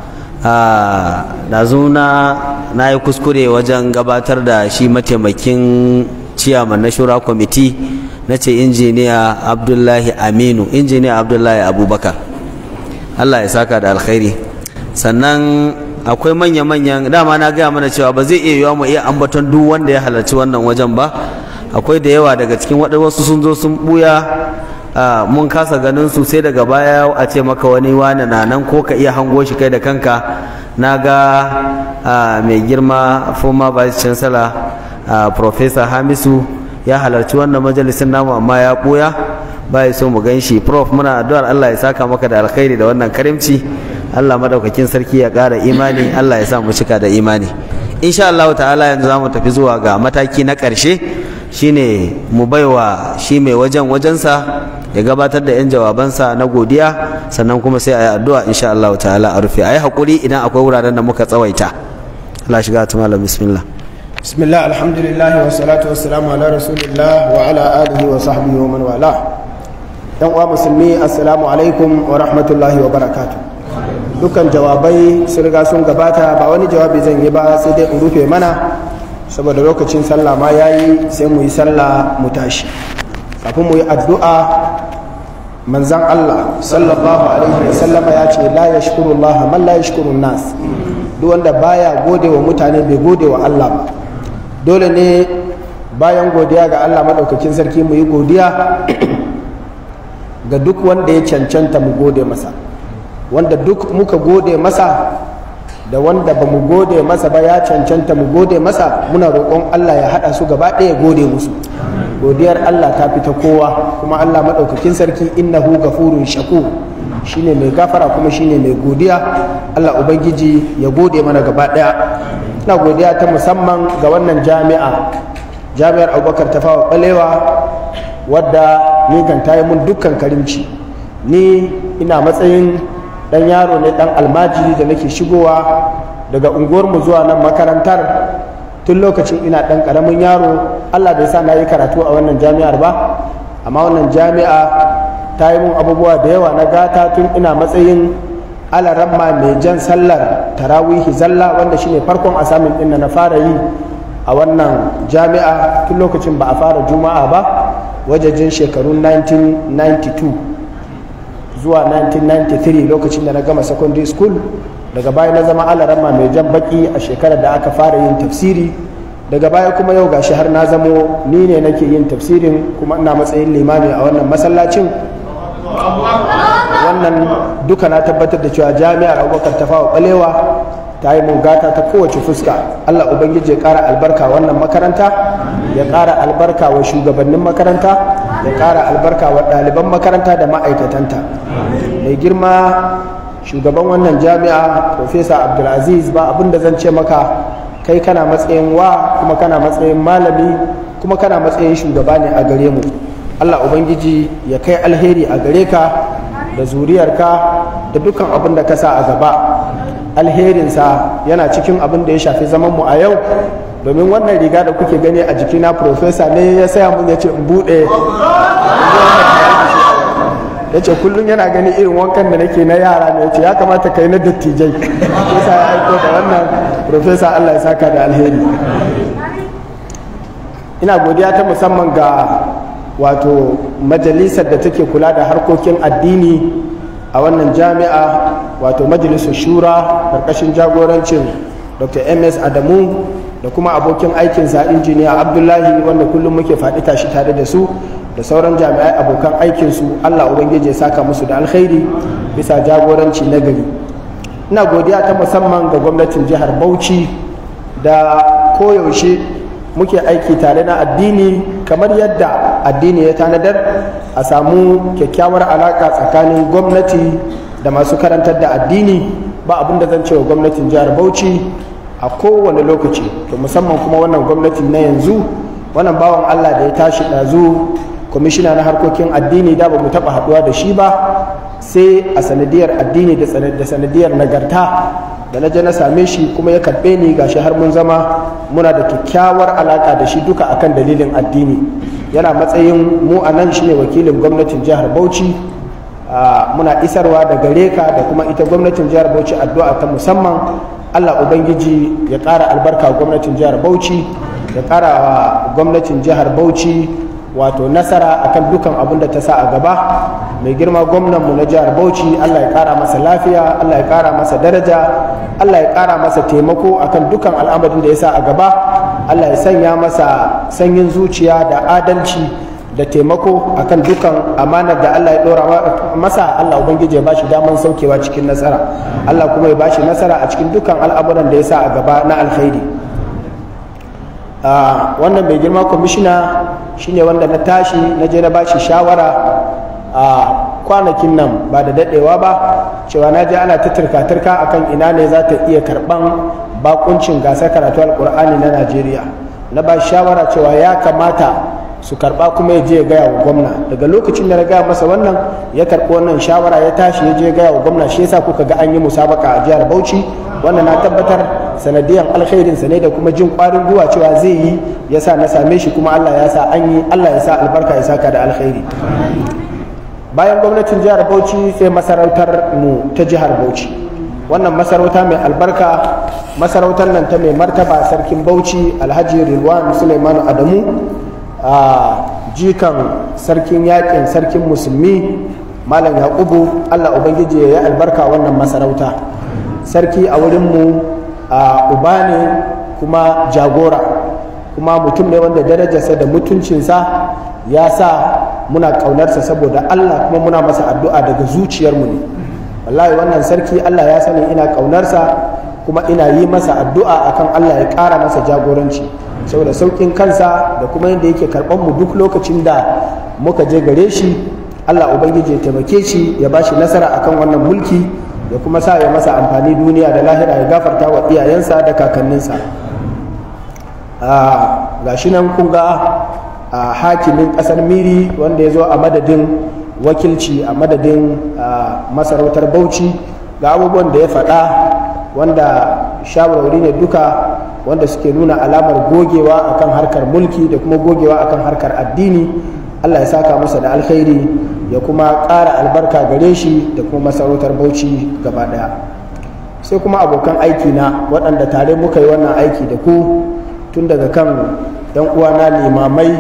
zuna na yi kuskure wajen gabatar da shi mataimakin ciyaman na shura kwamiti na ce injiniya abdullahi aminu injiniya abdullahi abubakar allah ya saka da alkhairi sannan akwai manya-manyan dama na gaya mana cewa ba zai iya yiwa mu iya ambaton duk wanda ya halarci wannan wajen ba akwai da yawa daga cikin waɗansu sun zo sun buya Ah, mun kasa ganin su sai daga baya a ce maka wani wane na nan ko ka iya hango shi kai da kanka na ga ah, mai girma former vice chancellor ah, professor hamisu ya halarci wannan majalisin namu amma ya ɓoya ya so mu gan shi prof muna addu'ar allah ya saka maka da alkhairi da wannan karimci allah madaukakin sarki ya ƙara imani allah ya sa mu cika da imani insha allah ta'ala yanzu za mu tafi zuwa ga mataki na ƙarshe shine mu baiwa shi mai wajen wajensa ya gabatar da 'yan jawabansa na godiya sannan kuma sai a yi addu'a insha Allah ta'ala a rufe a yi haƙuri idan akwai wuraren da muka tsawaita Allah shiga ta malam bismillah bismillah alhamdulillah wa salatu wa salamu ala rasulillah wa ala alihi wa sahbihi wa man wala yan uwa musulmi assalamu alaikum wa rahmatullahi wa barakatuh dukkan jawabai sun riga sun gabata ba wani jawabi zan yi ba sai dai in rufe mana saboda lokacin sallah ma ya yi sai mu yi sallah mu tashi kafin mu yi addu'a manzan Allah sallallahu alaihi wa sallama ya ce la yashkuru Allah man la yashkuru nas duk wanda baya gode wa mutane bai gode wa Allah ba dole ne bayan godiya ga Allah madaukakin sarki mu yi godiya ga duk wanda ya cancanta mu gode masa wanda duk muka gode masa da wanda ba mu gode masa ba ya cancanta mu gode masa muna roƙon Allah ya haɗa su gaba ɗaya gode musu godiyar Allah ta fita kowa kuma Allah maɗaukakin sarki innahu gafurun shaku shine mai gafara kuma shine mai godiya Allah ubangiji ya gode mana gaba ɗaya ina godiya ta musamman ga wannan jami'a jami'ar abubakar ta tafawa balewa wadda ni kan ta yi mun dukkan karimci ni ina matsayin dan yaro ne dan almajiri da nake shigowa daga unguwarmu zuwa nan makarantar tun lokacin ina dan karamin yaro allah bai sa na yi karatu a wannan jami'ar ba amma wannan jami'a ta yi mun abubuwa da yawa na gata tun ina matsayin alaramma mai jan sallar tarawihi zalla wanda shine farkon asamin din na fara yi a wannan jami'a tun lokacin ba a fara juma'a ba wajajen shekarun 1992 zuwa 1993 lokacin da na gama secondary school daga baya na zama alarama mai jan baki a shekarar da aka fara yin tafsiri daga baya kuma yau gashi har na zamo ni ne nake yin tafsirin kuma ina matsayin limami a wannan masallacin wannan duka na tabbatar da cewa jami'ar abubakar tafawa balewa ta yi mugata ta kowace fuska allah ubangiji ya kara albarka wannan makaranta ya kara albarka wa shugabannin makaranta ya kara albarka wa ɗaliban makaranta da ma'aikatanta mai girma shugaban wannan jami'a profesa abdulaziz ba abin da zan ce maka kai kana matsayin wa kuma kana matsayin malami kuma kana matsayin shugaba ne a gare mu allah ubangiji ya kai alheri a gare ka da ka da dukkan abin da ka sa a gaba alherinsa yana cikin abin da ya shafi zaman mu a yau domin wannan riga da kuke gani a jikina profesa ne ya saya mun ya ce in buɗe ya ce kullum yana gani irin wankan da nake na yara ne ya ce ya kamata kai na dattijai kusa ya aiko da wannan profesa allah ya saka da alheri ina godiya ta musamman ga wato majalisar da take kula da harkokin addini a wannan jami'a wato majalisar shura karkashin jagorancin dr ms adamu da kuma abokin aikinsa injiniya abdullahi wanda kullum muke faɗi tashi tare da su da sauran jami'ai abokan aikinsu allah ubangiji ya saka musu da alkhairi bisa jagoranci nagari. ina godiya ta musamman ga gwamnatin jihar bauchi da koyaushe muke aiki tare na addini kamar yadda addini ya tanadar a samu kyakkyawar alaka tsakanin gwamnati da masu karantar da addini ba abin da zan cewa gwamnatin jihar bauchi a kowane lokaci to musamman kuma wannan gwamnati na yanzu wannan bawan allah da ya tashi ɗazu kwamishina na harkokin addini da ba mu taɓa haɗuwa da shi ba sai a sanadiyar addini da sanadiyar nagarta da na je na same shi kuma ya karɓe ni gashi har mun zama muna da kyakkyawar alaƙa da shi duka akan dalilin addini yana matsayin mu a nan shine wakilin gwamnatin jihar bauchi muna isarwa da gare ka da kuma ita gwamnatin jihar bauchi addu'a ta musamman allah ubangiji ya ƙara albarka gwamnatin jihar bauchi ya ƙara wa gwamnatin jihar bauchi wato nasara akan dukan abin da ta sa a gaba mai girma gwamnanmu na jihar Bauchi Allah ya kara masa lafiya Allah ya kara masa daraja Allah ya kara masa taimako akan dukan al'amarin da ya sa a gaba Allah ya sanya masa sanyin zuciya da adalci da taimako akan dukan amanar da Allah ya dora masa Allah ubangiji ya bashi daman saukewa cikin nasara Allah kuma ya bashi nasara a cikin dukan al'amuran da ya sa a gaba na alkhairi ah, wannan mai girma kwamishina shine wanda na tashi na je na bashi shawara a kwanakin nan ba da dadewa ba cewa na je ana ta turka-turka akan ina ne za ta iya karban bakuncin gasar karatu alkur'ani na najeriya na ba shawara cewa ya kamata su karba kuma ya je ya gaya wa gwamna daga lokacin da na gaya masa wannan ya karbi wannan shawara ya tashi ya je ya gaya wa gwamna shi yasa kuka ga an yi musabaka a jihar bauchi wannan na tabbatar sanadiyan alkhairinsa ne da kuma jin kwarin gwiwa cewa zai yi ya sa na same shi kuma allah ya sa an yi allah ya sa albarka ya saka da alkhairi bayan gwamnatin jihar bauchi sai masarautar mu ta jihar bauchi wannan masarauta mai albarka masarautar nan ta mai martaba sarkin bauchi alhaji rilwan suleimanu adamu a jikan sarkin yakin sarkin musulmi malam yakubu allah ubangiji ya yi albarka wannan masarauta sarki a wurinmu uba ne kuma jagora kuma mutum ne wanda darajarsa da mutuncinsa ya sa muna ƙaunarsa saboda allah kuma muna masa addu'a daga zuciyarmu ne wallahi wannan sarki allah ya sani ina ƙaunarsa kuma ina yi masa addu'a akan allah ya ƙara masa jagoranci saboda sauƙin kansa da kuma yadda yake karɓar mu duk lokacin da muka je gare shi allah ubangiji ya taimake shi ya ba shi nasara akan wannan mulki ya kuma sa ya masa amfani duniya da lahira ya gafarta wa iyayensa da kakanninsa ga shi nan kun ga hakimin ƙasar miri wanda ya zo a madadin wakilci a madadin masarautar bauchi ga abubuwan da ya faɗa wanda shawarwari ne duka wanda suke nuna alamar gogewa akan harkar mulki da kuma gogewa akan harkar addini allah ya saka masa da alkhairi ya kuma ƙara albarka gare shi da kuma masarautar bauchi gaba ɗaya sai kuma abokan aiki na waɗanda tare muka yi wannan aiki da ku tun daga kan yan uwana limamai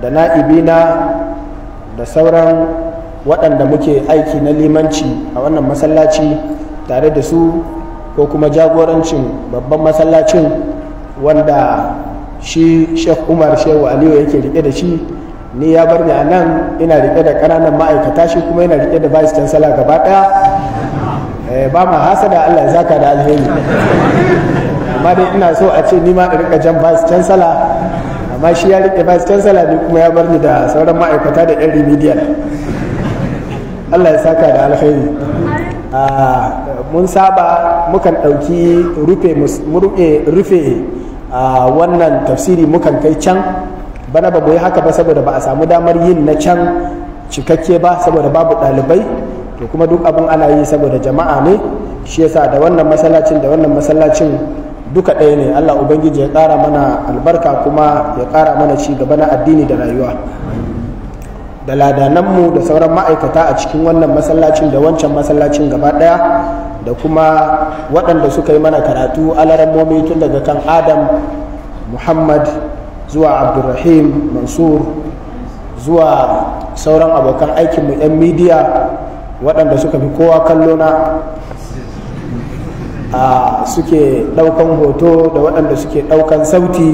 da na'ibina da sauran waɗanda muke aiki na limanci a wannan masallaci tare da su ko kuma jagorancin babban masallacin wanda shi sheikh umar shehu aliyu yake riƙe da shi ni ya bar ni a nan ina rike da ƙananan ma'aikata shi kuma yana rike da vice chancellor gaba ɗaya eh, ba ma hasada Allah ya zaka da alheri amma dai ina so a ce ni ma rika jan vice chancellor amma shi ya riƙe vice chancellor ni kuma ya bar ni da sauran ma'aikata da yan remedial Allah ya saka da alheri ah, mun saba mukan ɗauki rufe rufe ah, wannan tafsiri mukan kai can bana ba mu yi haka ba saboda ba a samu damar yin na can cikakke ba saboda babu ɗalibai to kuma duk abin ana yi saboda jama'a ne shi yasa da wannan masallacin da wannan masallacin duka ɗaya ne allah ubangiji ya ƙara mana albarka kuma ya ƙara mana ci gaba na addini da rayuwa da ladananmu da sauran ma'aikata a cikin wannan masallacin da wancan masallacin gaba ɗaya da kuma waɗanda suka yi mana karatu alarammomi tun daga kan adam muhammad zuwa abdulrahim mansur zuwa sauran abokan aikinmu 'yan midiya waɗanda suka fi kowa kallo na suke ɗaukan hoto da waɗanda suke ɗaukan sauti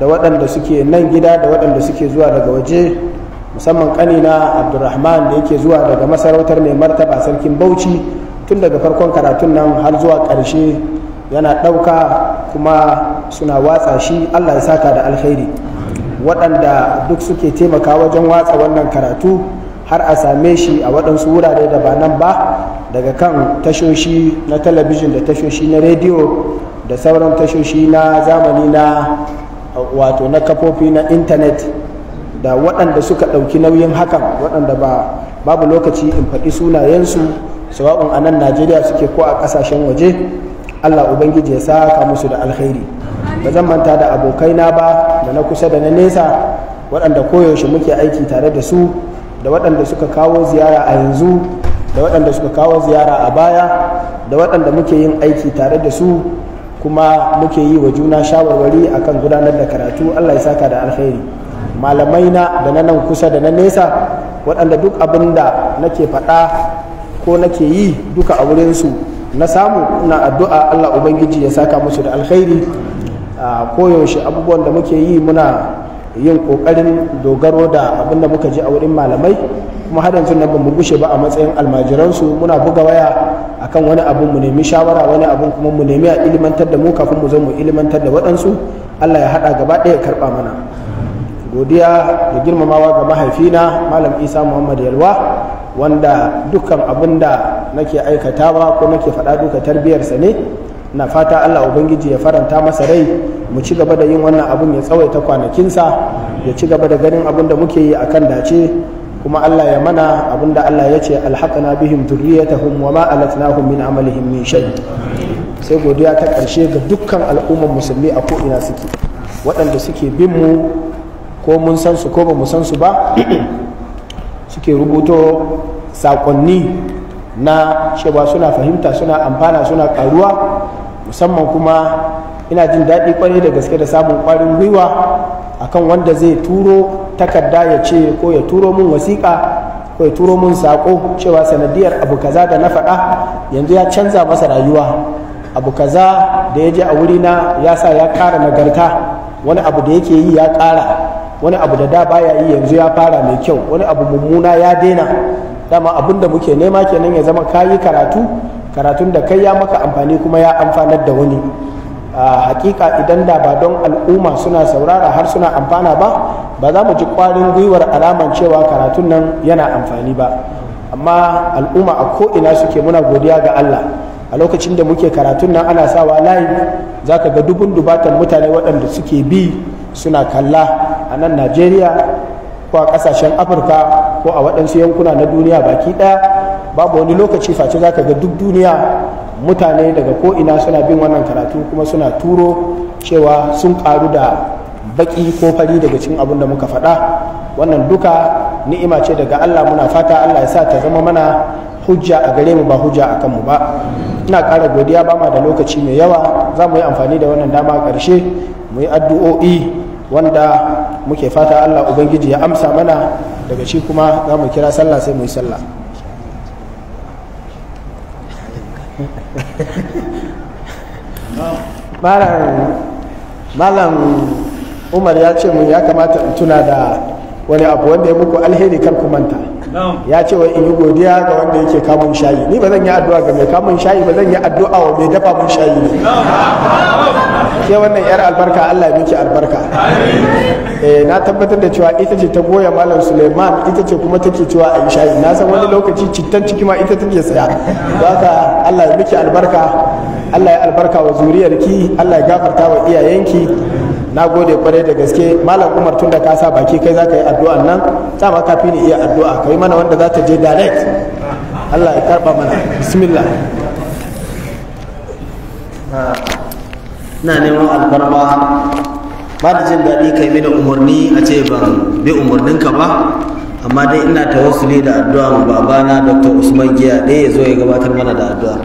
da waɗanda suke nan gida da waɗanda suke zuwa daga waje musamman ƙanina abdulrahman da yake zuwa daga masarautar mai martaba sarkin bauchi tun daga farkon karatun nan har zuwa ƙarshe yana ɗauka kuma suna watsa shi allah ya saka da alkhairi waɗanda duk suke taimaka wajen watsa wannan karatu har a same shi a waɗansu wurare da ba nan ba daga kan tashoshi na talabijin da tashoshi na rediyo da sauran tashoshi na zamani na wato na kafofi na intanet da waɗanda suka ɗauki nauyin hakan waɗanda ba babu lokaci in faɗi sunayensu sawa'un a nan najeriya suke ko a ƙasashen waje Allah Ubangiji ya saka musu da alkhairi ba zan manta da abokaina ba da na kusa da na nesa waɗanda koyaushe muke aiki tare da su da waɗanda suka kawo ziyara a yanzu da waɗanda suka kawo ziyara a baya da waɗanda muke yin aiki tare da su kuma muke yi wa juna shawarwari akan gudanar da karatu Allah ya saka da alkhairi malamai na da na nan kusa da na nesa waɗanda duk abin da nake faɗa ko nake yi duka a wurinsu na samu na addu'a Allah ubangiji ya saka musu da alkhairi a koyaushe abubuwan da muke yi muna yin kokarin dogaro da abin da muka ji a wurin malamai kuma har yanzu nan mu gushe ba a matsayin almajiransu muna buga waya akan wani abun mu nemi shawara wani abu kuma mu nemi a ilimantar da mu kafin mu zo mu ilimantar da waɗansu Allah ya haɗa gaba ɗaya karɓa mana godiya da girmamawa ga mahaifina malam isa muhammad yalwa wanda dukkan abin da nake aikata ba ko nake faɗa duka tarbiyarsa ne na fata Allah Ubangiji ya faranta masa rai mu ci gaba da yin wannan abun ya tsawaita kwanakinsa ya ci gaba da ganin abun da muke yi akan dace kuma Allah ya mana abun da Allah ya ce alhaqna bihim dhurriyyatahum wa ma alatnahum min amalihim min shay sai godiya ta karshe ga dukkan al'ummar musulmi a ko'ina suke waɗanda suke bin mu ko mun san su ko ba mu san su ba suke rubuto saƙonni na cewa suna fahimta suna amfana suna karuwa musamman kuma ina jin daɗi kwarai da gaske da samun kwarin gwiwa akan wanda zai turo takarda ya ce ko ya turo mun wasiƙa ko ya turo mun saƙo cewa sanadiyar abu kaza da na faɗa yanzu ya canza masa rayuwa abu kaza da ya je a wurina ya sa ya ƙara nagarta wani abu da yake yi ya ƙara wani abu da da baya yi yanzu ya fara mai kyau wani abu mummuna ya daina dama abin da muke nema kenan ya zama kayi karatu karatun da kai ya maka amfani kuma ya amfanar da wani a hakika idan da ba don al'umma suna saurara har suna amfana ba ba za mu ji kwarin gwiwar alaman cewa karatun nan yana amfani ba amma al'umma a ko'ina suke muna godiya ga allah a lokacin da muke karatun nan ana sawa layi za ka ga dubun dubatan mutane waɗanda suke bi suna kalla a nan najeriya ko a kasashen afirka ko a waɗansu yankuna na duniya baki ɗaya babu wani lokaci face za ka ga duk duniya mutane daga ko'ina suna bin wannan karatu kuma suna turo cewa sun ƙaru da baki ko fari daga cikin abin da muka faɗa wannan duka ni'ima ce daga allah muna fata allah ya sa ta zama mana hujja a gare mu ba hujja a kanmu ba ina ƙara godiya ba ma da lokaci mai yawa za mu yi amfani da wannan dama ƙarshe mu yi addu'o'i wanda muke fata Allah ubangiji ya amsa mana daga shi kuma za mu kira sallah sai mu yi sallah malam umar ya ce mun ya kamata in tuna da wani abu wanda ya muku alheri kar ku manta ya ce wai in yi godiya ga wanda yake kamun shayi ni ba zan yi addu'a ga mai kamun shayi ba zan yi addu'a wa mai dafa mun shayi ne ke wannan yar albarka Allah miki albarka eh, na tabbatar da cewa ita ce ta goya malam Suleiman ita ce kuma take cewa a shayi na san wani lokaci cittan ciki ma ita take saya haka Allah miki albarka Allah ya albarka wa zuriyar ki Allah ya gafarta wa iyayenki na gode kwarai da gaske malam umar tun da ka sa baki kai za ka yi addu'a nan dama ka fi ni iya addu'a kai mana wanda za ta je direct Allah ya karba mana bismillah ah. na neman alfarma ba da jin daɗi kai mini umarni a ce ban bi umarninka ba amma dai ina tawassuli da addu'a mu babana Dr. Usman Giya ɗaya ya zo ya gabatar mana da addu'a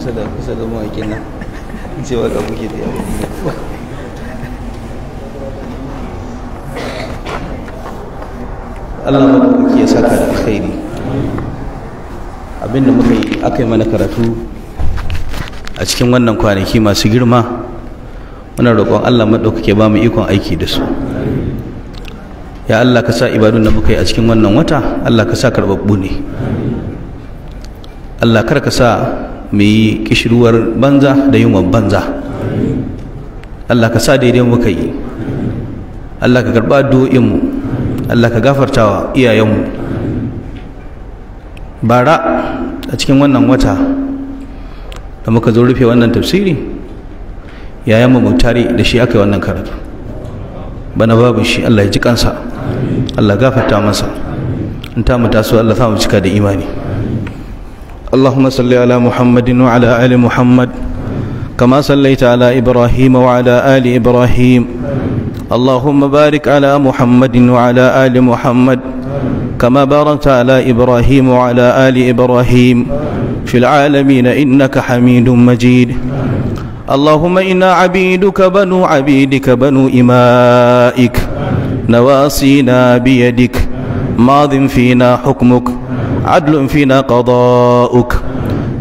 kusa da kusa da mawaƙin nan cewa ga buke da yawon Allah maɗaukaki ya saka da alkhairi abinda muka yi aka yi mana karatu a cikin wannan kwanaki masu girma muna roƙon Allah maɗaukaki ba mu ikon aiki da su ya Allah ka sa ibadun da muka yi a cikin wannan wata Allah ka sa karɓaɓɓu ne Allah kar ka sa mu yi kishiruwar banza da yunwar banza Allah ka sa daidai muka yi Allah ka karɓa do'inmu Allah ka gafarta wa iyayenmu bara a cikin wannan wata da muka zo rufe wannan tafsiri yayan mamutari da shi aka yi wannan karatu bana babu shi Allah ya ji kansa Allah gafarta masa in ta mu taso Allah za mu cika da imani اللهم صل على محمد وعلى آل محمد كما صليت على إبراهيم وعلى آل إبراهيم اللهم بارك على محمد وعلى آل محمد كما باركت على إبراهيم وعلى آل إبراهيم في العالمين إنك حميد مجيد اللهم إنا عبيدك بنو عبيدك بنو إمائك نواصينا بيدك ماض فينا حكمك عدل فينا قضاؤك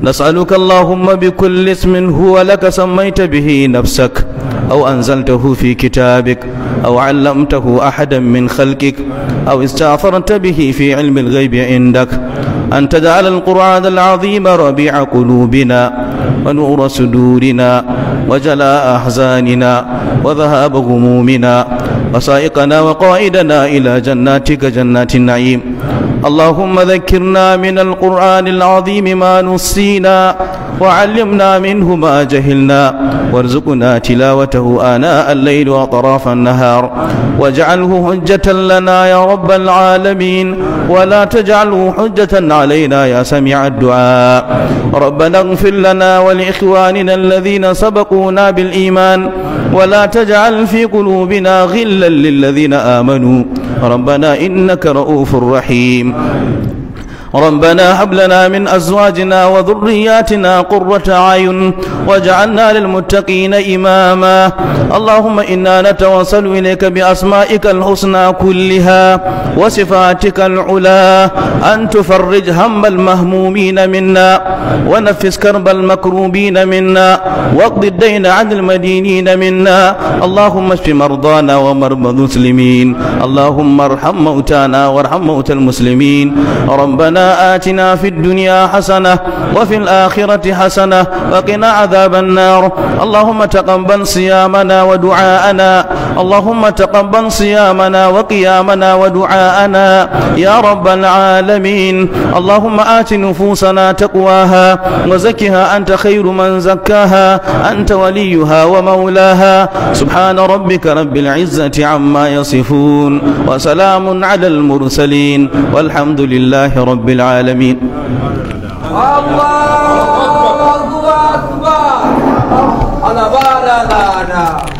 نسألك اللهم بكل اسم هو لك سميت به نفسك أو أنزلته في كتابك أو علمته أحدا من خلقك أو استعفرت به في علم الغيب عندك أن تجعل القرآن العظيم ربيع قلوبنا ونور صدورنا وجلاء أحزاننا وذهاب همومنا وسائقنا وقائدنا إلى جناتك جنات النعيم اللهم ذكرنا من القرآن العظيم ما نسينا وعلمنا منه ما جهلنا وارزقنا تلاوته آناء الليل وأطراف النهار واجعله حجة لنا يا رب العالمين ولا تجعله حجة علينا يا سميع الدعاء ربنا اغفر لنا ولإخواننا الذين سبقونا بالإيمان ولا تجعل في قلوبنا غلا للذين آمنوا ربنا إنك رؤوف رحيم ربنا هب لنا من أزواجنا وذرياتنا قرة أعين واجعلنا للمتقين إماما اللهم إنا نتوسل إليك بأسمائك الحسنى كلها وصفاتك العلا أن تفرج هم المهمومين منا ونفس كرب المكروبين منا واقض الدين عن المدينين منا اللهم اشف مرضانا ومرضى المسلمين اللهم ارحم موتانا وارحم موتى المسلمين ربنا آتنا في الدنيا حسنة وفي الآخرة حسنة وقنا عذاب النار اللهم تقبل صيامنا ودعاءنا اللهم تقبل صيامنا وقيامنا ودعاءنا يا رب العالمين اللهم آت نفوسنا تقواها وزكها أنت خير من زكاها أنت وليها ومولاها سبحان ربك رب العزة عما يصفون وسلام على المرسلين والحمد لله رب رب العالمين الله أكبر الله أكبر